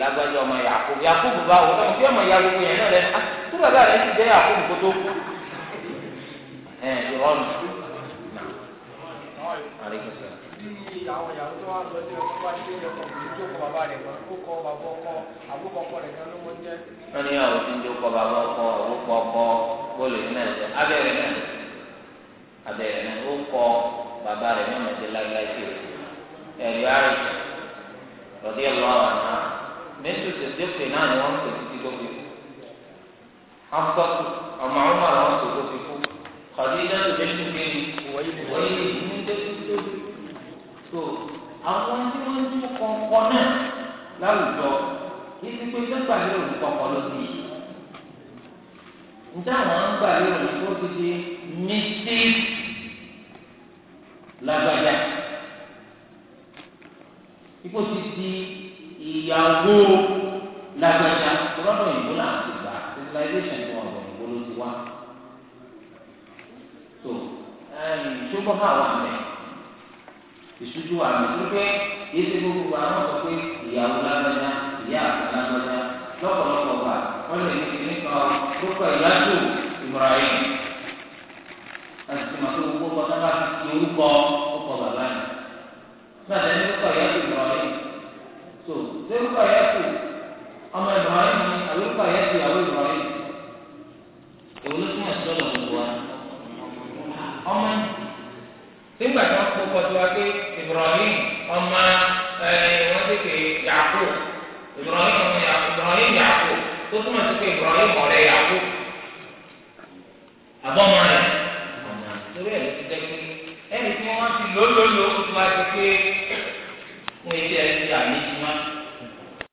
lágbájá ọmọ yàkó yàkó bùbá wò ó fi ọmọ ìyá gbogbo yẹn náà lẹ́nu ah, tó bàbá rẹ̀ ti jẹ́ yàkó kótó kú ẹ̀ ìrọ̀lù bí àwọn ìyàwó tó wà lọ sí ọkọ wá sí ilé ọkọ kò jókòó bàbá rẹ̀ kan ó kọ bàbá ọkọ àbúkọ ọkọ rẹ̀ kan ló mọ jẹ. wọn ní àwọn tí ń jókòó bàbá ọkọ àbúkọ ọkọ bóòlù ní ẹsẹ abẹ́rẹ́ náà abẹ́rẹ́ náà ó kọ bàbá rẹ̀ náà mọdé lágbáyé tó ẹrí àrùn lọdí ẹlọ àwọn àná mẹsù tẹsíọpẹ náà ni wọn kò títí tó fi kú afọ ọmọ àwọn ọmọ àwọn kò tó fi kú. Khadija tó dé tó kéde wọ́n yìí ní dé tó dé tó àwọn tí wọ́n ń tún kọ̀ọ̀kan náà láwùjọ kí ti pé sẹ́gbà lérò ní kọ̀ọ̀kan ló ti yìí njẹ́ àwọn ń gbà lérò ní kó ti di mísí lágbájá ikú ti di ìyàwó lágbájá lọ́dọ̀ ìbúlà àti ìgbà civilization tó bọ́ hà wà mẹ́ ìṣújú wà mẹ́ tó pé yìí ti gbogbo àwọn sọ pé ìyàwó lágbájá ìyá àgbàlagbájá lọ́pọ̀lọpọ̀ wà wọ́n lè ní kíní kan lókọ̀ ìyájú Ibrahim láti ti máa tó gbogbo kọ́tà bá ti orúkọ ọkọ̀ bàbá yìí náà lẹ́yìn lókọ̀ ìyájú Ibrahim tó lórúkọ ìyájú ọmọ Ibrahim àlùkọ ìyájú ìyàwó Ibrahim èwo ló tún àti lọ́dọ̀ gbogbo wa ọmọ nígbà tí wọ́n kó kọjú wa pé Ibrahim ọmọ ẹ wọ́n ti pè yàgò Ibrahim ọmọ Ibrahim yàgò tó túmọ̀ sí pé Ibrahim ọ̀rẹ́ yàgò àbọ̀mọ rẹ̀ ọmọ torí ẹ̀ ló ti dẹ́ pé ẹni tí wọ́n ti lólólo tó wá ti pé wọ́n ti ẹ̀ ti àmì jùmọ̀.